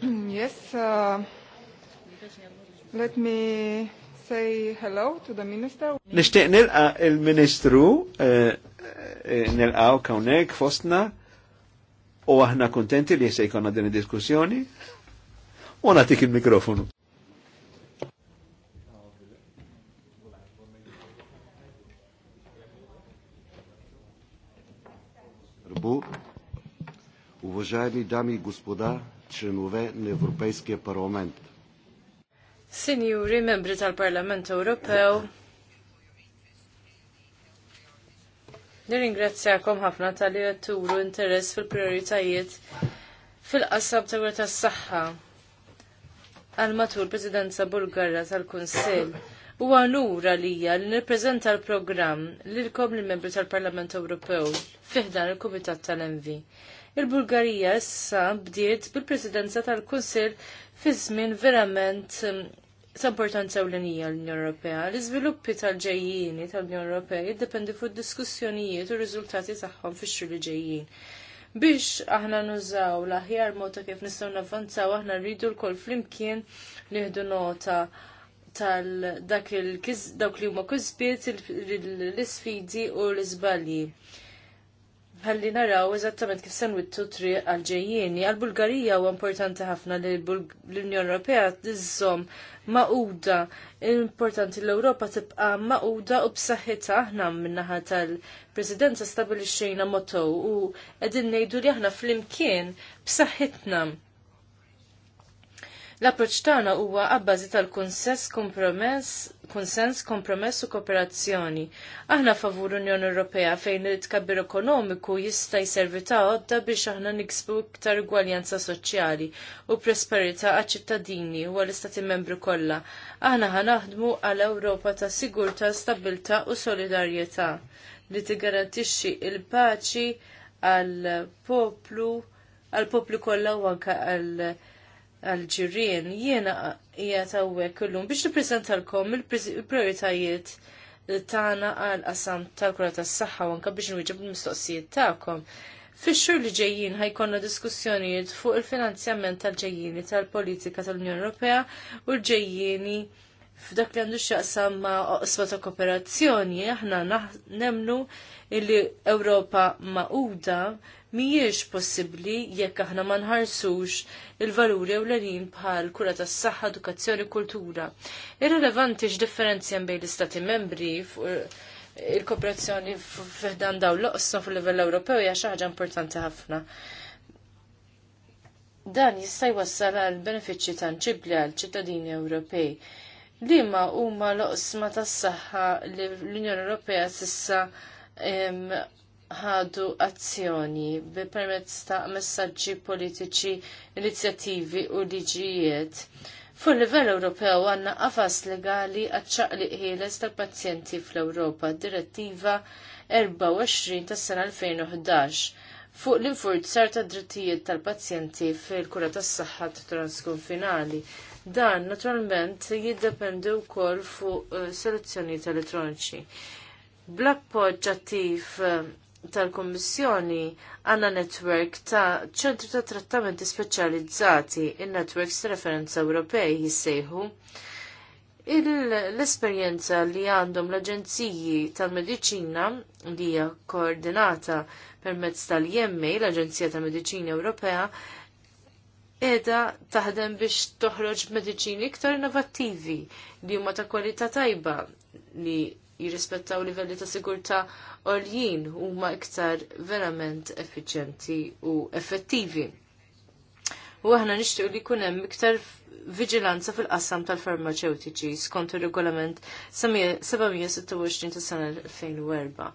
Yes, uh, let me say hello to the minister. Nishtiq nilqa il-ministru, eh, eh, nilqaw kawnek fostna, u aħna kontenti li jessa jkonna din diskussjoni u natik il-mikrofonu. Уважаеми дами и gospoda, членове на Европейския парламент. membri tal-Parlament Ewropew, nirringrazzjakom ħafna tal-li turu interess fil-prioritajiet fil-qasab ta' gwar tas-saħħa għal matul Presidenza Bulgarra tal-Kunsill. U għanura lija li nirprezenta l-programm li l-kom l-membri tal-Parlament Ewropew fiħdan il-Kumitat tal-Envi. Il-Bulgarija issa bdiet bil-presidenza tal-Kunsill fi żmien verament um, ta' importanza ewlenija l-Unjoni Ewropea. L-iżviluppi tal-ġejjini tal-Unjoni Ewropea jiddependi fuq diskussjonijiet u r-riżultati tagħhom fix-xhur li ġejjin. Biex aħna nużaw l-aħjar mod ta' kif nistgħu navvanzaw aħna rridu lkoll flimkien nieħdu nota tal dawk li huma kisbiet l-isfidi u l-iżbalji ħalli naraw eżattament kif sen wittu tri għal-ġejjieni. Għal-Bulgarija huwa importanti ħafna li l-Unjoni Ewropea tizzom maquda. Importanti l-Ewropa tibqa' ma'uda u b'saħħitha aħna min-naħa tal-Presidenza stabilixxejna motto u qegħdin ngħidu li aħna flimkien b'saħħitna. L-approċ tagħna huwa abbażi tal kunsess kompromess, konsens, kompromess u kooperazzjoni. Aħna favur Unjoni Ewropea fejn it-tkabbir ekonomiku jista' jservi ta' għodda biex aħna niksbu iktar gwaljanza soċjali u prosperità għaċ-ċittadini u għall-istati membri kollha. Aħna ħanaħdmu għal Ewropa ta' sigurtà, stabilta u solidarjetà li tigarantixxi il-paċi għal poplu għal poplu kollha u anke għal għal-ġirien, jiena jgħat għawek kullum biex niprezentalkom il-prioritajiet tagħna għal-qasam tal-kura tas-saħħa u anke biex nwieġeb il-mistoqsijiet tagħkom. Fix-xhur li ġejjin ħajkonna diskussjonijiet fuq il-finanzjament tal-ġejjini tal-politika tal-Unjoni Ewropea u l-ġejjini f'dak li għandu xaqsam ma' oqsba ta' kooperazzjoni, aħna nemnu illi Ewropa ma'uda mhijiex possibbli jekk aħna ma nħarsux il-valuri ewlenin bħal kura tas saħħa edukazzjoni, kultura. Irrelevanti x'differenzja bejn l-istati membri il-kooperazzjoni f'dan daw l-oqsma fil-livell Ewropew hija xi ħaġa importanti ħafna. Dan jista' jwassal għal benefiċċji tanċibli għal ċittadini Ewropej Liema huma l-oqsma tas-saħħa li l-Unjoni Ewropea sissa ħadu azzjoni bi permezz ta' messaġġi politiċi, inizjattivi u liġijiet. Fu livell Ewropew għandna qafas legali li ħieles tal-pazjenti fl-Ewropa, direttiva 24 tas-sena 2011 fuq l-infurzar ta' drittijiet tal-pazjenti fil-kura tas-saħħa transkonfinali. Dan, naturalment, jiddependi wkoll fuq eh, soluzzjonijiet elettroniċi. Bl-appoġġ attiv eh, tal-Kommissjoni għandna netwerk ta' ċentru ta' trattamenti speċjalizzati, il netwerks ta' referenza Ewropej jissejħu. L-esperjenza li għandhom l-Aġenziji tal-Mediċina li hija koordinata permezz tal-IMA, l-Aġenzija tal-Mediċina Ewropea, edha taħdem biex toħroġ mediċini iktar innovattivi li huma ta' kwalità tajba li jirrispettaw livelli ta' sigurtà għoljin huma iktar verament effiċjenti u effettivi. U aħna nixtieq li jkun hemm iktar viġilanza fil-qassam tal-farmaceutiċi skont ir-regolament 726 tas sena 2004.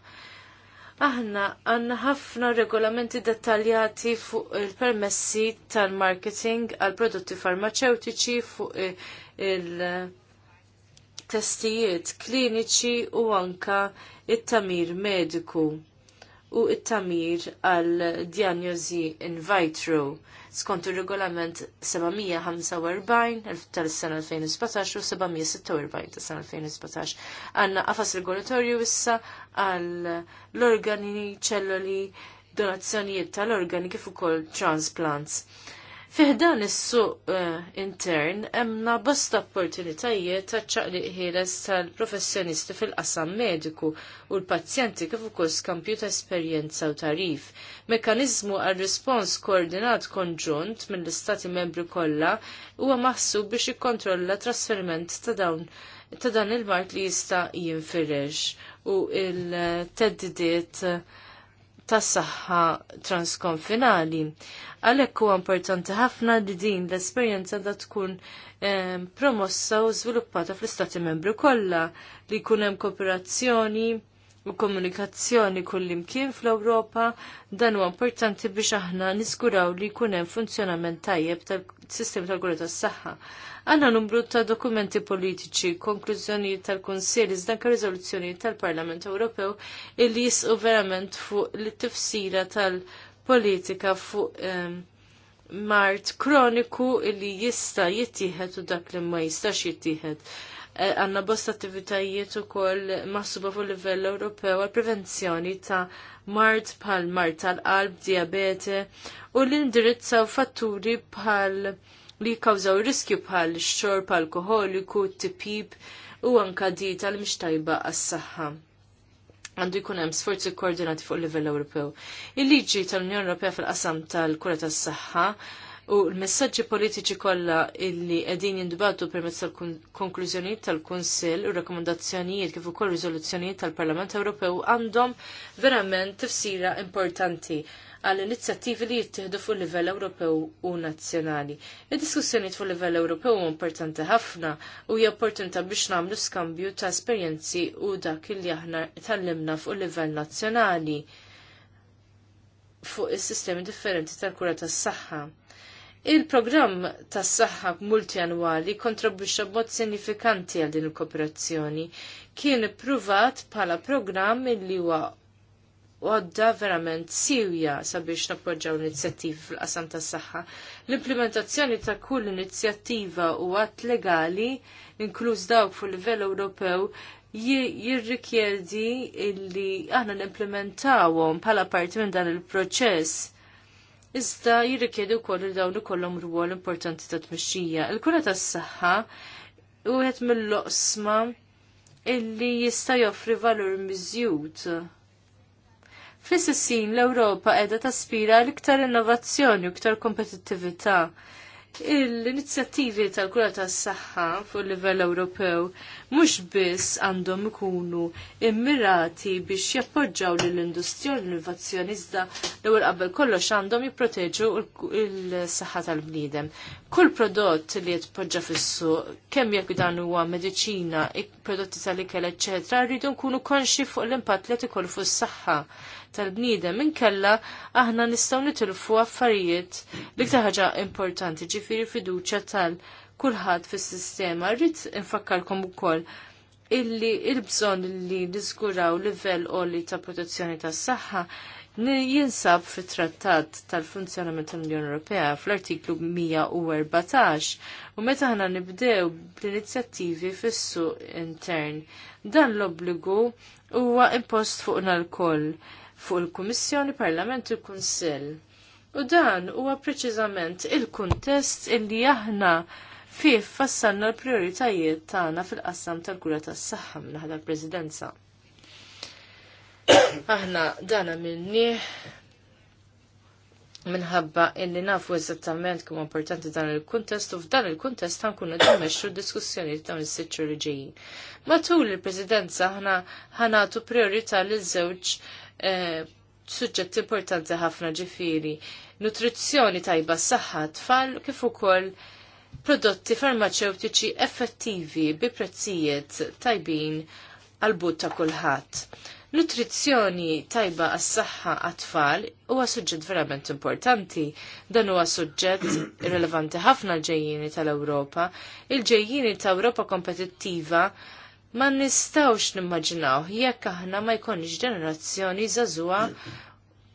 Aħna għanna ħafna regolamenti dettaljati fuq il-permessi tal-marketing għal prodotti farmaceutiċi fuq il-testijiet kliniċi u anka it-tamir mediku u it-tamir għal diagnosi in vitro skont il-regolament 745 tal-sena 2017 u 746 tal-sena 2017. Għanna qafas regolatorju issa għal l-organi, ċelloli, donazzjonijiet tal-organi kif ukoll transplants. Fiħdan is-suq eh, intern emna bosta opportunitajiet ta' ċaqliq tal-professjonisti fil-qasam mediku u l-pazjenti kif ukoll skampju esperjenza u tarif. Mekanizmu għal rispons koordinat konġunt mill-istati membri kollha huwa maħsub biex ikkontrolla trasferiment ta' dawn ta' dan il-mart li jista' jinfirex u il-teddidiet uh, tas-saħħa transkonfinali. Għalhekk huwa importanti ħafna li din l-esperjenza da tkun ehm, promossa u żviluppata fl-Istati Membri kollha li jkun hemm kooperazzjoni u komunikazzjoni kullimkien fl-Ewropa dan huwa importanti biex aħna niskuraw li jkun hemm funzjonament tajjeb tal-sistema tal-gura tas-saħħa. Għanna numru ta' dokumenti politiċi, konklużjoni tal-Kunsil, iżdanka rizoluzzjoni tal-Parlament Ewropew illi jisqu verament fuq l-tifsira tal-politika fuq mart kroniku illi jista jittieħed u dak li ma jistax jittieħed. E, għanna bosta attivitajiet u koll maħsuba fuq livell Ewropew għal prevenzjoni ta' mart bħal mart tal-qalb, diabete u l-indirizzaw fatturi bħal li jikkawżaw riskju bħal xorb alkoholiku, tipib u anka dieta li mhix tajba għas-saħħa għandu jkun hemm sforzi koordinati fuq livell Ewropew. Il-liġi tal-Unjoni Ewropea fil-qasam tal-kura tas-saħħa u l-messagġi politiċi kollha illi qegħdin jindbatu permezz tal-konklużjonijiet tal-Kunsill u rakkomandazzjonijiet kif ukoll riżoluzzjonijiet tal-Parlament Ewropew għandhom verament tifsira importanti għall inizjattivi li jittieħdu fuq livell Ewropew u nazzjonali. Id-diskussjonijiet fuq livell Ewropew huma importanti ħafna u hija opportunità biex nagħmlu skambju ta' esperjenzi u dak li aħna tallimna fuq livell nazzjonali fuq is-sistemi differenti tal-kura tas-saħħa. Il-programm tas-saħħa multianwali kontribwixxa b'mod sinifikanti għal din il-kooperazzjoni. Kien ippruvat bħala programm li huwa għadda verament sirja sabiex nappoġġaw inizjattivi fil-qasam tas saħħa L-implementazzjoni ta' kull inizjattiva u għat legali, inkluż dawk fuq livell Ewropew, jirrikjedi illi aħna n-implementawom bħala parti minn dan il-proċess. Iżda jirrikjedi wkoll li dawn ikollhom rwol importanti ta' tmexxija. Il-kura tas-saħħa u mill-loqsma illi jista' joffri valur miżjud Fis-sissin l-Ewropa qiegħda taspira l-iktar innovazzjoni u iktar kompetittività. Il-inizjattivi tal-kura tas-saħħa fuq il-livell Ewropew mhux biss għandhom ikunu immirati biex jappoġġaw lill-industrija u l-innovazzjoni iżda l-ewwel qabel kollox għandhom jipproteġu l-saħħa tal-bniedem. Kull prodott li jitpoġġa fis-suq, kemm jekk dan huwa mediċina, prodotti tal-ikel, eċċetra, rridu nkunu konxi fuq l-impatt li qed ikollu fuq is-saħħa tal-bniedem inkella aħna nistgħu nitilfu affarijiet li ktaħġa importanti ġifiri fiduċja tal kulħadd fis-sistema. Rrid infakkarkom ukoll illi il-bżonn li niżguraw livell qoli ta' protezzjoni tas-saħħa jinsab fit trattat tal-funzjonament tal-Unjoni Ewropea fl-artiklu 114 u meta ħana nibdew bl-inizjattivi fis-suq intern. Dan l-obbligu huwa impost fuqna l-koll fuq il-Kummissjoni, Parlament u l-Kunsill. U dan huwa preċiżament il-kuntest illi aħna fih fassanna l-prioritajiet tagħna fil-qassam tal-kura tas-saħħa minn l-Presidenza. aħna dana minni minħabba illi nafu eżattament kemm importanti dan il-kuntest u f'dan il-kuntest ħankun qed immexxu diskussjoni dawn is-sitt li ġejjin. Matul il-Presidenza ħana ħanatu priorità lil żewġ Eh, suġġett importanti ħafna ġifiri. Nutrizzjoni tajba s-saħħa tfal kif ukoll prodotti farmaceutiċi effettivi bi prezzijiet tajbin għal-but ta' kulħadd. Nutrizzjoni tajba għas saħħa għat-tfal huwa suġġett verament importanti. Dan huwa suġġett rilevanti ħafna l-ġejjini tal-Ewropa. Il-ġejjini ta' Ewropa kompetittiva ma nistawx nimmaġinaw jekk aħna ma jkunx ġenerazzjoni zazua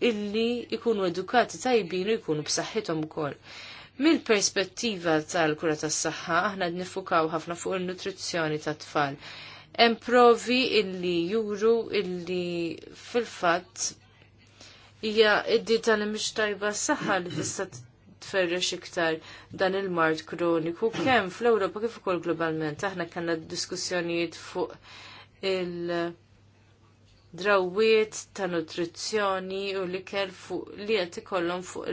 illi jkunu edukati tajbin u jkunu b'saħħithom ukoll. Mill-perspettiva tal-kura tas-saħħa aħna nifukaw ħafna fuq il-nutrizzjoni tat-tfal. Hemm provi illi juru illi fil-fatt hija id-dieta li mhix tajba s-saħħa li tista' tferrex iktar dan il-mart kroniku kemm fl-Ewropa kif ukoll globalment. Aħna kellna diskussjonijiet fuq il- drawiet ta' nutrizzjoni u li kell fuq li qed ikollhom fuq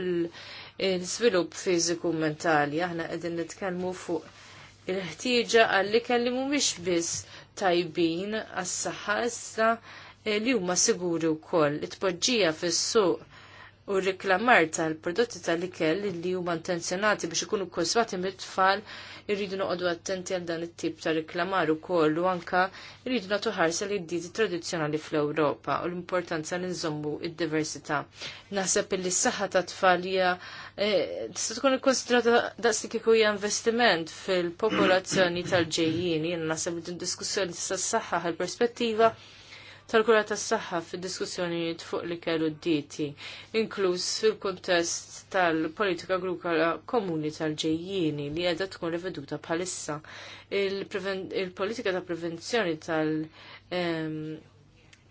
il-svilupp fiżiku mentali. Aħna qegħdin nitkellmu fuq il-ħtieġa għalli kelli mhumiex biss tajbin għas-saħħa issa eh, li huma siguri wkoll. It-tpoġġija fis-suq u reklamar tal-prodotti tal-ikel li huma intenzjonati biex ikunu konsumati mit-tfal irridu noqogħdu attenti għal dan it-tip ta' reklamar ukoll u anka irridu nagħtu ħarsa li d-dieti tradizzjonali fl-Ewropa u l-importanza li nżommu id-diversità. Naħseb li s-saħħa ta' tfal hija eh, tista' tkun ikkonsidrata daqslik kieku hija investiment fil-popolazzjoni tal-ġejjin. Jien naħseb li din diskussjoni tista' s-saħħa għal-perspettiva tal-kura tas-saħħa fid-diskussjonijiet fuq li kellu d-dieti, inkluż fil-kuntest tal-politika agrikola komuni tal ġejjini li qiegħda tkun riveduta bħalissa. Il-politika ta' prevenzjoni tal-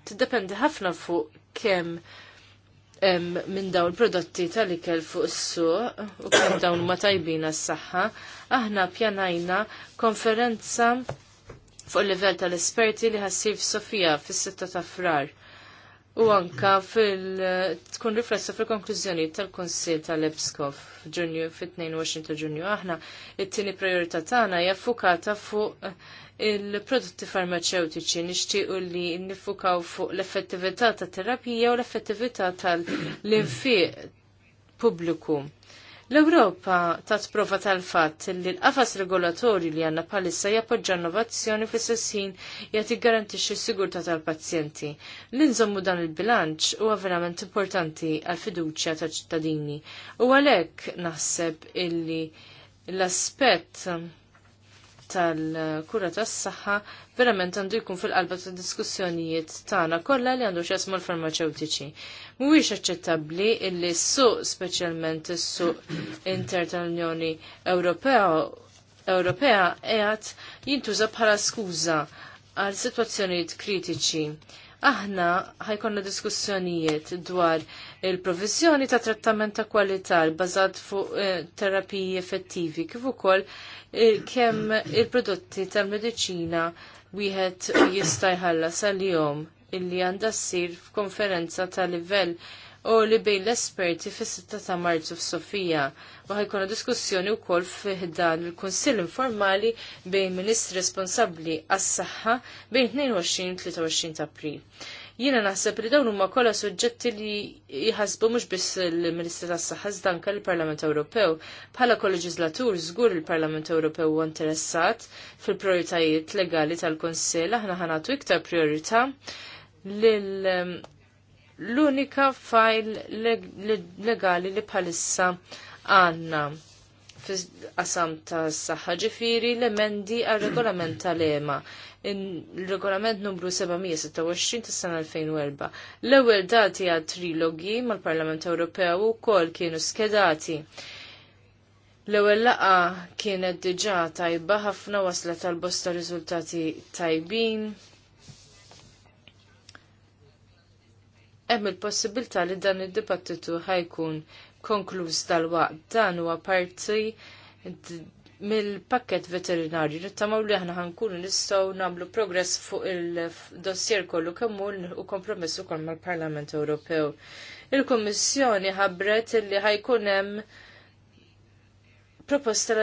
tiddependi ħafna fuq kemm minn dawn prodotti tal-ikel fuq is-suq u kemm dawn ma tajbina s-saħħa, aħna pjanajna konferenza fuq il-level tal-esperti li ħassir Sofija fis-sitta ta' frar. U anka fil tkun riflessa fil-konklużjoni tal-Konsil tal ebskov f'Ġunju fit-22 ta' Ġunju aħna it-tieni priorità tagħna hija fukata fuq il-prodotti farmaceutiċi nixtiequ li nifukaw fuq l-effettività tat terapija u l-effettività tal linfi pubbliku. L-Ewropa tat prova tal-fatt li l-qafas regolatori li għanna palissa jappoġġa innovazzjoni fis sessin jgħati garantixxi s-sigurtà tal-pazjenti. L-inżommu dan il-bilanċ huwa verament importanti għal fiduċja tal-ċittadini u għalhekk naħseb illi l-aspett tal-kura tas-saħħa verament għandu jkun fil-qalba tad diskussjonijiet tagħna kollha li għandu x'jasmu l-farmaceutiċi. Mhuwiex aċċettabbli illi s-suq speċjalment is-suq inter tal-Unjoni Ewropea Ewropea qiegħed jintuża bħala skuża għal sitwazzjonijiet kritiċi. Aħna ħajkonna diskussjonijiet dwar il-provizjoni ta' trattament ta' kwalità bazat fuq eh, terapiji effettivi kif ukoll eh, kemm il-prodotti tal-mediċina wieħed jista' jħallas għalihom illi għandha ssir f'konferenza ta' livell u li bejn l-esperti fis-6 ta' Marzu f'Sofija. U ħajkuna diskussjoni wkoll fiħdan il-Kunsill informali bejn ministri responsabbli għas-saħħa bejn 22-23 ta' April. Jiena naħseb li dawn huma kollha suġġetti li jħasbu mhux biss il ministru tas-Saħħa iżda anke l-Parlament Ewropew. Bħala kol-leġislatur żgur il-Parlament Ewropew huwa interessat fil-prioritajiet legali tal-Kunsill aħna ħanatu iktar priorità lil ehm, l-unika fajl legali li bħalissa għanna fis-qasam tas saħħa ġifiri l-emendi għal regolament tal-EMA. Il-regolament numru 726 tas sena 2004. L-ewwel dati għad trilogi mal-Parlament Ewropew kol kienu skedati. L-ewwel laqa kienet diġà tajba ħafna waslet tal bosta riżultati tajbin. Hemm il-possibilità li dan id-dibattitu ħajkun konkluż dal-waqt dan huwa parti mill-pakket veterinarju nittamaw li aħna ħankun nistgħu nagħmlu progress fuq il-dossier kollu kemm u kompromess ukoll mal-Parlament Ewropew. Il-Kummissjoni ħabbret li ħajkun hemm proposta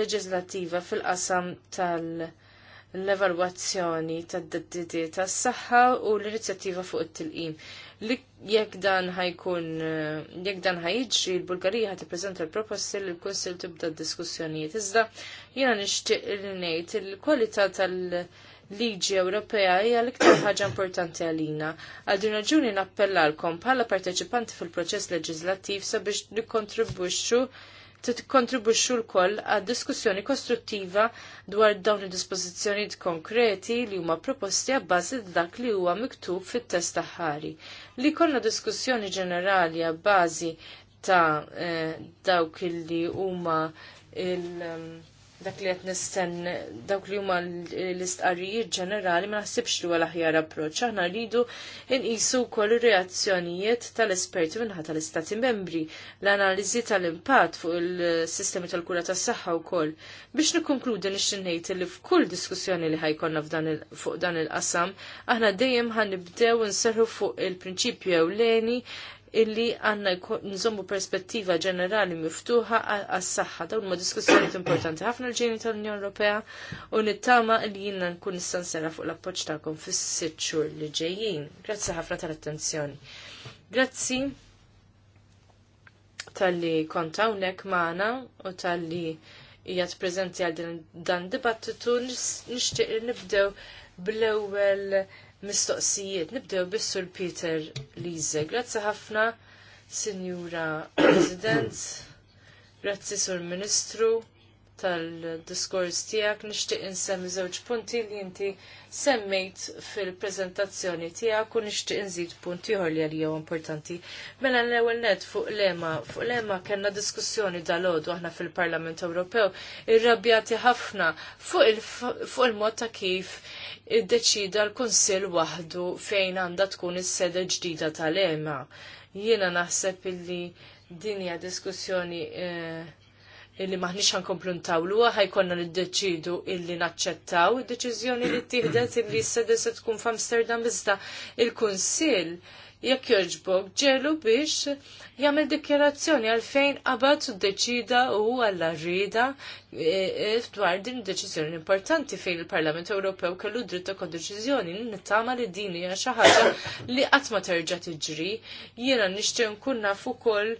leġislativa fil-qasam tal-evalwazzjoni tad-dittiti tas-saħħa u l-inizjattiva fuq it-tilqim li jekk dan ħajkun eh, jekk dan ħajġri l-Bulgarija ħat ippreżenta l-proposti li l-Kunsil tibda d-diskussjonijiet. Iżda jiena nixtieq li ngħid il-kwalità tal-liġi Ewropea hija l-iktar ħaġa importanti għalina. Għal din raġuni nappellalkom bħala parteċipanti fil-proċess leġislattiv sabiex nikkontribwixxu titkontribuxxu l-koll għad diskussjoni kostruttiva dwar dawn id-dispożizzjonijiet konkreti li huma proposti għabbażi dak li huwa miktub fit-test taħħari. Li kollna diskussjoni ġenerali għabbażi ta' eh, dawk li huma il- ehm, dak li qed nistenn dawk li huma l-istqarrijiet ġenerali ma naħsibx li huwa l-aħjar approċċ. Aħna rridu nqisu wkoll ir-reazzjonijiet tal-esperti minħa tal-Istati membri, l-analiżi tal-impatt fuq il-sistemi tal-kura tas-saħħa wkoll. Biex nikkonkludi nixtieq ngħid li f'kull diskussjoni li ħajkonna fuq dan il-qasam, aħna dejjem ħanibdew nserħu fuq il-prinċipju ewleni illi għanna nżommu perspettiva ġenerali miftuħa għas-saħħa. Dawn ma diskussjonijiet importanti ħafna l-ġeni tal-Unjoni Ewropea u nittama li jinnna nkun istansera fuq l-appoċ tagħkom fis-sitt xhur li ġejjin. Grazzi ħafna tal-attenzjoni. Grazzi tal-li kont hawnhekk magħna u tal-li jgħat prezenti għal dan dibattitu nixtieq nibdew bl-ewwel mistoqsijiet. Nibdew bis-Sur Peter Lise. Grazzi ħafna, Sinjura President. Grazzi Sur Ministru tal-diskors tiegħek nixtieq insemmi żewġ punti li inti semmejt fil-prezentazzjoni tiegħek u nixtieq nżid punti ieħor li għalija importanti. Mela l-ewwel net fuq lema, fuq lema kellna diskussjoni dal-għodu aħna fil-Parlament Ewropew irrabjati ħafna fuq il-mod ta' kif iddeċida l-Kunsill waħdu fejn għandha tkun is-sede ġdida tal-EMA. Jiena naħseb illi dinja diskussjoni eh, illi maħniċ ħankomplu ntawlu, ħajkonna niddeċidu illi naċċettaw id-deċizjoni li t-tihdet illi s-sede se tkun f'Amsterdam iżda il-Kunsill jekk joġbok ġelu biex jagħmel dikjarazzjoni għalfejn qabad deċida u għalla rida e, e, dwar din deċiżjoni importanti fejn il-Parlament Ewropew kellu dritt ta' kodeċiżjoni nittama li din hija xi ħaġa li qatt ma terġa' tiġri. Jiena nixtieq nkun naf ukoll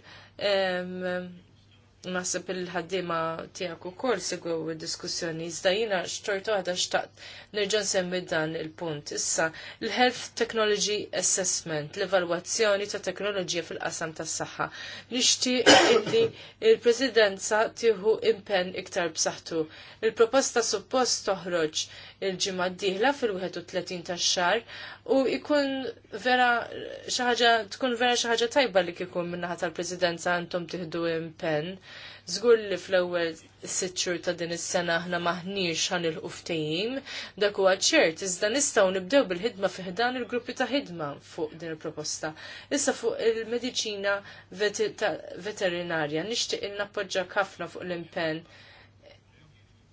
Nasib il-ħaddima tijak u kol segwew u diskussjoni iżda jina xtortu għada xtaqt nirġan semmi dan il-punt. Issa, l health Technology Assessment, l-evalwazzjoni ta' teknoloġija fil-qasam tas saħħa Nishti illi il-Presidenza tiħu impen iktar b'saħħtu. Il-proposta suppost toħroġ il-ġimgħa d dihla fil-31 tax-xar u jkun vera xi ħaġa tkun vera xaħġa tajba li kikun min-naħa tal-Presidenza għandhom tieħdu impenn. Żgur li fl-ewwel sitt xhur ta' din is-sena aħna maħniex ħan ftehim, dak huwa ċert, iżda nistgħu nibdew bil-ħidma fiħdan il-gruppi ta' ħidma fuq din il-proposta. Issa fuq il-mediċina veterinarja nixtieq il nappoġġa ħafna fuq l-impenn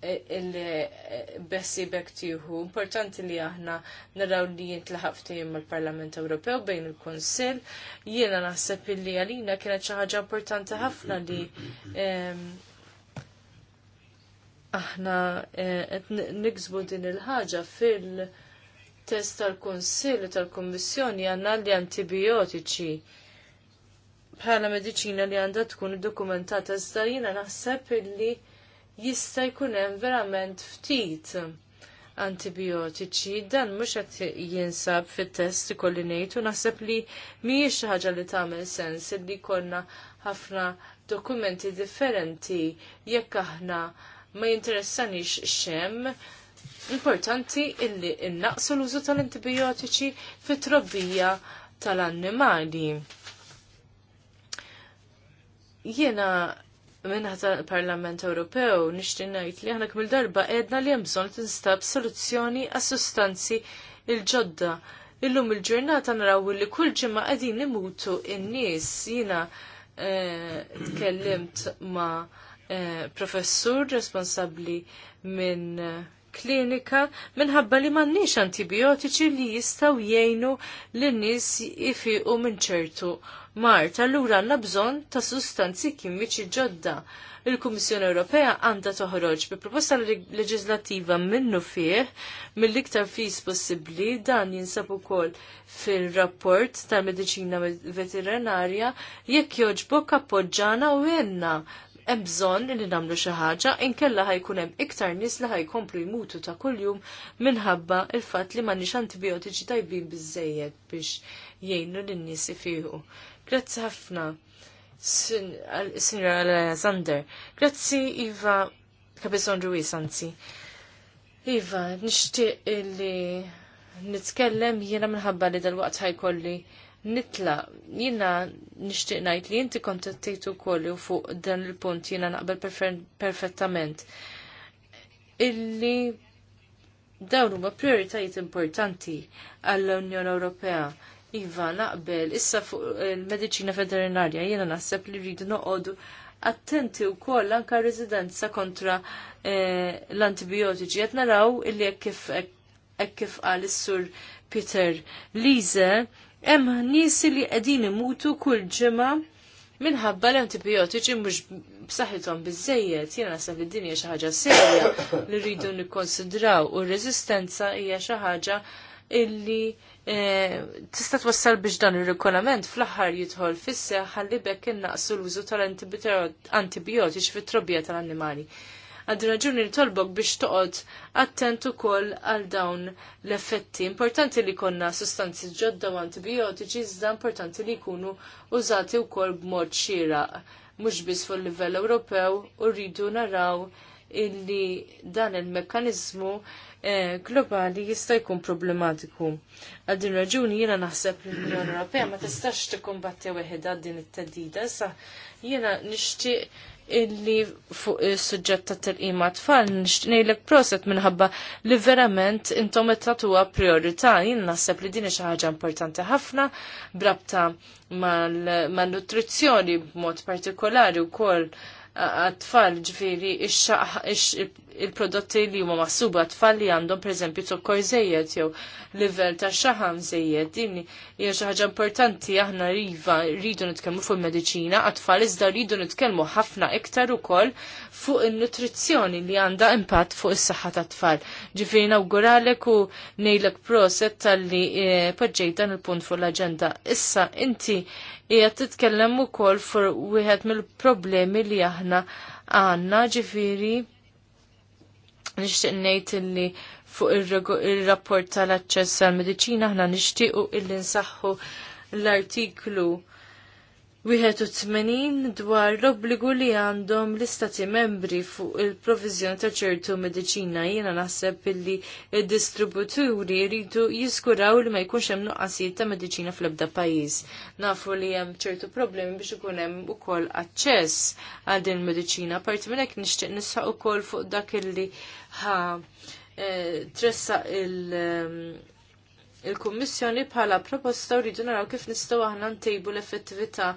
il-bessi eh, bek tiħu. Importanti li aħna naraw li jintlaħab mal-Parlament Ewropew bejn il-Konsil. Jiena naħseb illi għalina kienet xi ħaġa importanti ħafna li aħna eh, qed niksbu din il-ħaġa fil-test tal-Konsil tal-Kummissjoni għandna li antibiotiċi bħala mediċina li għandha tkun iddokumentata iżda jiena naħseb illi jista' jkun hemm verament ftit antibiotiċi dan mhux qed jinsab fit-test ikolli ngħid u naħseb li mhijiex xi ħaġa li tagħmel sens li jkollna ħafna dokumenti differenti jekk aħna ma jinteressanix xem importanti illi innaqsu l-użu tal-antibiotiċi fit-trobbija tal-annimali. Jiena minħata l-Parlament Ewropew nixtieq ngħid li aħna kmil darba edna li hemm bżonn tinstab soluzzjoni għas sustanzi il-ġodda. Illum il-ġurnata naraw li kull ġimma qegħdin imutu in-nies jiena eh, tkellimt ma' eh, professur responsabbli minn eh, klinika minħabba li m'għandniex antibiotiċi li jistgħu jgħinu l nies jifiqu minn ċertu Mart, allura għandna bżonn ta' sustanzi kimiċi ġodda. Il-Kummissjoni Ewropea għandha toħroġ bi proposta leġislattiva minnu fih mill-iktar fis possibbli dan jinsab ukoll fil-rapport tal-Mediċina Veterinarja jekk joġbok appoġġana u jenna hemm bżonn li nagħmlu xi ħaġa inkella ħajkun hemm iktar nies li ħajkomplu jmutu ta' kuljum minħabba il-fatt li m'għandniex antibiotiċi tajbin biżejjed biex jgħinu lin-nies ifieħu. Grazzi ħafna. Signora Alexander, grazzi Iva Cabezon Ruiz, anzi. Iva, nishtiq li nitkellem jiena minħabba li dal-waqt ħajkolli nitla, jina nishtiq najt li jinti kontattejtu kolli u fuq dan il-punt jina naqbel perfettament. Illi dawn huma prioritajiet importanti għall-Unjoni Ewropea. Iva, naqbel, issa fuq eh, il-medicina veterinarja jiena naħseb li rridu noqogħdu attenti u koll anka rezidenza kontra eh, l-antibiotiċi. Qed naraw illi hekk kif qal is-sur Peter Lise, hemm nisi li qegħdin imutu kull ġimgħa minħabba l-antibiotiċi mhux b'saħħithom biżejjed, jiena naħseb li din hija xi ħaġa serja li rridu nikkonsidraw u r-reżistenza hija xi ħaġa illi eh, tista' twassal biex dan ir-regolament fl-aħħar jidħol fisse ħalli bekk innaqsu l-użu tal-antibiotiċi fit trobija tal-annimali. Għad raġuni nitolbok biex toqgħod attent ukoll għal dawn l-effetti. Importanti li konna sustanzi ġodda u antibiotiċi iżda importanti li jkunu użati wkoll b'mod xieraq mhux biss fuq livell Ewropew u rridu naraw illi dan il-mekkaniżmu il mekkaniżmu Eh, globali jista' jkun problematiku. Għal din raġuni jiena naħseb li l-Unjoni Ewropea ma tistax tikkumbatti weħed għal din it-teddida, sa jiena nixtieq illi fuq is-suġġett ta' tilqima tfal ngħidlek proset minħabba li verament intom qed tagħtuha priorità. Jien naħseb li din xi ħaġa importanti ħafna brabta mal-nutrizzjoni b'mod partikolari wkoll għat-tfal ġifieri il-prodotti li huma maħsuba tfal li għandhom pereżempju zokkor żejjed jew livell ta' xaħam żejjed. Din hija xi ħaġa importanti aħna riva rridu nitkellmu fuq il-mediċina għat-tfal iżda rridu nitkellmu ħafna iktar ukoll fuq in-nutrizzjoni li għandha impatt fuq is-saħħa tat-tfal. Ġifieri nawguralek u ngħidlek proset tal-li e, poġġejt dan il-punt fuq l-aġenda. Issa inti hija titkellem ukoll fuq wieħed mill-problemi li aħna għandna ġifieri nixtieq ngħid illi fuq ir-rapport tal-aċċess għall mediċina aħna nixtiequ illi nsaħħu l-artiklu 81 dwar l-obbligu li għandhom l-istati membri fuq il-provizjoni ta' ċertu mediċina jiena naħseb li il-distributuri jridu jiskuraw li ma jkunx hemm nuqqasijiet ta' mediċina fl-ebda pajjiż. Nafu li hemm ċertu problemi biex ikun hemm ukoll aċċess għal din il-mediċina. Parti minn hekk nixtieq nisħaq ukoll fuq dak illi ha eh, tressa il- ehm, il-Kummissjoni bħala proposta rridu naraw kif nistgħu aħna ntejbu l-effettività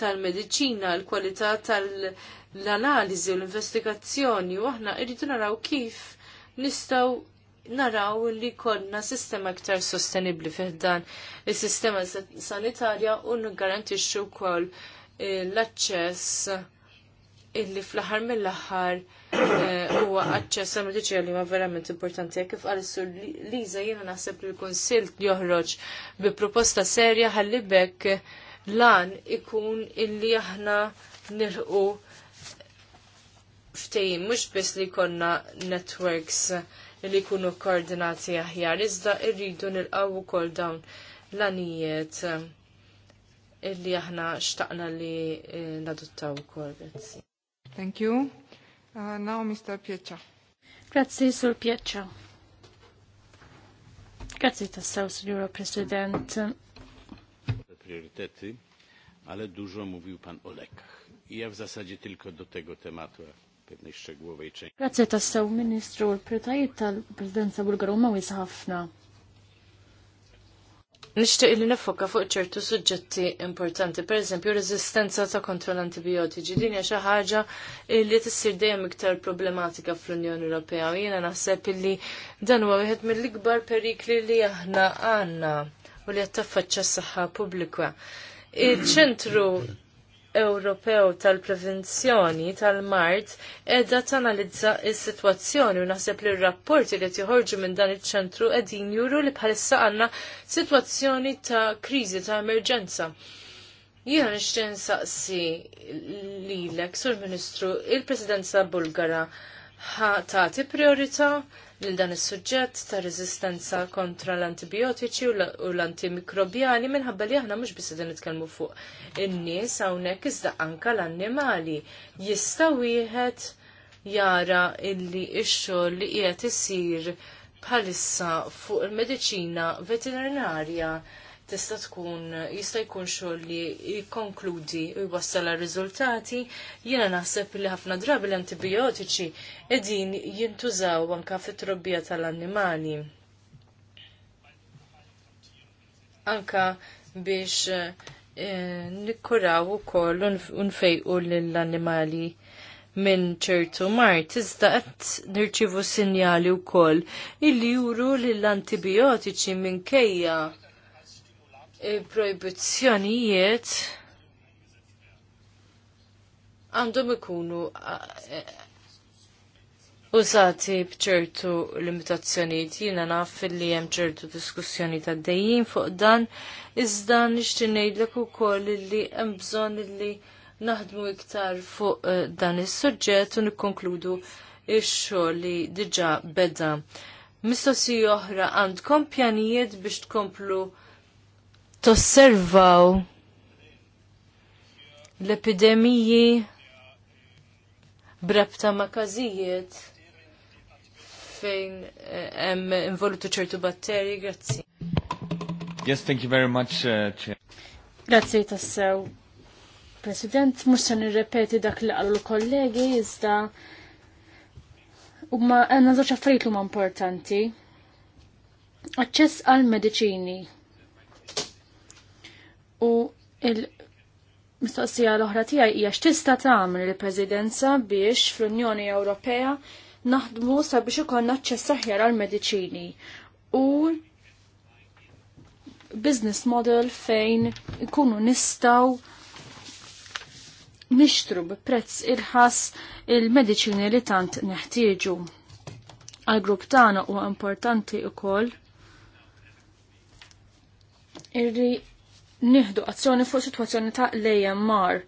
tal-mediċina, l-kwalità tal-analiżi u l-investigazzjoni u aħna rridu naraw kif nistgħu naraw li konna sistema iktar sostenibli fiħdan is-sistema sanitarja u ngarantixxu wkoll l-aċċess illi fl-aħħar mill-aħħar eh, huwa aċċess għal mediċina li ma verament importanti kif għal is-sur Liża jiena naħseb li l-Kunsill joħroġ bi proposta serja għalli bekk lan ikun illi aħna nirqu ftejn mhux biss li konna networks li jkunu koordinati aħjar, iżda rridu nilqgħu kol dawn lanijiet eh, illi aħna xtaqna li eh, nadottaw kol, grazzi. Thank you. Uh, now Mr. Pieccia. Grazzi, Sur Pieccia. Grazzi tassew, Signora President. Priorytety, ale dużo mówił Pan o lekach. I ja w zasadzie tylko do tego tematu pewnej szczegółowej części. Grazzi tassew, Ministru, priorytety tal-Prezydenza Bulgaru ma ħafna Nishtiq li nifoka fuq ċertu suġġetti importanti, per eżempju, rezistenza ta' kontra l antibiotiċi Din hija xi ħaġa li tissir dejjem iktar problematika fl-Unjoni Ewropea u jiena naħseb li dan huwa wieħed mill-ikbar perikli li aħna għandna u li qed taffaċċa s-saħħa pubblika. Iċ-ċentru Ewropew tal-Prevenzjoni tal-Mart edha tanalizza il sitwazzjoni u naħseb li r-rapporti li joħorġu minn dan iċ-ċentru qegħdin juru li bħalissa għandna sitwazzjoni ta' kriżi ta' emerġenza. Jiena nixtieq nsaqsi lilek sur Ministru il-Presidenza Bulgara ħa tagħti priorità lil dan is-suġġett ta' reżistenza kontra l-antibiotiċi u l antimikrobjani minħabba li aħna mhux biss qegħdin nitkellmu fuq in-nies hawnhekk iżda anke l-annimali. Jista' wieħed jara illi x-xogħol li qiegħed isir bħalissa fuq il-mediċina veterinarja tista' tkun jista' jkun xogħol li jikkonkludi u jwassal riżultati, jiena naħseb li ħafna drabi l-antibiotiċi qegħdin jintużaw anke fit-trobbija tal-annimali. Anka biex eh, nikkuraw ukoll u nfejqu lill-annimali minn ċertu mart, iżda qed nirċivu sinjali wkoll illi juru li l-antibiotiċi minkejja il-projbizzjonijiet għandhom ikunu eh, eh, użati bċertu limitazzjonijiet. Jiena naf li hemm ċertu diskussjoni ta' dejjin fuq dan, iżda nixtieq ngħidlek ukoll li hemm bżonn li naħdmu iktar fuq eh, dan is-suġġett u nikkonkludu ix-xogħol li diġà beda. Mistoqsija oħra għandkom pjanijiet biex tkomplu tosservaw l-epidemiji brabta ma' fejn eh, hemm involutu ċertu batteri, grazzi. Yes, thank you very much, uh, Chair. Grazzi tassew. President, mux se nirrepeti dak li għallu kollegi, iżda u ma għanna zoċa affarijiet l-ma importanti. Aċċess għal medicini U il-mistoqsija l-oħra tiegħi hija x'tista' tagħmel il-Presidenza biex fl-Unjoni Ewropea naħdmu sabiex ikollna aċċess aħjar għall-mediċini u business model fejn ikunu nistaw nixtru b'prezz irħas il-mediċini li tant neħtieġu. Għal-grupp tagħna huwa importanti wkoll irri nieħdu azzjoni fuq sitwazzjoni ta' l mar.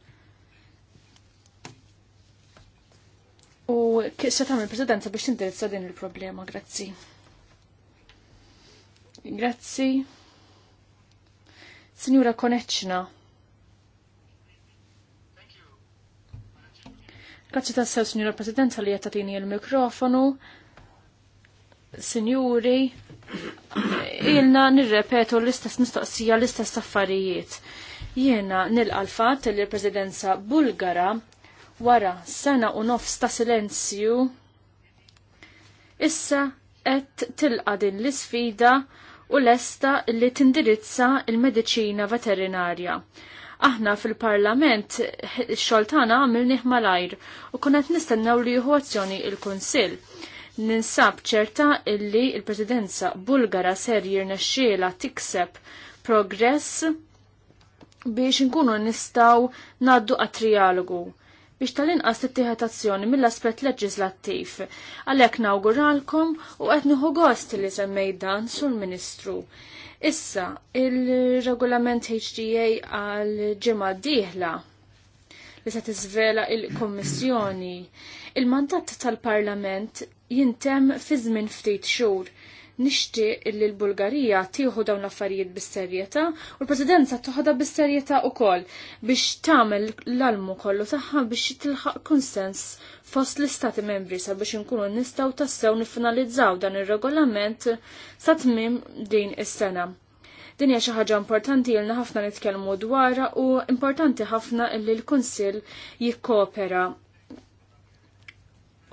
U kif se tagħmel presidenza biex tindirizza din il-problema, grazzi. Grazzi. Signora Koneċna. Grazzi tassew, Signora Presidenza, li jattatini il-mikrofonu. Signuri, ilna nirrepetu l-istess mistoqsija l-istess affarijiet. Jiena nil l li l-Presidenza Bulgara wara sena u nofs ta' silenzju issa qed tilqa din l-isfida u lesta li tindirizza il-medicina veterinarja. Aħna fil-parlament xoltana għamil malajr u kunet nistennaw li juhu azzjoni il-Konsil. Ninsab ċerta illi il-presidenza bulgara ser jirnexxiela tikseb progress biex nkunu nistaw naddu għat-trialogu biex tal-inqas tittieħed azzjoni mill-aspett leġislattiv. Għalhekk nawguralkom u qed nieħu gost li semmej dan sul-Ministru. Issa, il-regolament HDA għal ġimgħa dieħla li se tiżvela il-Kommissjoni. Il-mandat tal-Parlament jintem fi żmien ftit xhur. Nixtieq li l-Bulgarija tieħu dawn l-affarijiet bis-serjetà u l-Presidenza toħodha bis-serjetà wkoll biex tagħmel l-almu kollu tagħha biex tilħaq konsens fost l-Istati membri sabiex inkunu nistgħu tassew nifinalizzaw dan ir-regolament sa tmiem din is-sena. Din hija xi ħaġa importanti ilna ħafna nitkellmu dwarha u importanti ħafna li l-Kunsill jikkopera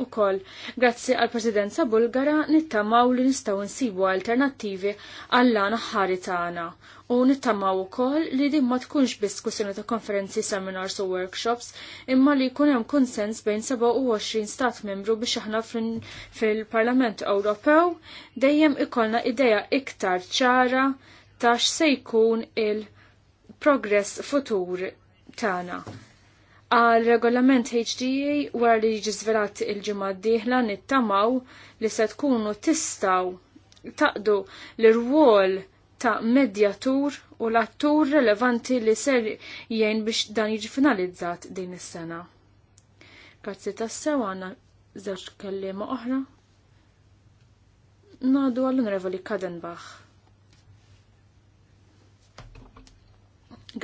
u koll. Grazzi għal presidenza Bulgara nittamaw li nistaw nsibu alternativi għall-għana ħari tagħna u nittamaw u koll li din ma tkunx diskussjoni ta' konferenzi, seminars u workshops imma li jkun hemm konsens bejn 27 stat membru biex aħna fil-Parlament Ewropew dejjem ikollna idea iktar ċara ta' se jkun il-progress futur tagħna għal regolament HDA wara li jiġi żvelat il-ġimgħa d-dieħla nittamaw li se tkunu tistgħu taqdu l-rwol ta' medjatur u l-attur relevanti li ser jgħin biex dan jiġi finalizzat din is-sena. Grazzi tassew għandna żewġ kelliema oħra. Nadu għall-Onorevoli Kadenbach.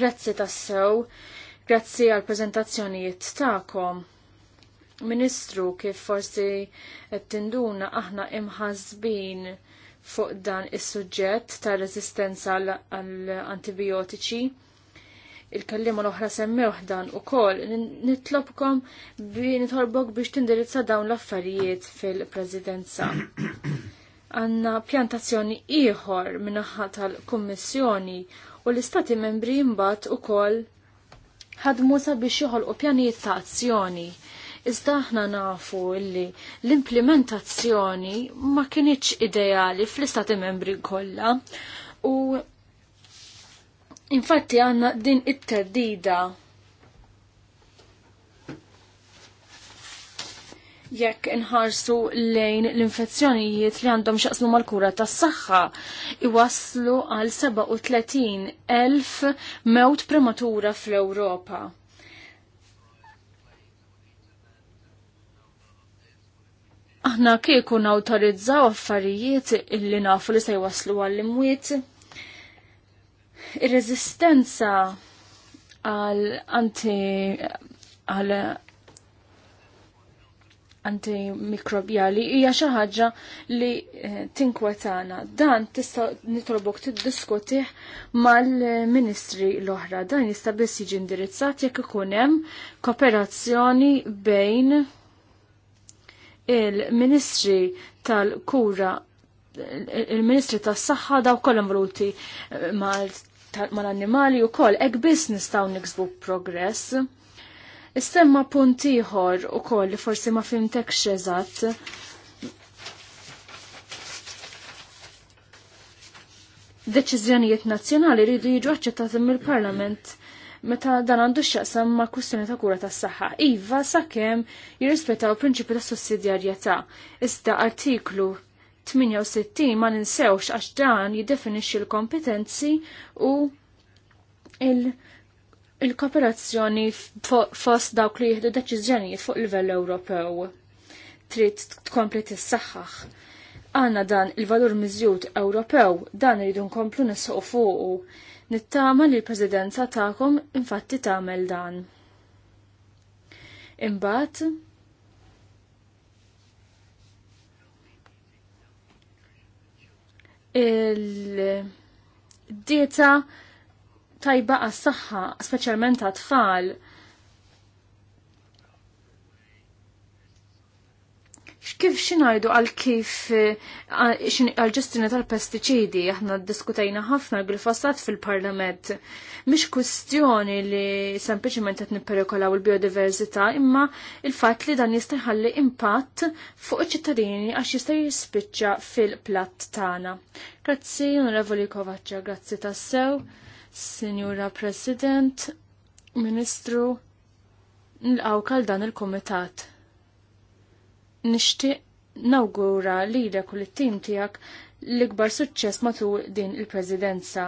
Grazzi tassew. sew Grazzi għal prezentazzjonijiet ta'kom. Ministru, kif forsi qed tinduna aħna imħazbin fuq dan is-suġġett ta' resistenza għall antibiotiċi il kellimu l-oħra semmewh dan ukoll nitlobkom bi nitolbok biex tindirizza dawn l-affarijiet fil-Presidenza. Għanna pjantazzjoni ieħor minnaħħa tal-Kummissjoni u l-Istati membri u ukoll ħadmu sabiex joħolqu pjanijiet ta' azzjoni. Iżda aħna nafu illi l-implementazzjoni ma kienieċ ideali fl-istati membri kollha u infatti għanna din it tedida jekk inħarsu lejn l-infezzjonijiet li għandhom xaqsmu mal-kura tas saħħa iwaslu għal 37,000 mewt prematura fl-Ewropa. Aħna kieku nawtorizzaw affarijiet illi nafu li se jwaslu għall-imwiet. Ir-reżistenza għal anti għal antimikrobjali hija xi ħaġa li eh, tinkwetana. Dan tista' nitolbok tiddiskutih mal-ministri l-oħra. Dan jista' biss jiġi indirizzat jekk ikun hemm kooperazzjoni bejn il-ministri tal-kura il-ministri tas-saħħa daw kollhom voluti eh, mal-annimali u koll, ek biss nistgħu niksbu progress. Issemma punt ieħor ukoll li forsi ma fimtekx xezat. Deċiżjonijiet nazzjonali rridu jiġu aċċettati mill-Parlament meta dan għandu x'jaqsam ma' kwistjoni ta' kura tas saħħa Iva sakemm jirrispettaw prinċipju ta' sussidjarjetà. Iżda artiklu 68 ma ninsewx għax dan jiddefinixxi l-kompetenzi u il- il-kooperazzjoni fost dawk li jieħdu deċiżjonijiet fuq livell Ewropew trid tkompli tissaħħaħ. Għanna dan il-valur miżjud Ewropew dan rridu nkomplu nissuq fuqu. Nittama li l-Presidenza tagħkom infatti tagħmel dan. Imbagħad il-dieta tajba għas-saħħa, speċjalment għat-tfal. kif xinajdu għal kif għal ġestina tal-pestiċidi, aħna diskutajna ħafna glifosat fil-parlament. Mhix kwistjoni li sempliċement qed nipperikolaw il-biodiversità, imma il-fatt li dan jista' jħalli impatt fuq iċ-ċittadini għax jista' jispiċċa fil-platt tagħna. Grazzi, Onorevoli Kovaċċa, grazzi tassew. Signora President, Ministru, nilqaw kal dan il-Komitat. Nishtiq nawgura li l u l-tim tijak l-ikbar suċċess matul din il-Presidenza.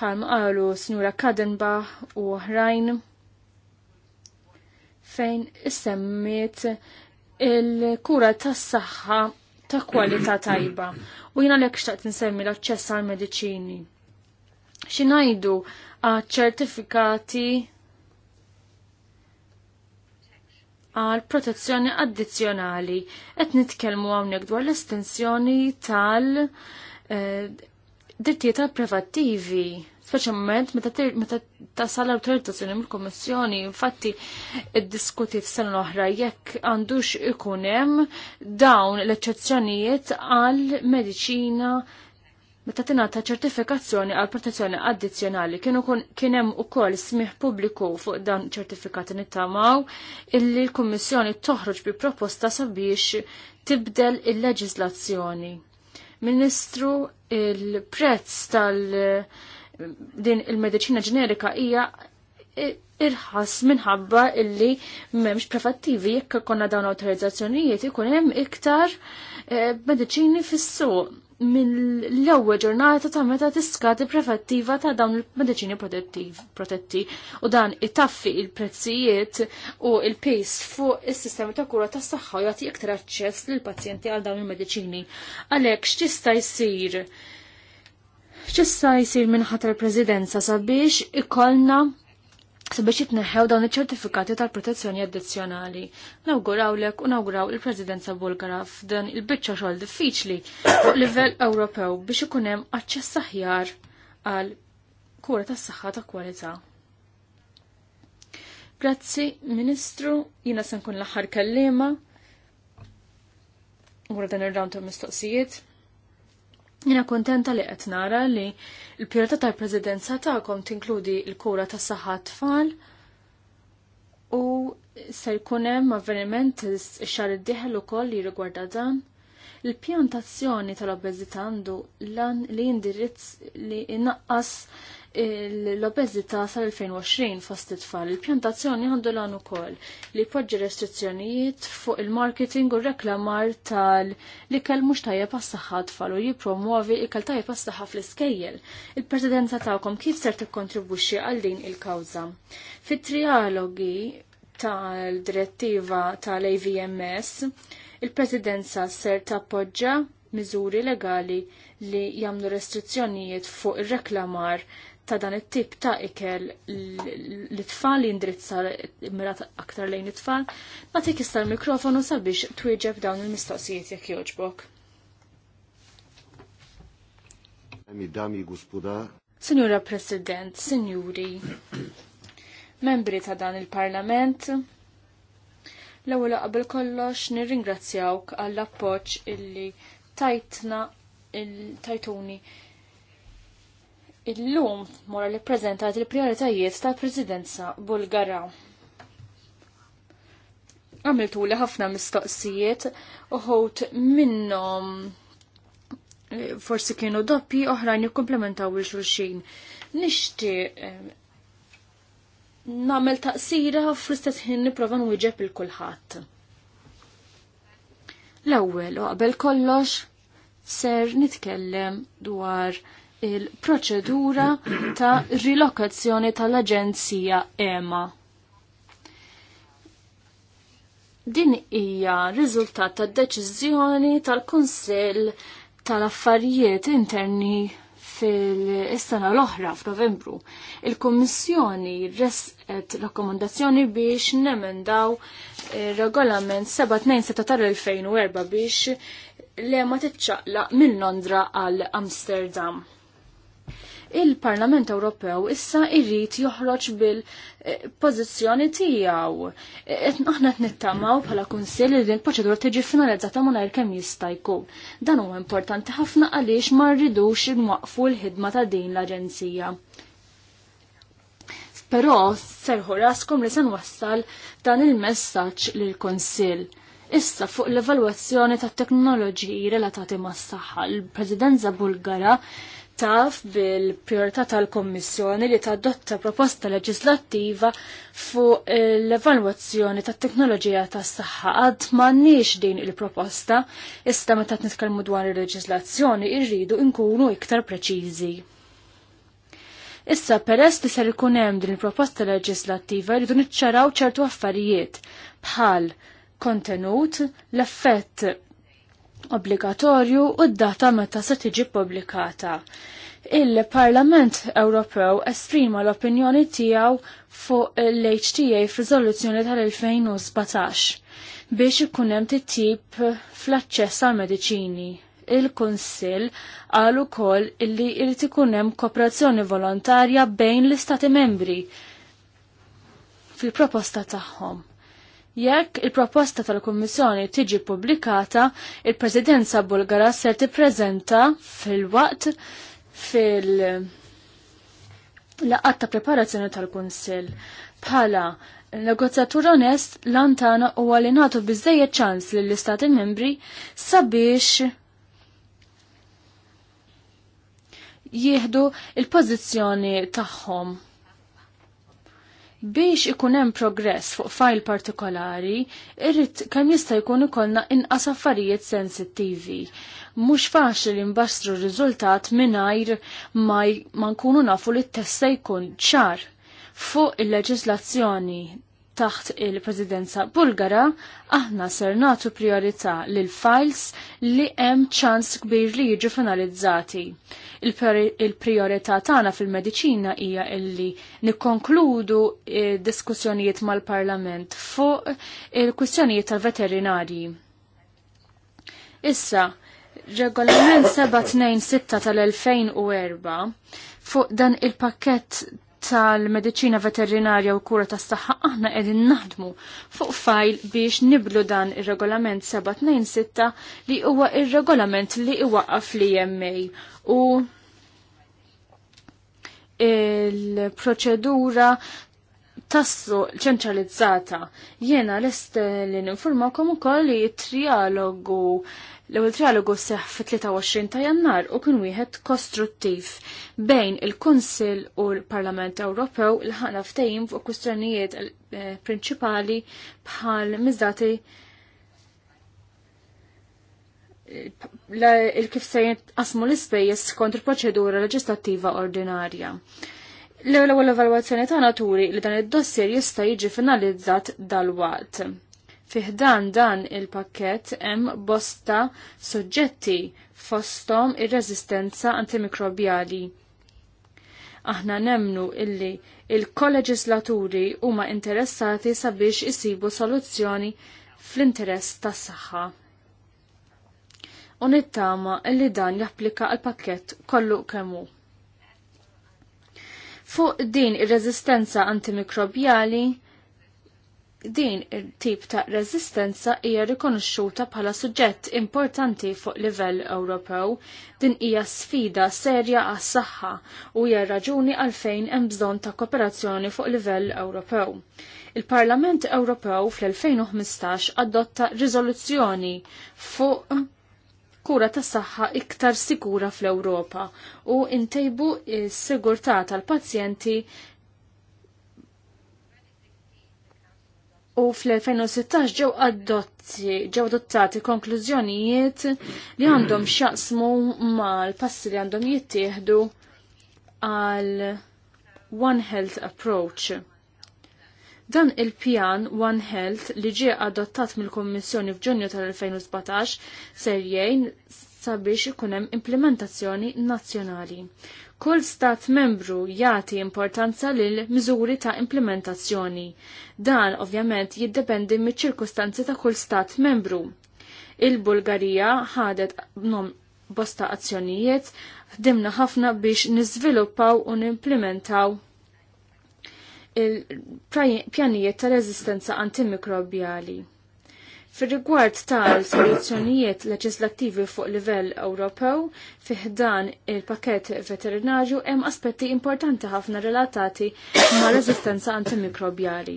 Palm qalu Signora Kadenbach u oħrajn fejn issemmiet il-kura tas-saħħa ta' kwalità tajba u jina l-ek xtaqt nsemmi l-aċċess għal mediċini. Xinajdu għal ċertifikati għal protezzjoni addizzjonali. Et nitkelmu għawnek dwar l-estensjoni tal- eh, dittieta dirtiet privattivi speċjalment meta tasal l-awtorizzazzjoni mill-Kummissjoni, infatti iddiskutiet sena l-oħra jekk għandux ikun hemm dawn l-eċċezzjonijiet għal mediċina meta tingħata ċertifikazzjoni għal protezzjoni addizzjonali kienu kien hemm ukoll smih pubbliku fuq dan ċertifikati nittamaw illi l-Kummissjoni toħroġ bi proposta sabiex tibdel il-leġislazzjoni. Ministru, il-prezz tal- din il-medicina ġenerika hija irħas minħabba illi memx prefattivi jekk konna dawn autorizzazzjonijiet ikun hemm iktar eh, mediċini fis-suq mill-ewwel ġurnata ta' meta tiskati prefattiva ta' dawn il-mediċini protetti u dan itaffi il-prezzijiet u il pace fuq is sistema ta' kura tas saħħa u jagħti iktar aċċess lill pazjenti għal dawn il-mediċini. Għalhekk x'tista' jsir ċissa jisir minħat il presidenza sabiex ikollna sabiex jitneħew dawn iċ-ċertifikati tal-protezzjoni addizzjonali. Nawgurawlek u nawguraw il-Presidenza Bulgara f'dan il-biċċa xogħol diffiċli fuq livell Ewropew biex ikun hemm aċċess aħjar għal kura tas-saħħa ta' kwalità. Grazzi, Ministru, jiena se nkun l-aħħar kellima. Wara dan ir-round ta' mistoqsijiet. Jena kontenta li qed nara li l-pjorta tal-prezidenza tagħkom tinkludi l-kura tas saħħa tfal u se jkun hemm avveniment ix-xahar iddieħel ukoll li rigwarda dan. Il-pjantazzjoni tal-obeżità għandu lan li jindirizz li inaqqas l-obezita sal-2020 fost it-tfal. Il-pjantazzjoni għandu l għanu ukoll li poġġi restrizzjonijiet fuq il-marketing u reklamar tal li kell mux tajja passaħħa tfal u jipromuovi ikel tajja passaħħa fl-iskejjel. Il-presidenza ta'kom kif ser tikkontribwixxi għal din il-kawża. Fit-trialogi tal-direttiva tal-AVMS, il-presidenza ser tappoġġa miżuri legali li jamnu restrizzjonijiet fuq ir-reklamar ta' dan it-tip ta' ikel l-tfal indrizza mirat aktar lejn it-tfal, ma tik l mikrofonu sabiex twieġeb dawn il-mistoqsijiet jekk joġbok. Dami guspuda. Signora President, Signori, membri ta' dan il-Parlament, l-ewwel qabel kollox nirringrazzjawk għall appoġġ illi tajtna il-tajtuni il tajtuni Illum mora li prezentat il-prioritajiet tal-Presidenza Bulgara. Għamiltu li ħafna mistoqsijiet uħut minnom e, forsi kienu doppi oħrajn jikkomplementaw il-xulxin. Nishti e, namel taqsira fl-istess ħin niprofa nwieġeb il-kulħadd. L-ewwel u qabel kollox ser nitkellem dwar il-proċedura ta' rilokazzjoni tal-Aġenzija EMA. Din hija riżultat tad deċiżjoni tal kunsell tal-Affarijiet Interni fil-istana l-oħra f'Novembru. Il-Kummissjoni resqet rakkomandazzjoni biex nemendaw eh, regolament 727 tal-2004 biex l-EMA titċaqla minn Londra għal Amsterdam il-Parlament Ewropew issa irrit joħroġ bil-pozizjoni tijaw. Aħna t-nittamaw bħala kunsil li l-proċedura tiġi finalizzata ma najr kem jistajku. Dan huwa importanti ħafna għaliex ma rridux nwaqfu l-ħidma ta' din l-Aġenzija. Però serħu raskom li se wassal dan il-messaġġ lill-Konsil. Issa fuq l-evalwazzjoni ta' teknoloġiji relatati mas saħħa l-Presidenza Bulgara taf bil-priorità tal-Kommissjoni li tadotta proposta leġislattiva fuq l-evalwazzjoni tat teknoloġija tas saħħa għad m'għandniex din il-proposta, issa meta nitkellmu dwar il-leġislazzjoni irridu nkunu iktar preċiżi. Issa peress li ser ikun hemm din il-proposta leġislattiva rridu niċċaraw ċertu affarijiet bħal kontenut, l-effett obbligatorju u d-data meta se tiġi publikata. Il-Parlament Ewropew esprima l-opinjoni tiegħu fuq l-HTA f'riżoluzzjoni tal-2017 biex ikun hemm tip fl-aċċess għal mediċini. Il-Kunsill qal ukoll li jrid ikun hemm kooperazzjoni volontarja bejn l-Istati membri fil-proposta tagħhom Jekk il-proposta tal-Kummissjoni tiġi pubblikata, il-Presidenza Bulgara ser tippreżenta fil-waqt fil laqgħat ta' preparazzjoni tal-Kunsill. Bħala negozjatur onest lantana u li nagħtu biżejjed ċans lill istati membri sabiex jieħdu il-pożizzjoni tagħhom biex ikun hemm progress fuq fajl partikolari, irrid kemm jista' jkun ikollna inqas affarijiet sensittivi. Mhux faċli nbastru r-riżultat mingħajr ma nkunu nafu li t testa jkun ċar fuq il-leġislazzjoni taħt il-Presidenza Bulgara, aħna ser natu priorità lil files li hemm ċans kbir li jiġu finalizzati. Il-priorità tagħna fil-mediċina hija illi nikkonkludu eh, diskussjonijiet mal-Parlament fuq il-kwistjonijiet tal-veterinarji. Issa, regolament 726 tal-2004 fuq dan il-pakket tal-medicina veterinarja u kura tas saħħa aħna qegħdin naħdmu fuq fajl biex niblu dan ir-regolament 726 li huwa ir-regolament li iwaqqaf l-EMA u il-proċedura tassu ċentralizzata. Jena l-est li ninformakom ukoll li trialogu L-ewwel trialogu seħ fit-23 ta' Jannar u kien wieħed kostruttiv bejn il-Kunsill u l-Parlament Ewropew il ħana ftehim fuq kwistjonijiet eh, prinċipali bħal miżdati eh, il-kif se jitqasmu l-ispejjeż kont il-proċedura leġislattiva ordinarja. L-ewwel evalwazzjoni tagħna turi li dan id-dossier jista' jiġi finalizzat dal-waqt Fiħdan dan il-pakket hemm bosta soġġetti fostom ir-reżistenza antimikrobjali. Aħna nemnu illi il kolleġislaturi huma interessati sabiex isibu soluzzjoni fl-interess tas-saħħa. U nittama illi dan japplika għal pakkett kollu kemmu. Fuq din ir-reżistenza antimikrobjali din il-tip ta' rezistenza hija rikonoxxuta bħala suġġett importanti fuq livell Ewropew. Din hija sfida serja għas-saħħa u hija raġuni għalfejn hemm bżonn ta' kooperazzjoni fuq livell Ewropew. Il-Parlament Ewropew fl-2015 adotta riżoluzzjoni fuq kura tas saħħa iktar sikura fl-Ewropa u intejbu s-sigurtà tal-pazjenti u fl-2016 ġew adotti, ġew adottati konklużjonijiet li għandhom xaqsmu mal-passi li għandhom jittieħdu għal One Health Approach. Dan il-pjan One Health li ġie adottat mill-Kommissjoni f'Ġunju tal-2017 ser jgħin sabiex ikun hemm implementazzjoni nazzjonali. Kull stat membru jagħti importanza lil miżuri ta' implementazzjoni. Dan ovvjament jiddependi miċ-ċirkustanzi ta' kull stat membru. Il-Bulgarija ħadet nom bosta azzjonijiet ħdimna ħafna biex niżviluppaw u nimplementaw il-pjanijiet ta' rezistenza antimikrobjali. Fir-rigward tal-soluzzjonijiet leġislattivi fuq livell Ewropew, fih dan il-pakett veterinarju hemm aspetti importanti ħafna relatati ma' reżistenza antimikrobjali.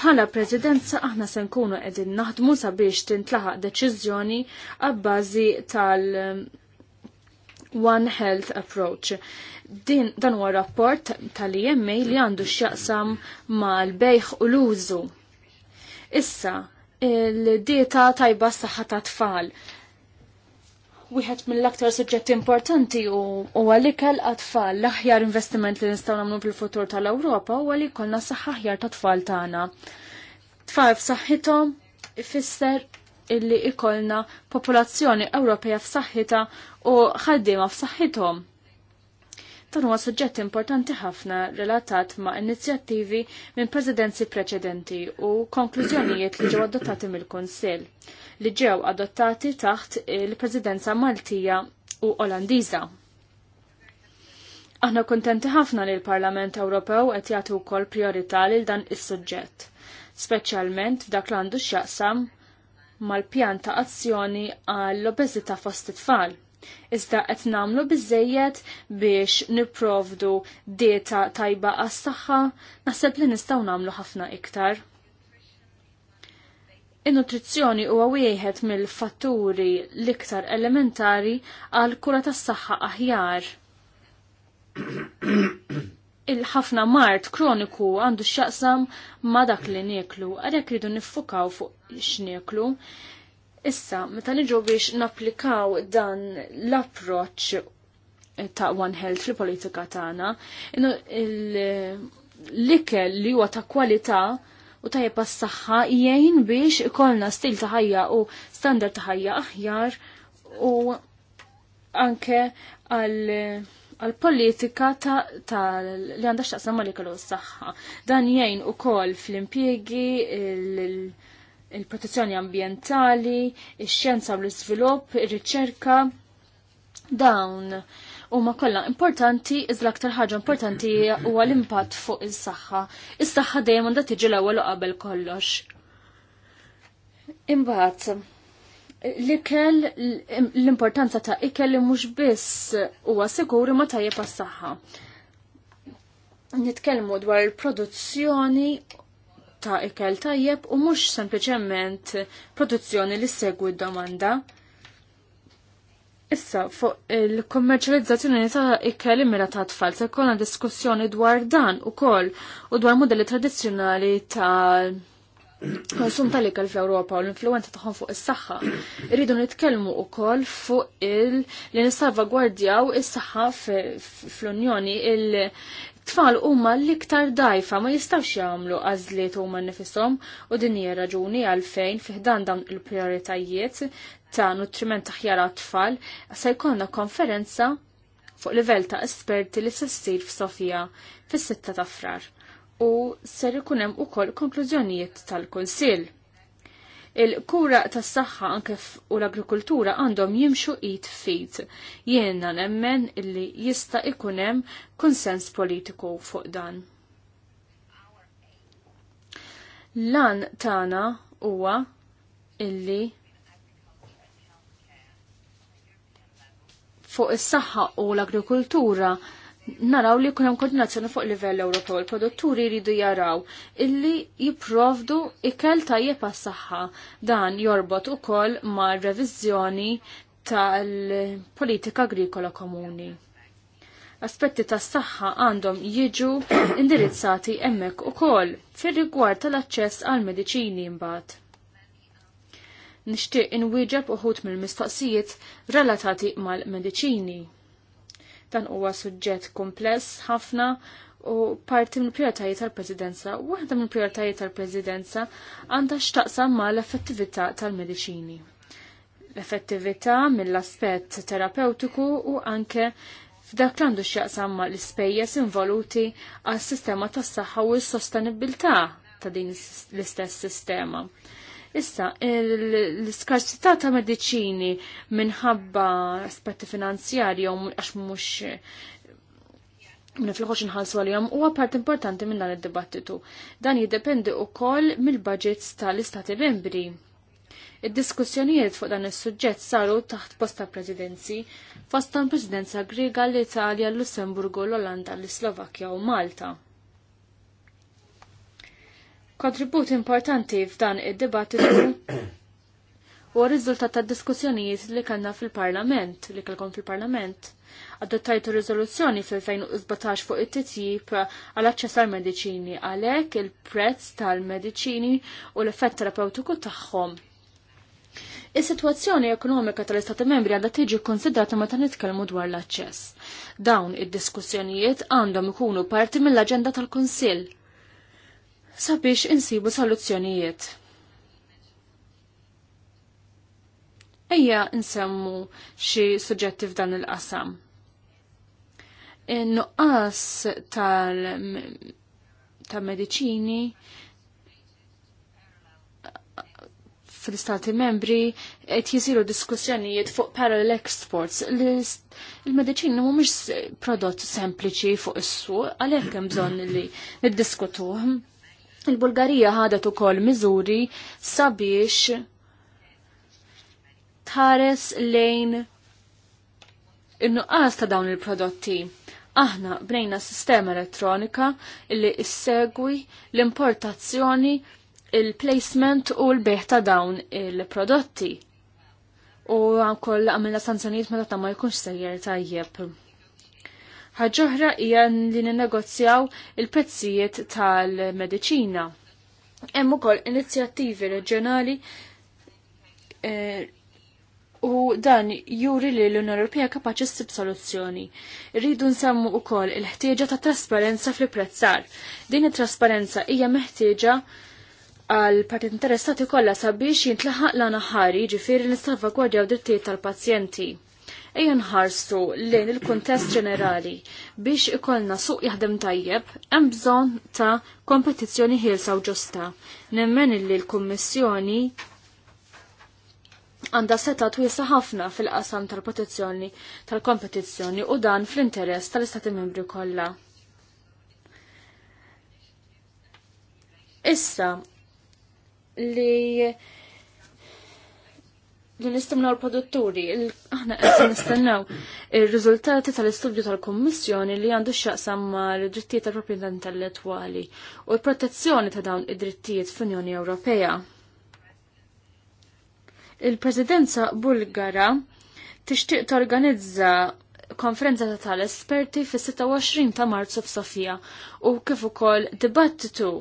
Bħala Presidenza aħna se nkunu qegħdin naħdmu sabiex tintlaħaq deċiżjoni għabbażi tal- One Health Approach. Din dan huwa rapport tal-IMA li għandu x'jaqsam mal-bejħ u l-użu Issa, il-dieta tajba s-saħħa ta' tfal. Wieħed mill-aktar suġġetti importanti u għalikel għat-tfal l-aħjar investiment li nistgħu nagħmlu fil-futur tal-Ewropa u li jkollna s-saħħa aħjar ta' tfal tagħna. Tfal f'saħħithom ifisser illi ikolna popolazzjoni Ewropea f'saħħitha u ħaddiema f'saħħithom Dan huwa suġġett importanti ħafna relatat ma' inizjattivi minn prezidenzi preċedenti u konklużjonijiet li ġew adottati mill-Kunsill li ġew adottati taħt il-Presidenza Maltija u Olandiża. Aħna kuntenti ħafna li l-Parlament Ewropew qed jagħti wkoll priorità lil dan is-suġġett, speċjalment f'dak l għandu x'jaqsam mal-pjan ta' azzjoni għall-obeżità fost it-tfal Iżda qed nagħmlu biżejjed biex nipprovdu dieta tajba għas-saħħa, naħseb li nistgħu nagħmlu ħafna iktar. In-nutrizzjoni huwa wieħed mill-fatturi l-iktar elementari għal kura tas-saħħa aħjar. Il-ħafna mart kroniku għandu x'jaqsam ma' dak li nieklu, għalhekk ridu niffukaw fuq x'nieklu. Issa, meta niġu biex napplikaw dan l-approċ ta' One Health fil-politika tagħna, l-ikel li huwa ta' kwalità u jepa s saħħa jgħin biex ikollna stil ta' ħajja u standard ta' ħajja aħjar u anke għal politika ta', ta li għandax ta' mal-ikel s-saxħa. Dan jgħin u kol fl-impiegi, il-protezzjoni ambientali, ix-xjenza u l-iżvilupp, ir-riċerka, dawn huma kollha importanti l aktar ħaġa importanti huwa l-impatt fuq is-saħħa. Is-saħħa dejjem għandha tiġi l-ewwel u qabel kollox. Imbagħad l-ikel l-importanza ta' ikel li mhux biss huwa sigur ma tajjeb għas-saħħa. Nitkellmu dwar il-produzzjoni ta' ikel tajjeb u mhux sempliċement produzzjoni li segwi d-domanda. Issa, fuq il-kommerċializzazzjoni ta' ikel imira ta' tfal, se jkollna diskussjoni dwar dan u koll u dwar modelli tradizzjonali ta' konsum tal-ikel fl-Ewropa u l-influenza tagħhom fuq is-saħħa. Irridu nitkellmu wkoll fuq il li nissalvagwardjaw is-saħħa fl-Unjoni tfal huma l-iktar dajfa ma jistawx jagħmlu għażliet huma nifisom u din hija raġuni għalfejn fiħdan dawn il-prioritajiet ta' nutriment taħjar għat-tfal se jkollna konferenza fuq livell ta' esperti li se ssir f'Sofija fis-sitta ta' frar u ser ikun hemm ukoll konklużjonijiet tal-Kunsill. Il-kura tas saħħa anke u l-agrikultura għandhom jimxu it fit. Jiena nemmen illi jista' ikun hemm konsens politiku fuq dan. Lan tagħna huwa illi fuq is-saħħa u l-agrikultura naraw li kunem koordinazzjoni fuq livell Ewropew. Il-produtturi jridu jaraw illi jiprovdu ikel tajjeb għas-saħħa. Dan jorbot ukoll mal reviżjoni tal-politika agrikola komuni. Aspetti tas saħħa għandhom jiġu indirizzati emmek ukoll fir-rigward tal-aċċess għal mediċini Nishtiq Nixtieq inwieġeb uħud mill-mistoqsijiet relatati mal-mediċini. Dan huwa suġġett kompless ħafna u parti mill prioritajiet tal-Presidenza. Waħda mill prioritajiet tal-Presidenza għandha x'taqsam ma l-effettività tal-mediċini. L-effettività mill-aspett terapeutiku u anke f'dak għandu x'jaqsam ma l-ispejjeż involuti għas-sistema tas-saħħa u s-sostenibilità ta' din l-istess sistema. -sistema Issa, l-skarsità ta' mediċini minħabba aspetti finanzjari u għax mhux nħalsu għal-jom huwa part importanti minn dan id-dibattitu. Dan jiddependi wkoll mill-budgets tal-istati membri. Id-diskussjonijiet fuq dan is-suġġett saru taħt posta presidenzi fostan presidenza Griega l-Italja, l-Lussemburgu, l-Olanda, l slovakja u Malta. Kontribut importanti f'dan id-dibattitu u riżultat ta' diskussjonijiet li kellna fil-Parlament, li kellkom fil-Parlament. Adottajtu riżoluzzjoni fil-2017 fuq it-titjib għal aċċess għal mediċini għalhekk il-prezz tal-mediċini u l-effett terapeutiku tagħhom. Is-sitwazzjoni ekonomika tal-Istati Membri għandha tiġi konsidrata meta nitkellmu dwar l-aċċess. Dawn id-diskussjonijiet għandhom ikunu parti mill-aġenda tal-Kunsill sabiex insibu soluzzjonijiet. Ejja nsemmu xi suġġetti f'dan il-qasam. In-nuqqas tal ta' mediċini fil istati membri qed jisiru diskussjonijiet fuq parallel exports. il mu mhumiex prodott sempliċi fuq is-suq, għalhekk hemm bżonn li niddiskutuh. Il-Bulgarija ħadet ukoll miżuri sabiex tħares lejn in-nuqqas ta' dawn il-prodotti. Aħna bnejna sistema elettronika li issegwi l-importazzjoni, il-placement u l-beħ ta' dawn il-prodotti. U għankoll għamilna sanzjoniet meta ta' ma jkunx sejjer tajjeb ħagġoħra hija li ninnegozjaw il-prezzijiet tal-mediċina. Hemm ukoll inizjattivi reġjonali eh, u dan juri li l-Unjoni Ewropea kapaċi ssib soluzzjoni. Rridu nsemmu wkoll il-ħtieġa ta' trasparenza fl-prezzar. Din it-trasparenza hija meħtieġa għal partit interessati kollha sabiex jintlaħaq l-anaħari ġifieri nissalvagwardjaw drittijiet tal-pazjenti. Ejja nħarsu lejn il-kuntest ġenerali biex ikollna suq jaħdem tajjeb hemm bżonn ta' kompetizzjoni ħielsa u ġusta. Nemmen illi l-Kummissjoni għandha seta twiesa ħafna fil-qasam tal-protezzjoni tal-kompetizzjoni u dan fl-interess tal-Istati Membri kollha. Issa li li nistimna l-produtturi, aħna qed nistennew ir-riżultati tal-istudju tal-Kummissjoni li għandu x'jaqsam mal-drittijiet tal-proprjetà intellettwali u l-protezzjoni ta' dawn id-drittijiet fl-Unjoni Ewropea. Il-Presidenza Bulgara tixtieq torganizza konferenza ta' tal-esperti fis-26 ta' Marzu f'Sofija u kif ukoll dibattitu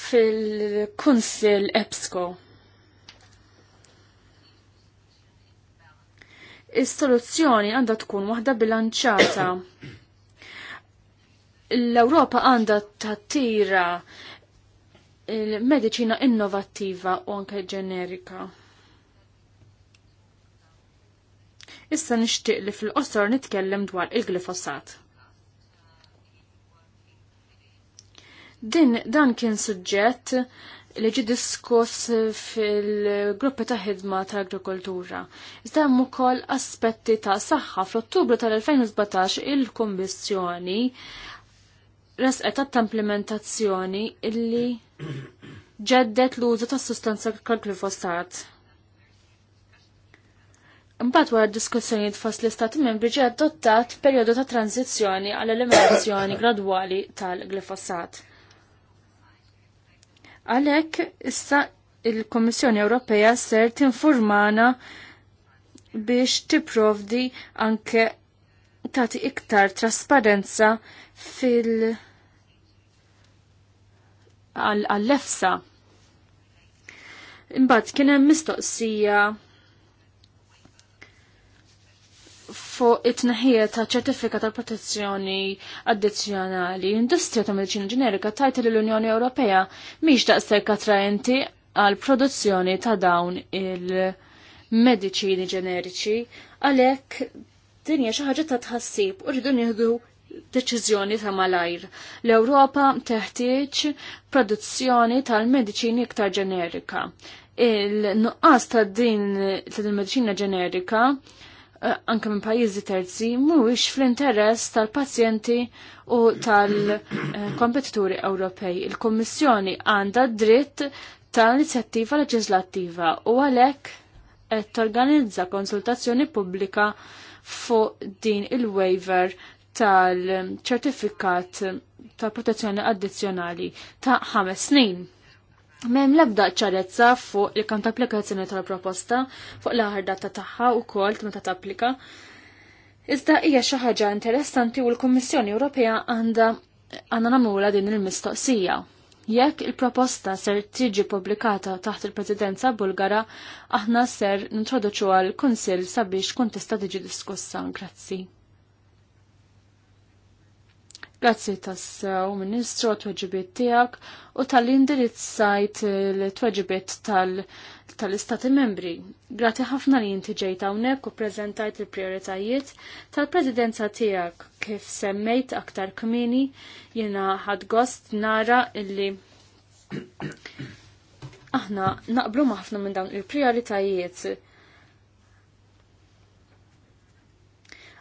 fil-Kunsil EBSCO. Is-soluzzjoni għandha tkun waħda bilanċata. L-Ewropa għandha tattira il-medicina innovattiva u anke ġenerika. Issa nixtieq li fil-qosor nitkellem dwar il-glifosat. Din dan kien suġġett li ġi diskuss fil-gruppi ta' ħidma ta' agrikoltura. Iżda hemm ukoll aspetti ta' saħħa fl-Ottubru tal-2017 il-Kummissjoni resqet tat-implementazzjoni illi ġeddet l-użu ta' sustanza kal-glifosat. Mbagħad wara diskussjoni tfass l-Istat membri ġie adottat perjodu ta' tranzizzjoni għall eliminazzjoni gradwali tal-glifosat. Għalhekk issa il komissjoni Ewropea ser tinformana biex tipprovdi anke tagħti iktar trasparenza fil- għall-lefsa. Imbagħad kien hemm mistoqsija fuq it tnaħija ta' ċertifika tal-protezzjoni addizzjonali. Industrija ta' medicina ġenerika tajt li l-Unjoni Ewropea miex daqstek katrajenti għal produzzjoni ta' dawn il-medicini ġeneriċi għalhekk dinja xi ħaġa ta' tħassib u rridu nieħdu deċiżjoni ta' malajr. L-Ewropa teħtieġ produzzjoni tal-mediċini iktar ġenerika. Il-nuqqas ta' din tal medicina ġenerika Eh, anke minn pajjiżi terzi mhuwiex fl-interess tal-pazjenti u tal-kompetituri Ewropej. Il-Kummissjoni għandha dritt tal-inizjattiva leġislattiva u għalhekk qed torganizza konsultazzjoni pubblika fuq din il-waiver tal-ċertifikat tal protezzjoni addizzjonali ta' ħames snin. Mem labda ċarezza fuq il kanta applikazzjoni tal-proposta fuq l aħar data tagħha wkoll meta tapplika. Iżda hija xi ħaġa interessanti u l-Kummissjoni Ewropea għandha għandna nagħmluha din il-mistoqsija. Jekk il-proposta ser tiġi pubblikata taħt il-Presidenza Bulgara, aħna ser nintroduċu għal kunsill sabiex kun tista' tiġi diskussa. Grazzi. Grazzi tassew Ministru t-tweġibiet tiegħek u tal-indirizzajt l-tweġibiet tal-Istati membri. Grazzi ħafna li inti ġejt hawnhekk u preżentajt il-prioritajiet tal-Presidenza tiegħek kif semmejt aktar kmini jiena ħad gost nara illi aħna naqblu ma' ħafna minn dawn il-prioritajiet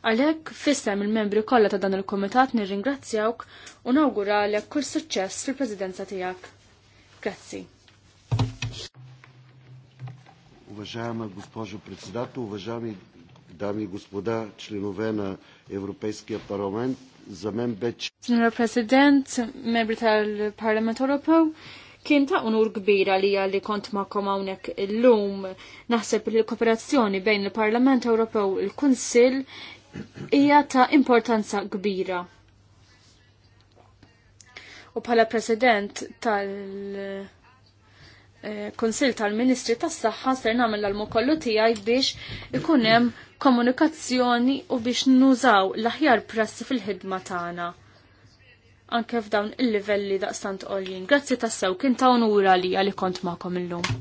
Għalhekk fissem il-membri kollha ta' dan il-kumitat nirringrazzjawk u għalhekk kull suċċess fil-Presidenza tiegħek. Grazzi. Уважаема госпожо председател, уважаеми Dami gospoda, господа, членове Parlament, Европейския парламент, за мен беше... tal-Parlament Ewropew, kien ta' unur kbira li li kont komawnek hawnhekk illum. Naħseb li l-kooperazzjoni bejn il-Parlament Ewropew il-Kunsill hija ta' importanza kbira. U bħala president tal- eh, Konsil tal-Ministri tas-Saħħa ser nagħmel l-almu kollu tiegħi biex ikun hemm komunikazzjoni u biex nużaw l-aħjar prassi fil-ħidma tagħna. Anke f'dawn il-livelli daqstant għoljin. Grazzi tassew kien ta' onura li għalli kont magħkom illum.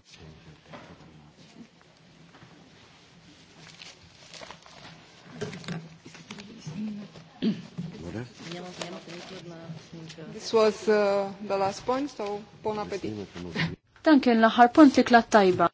This was uh, the last point, so bon appetit. Dan kien l-aħħar punt li klat tajba.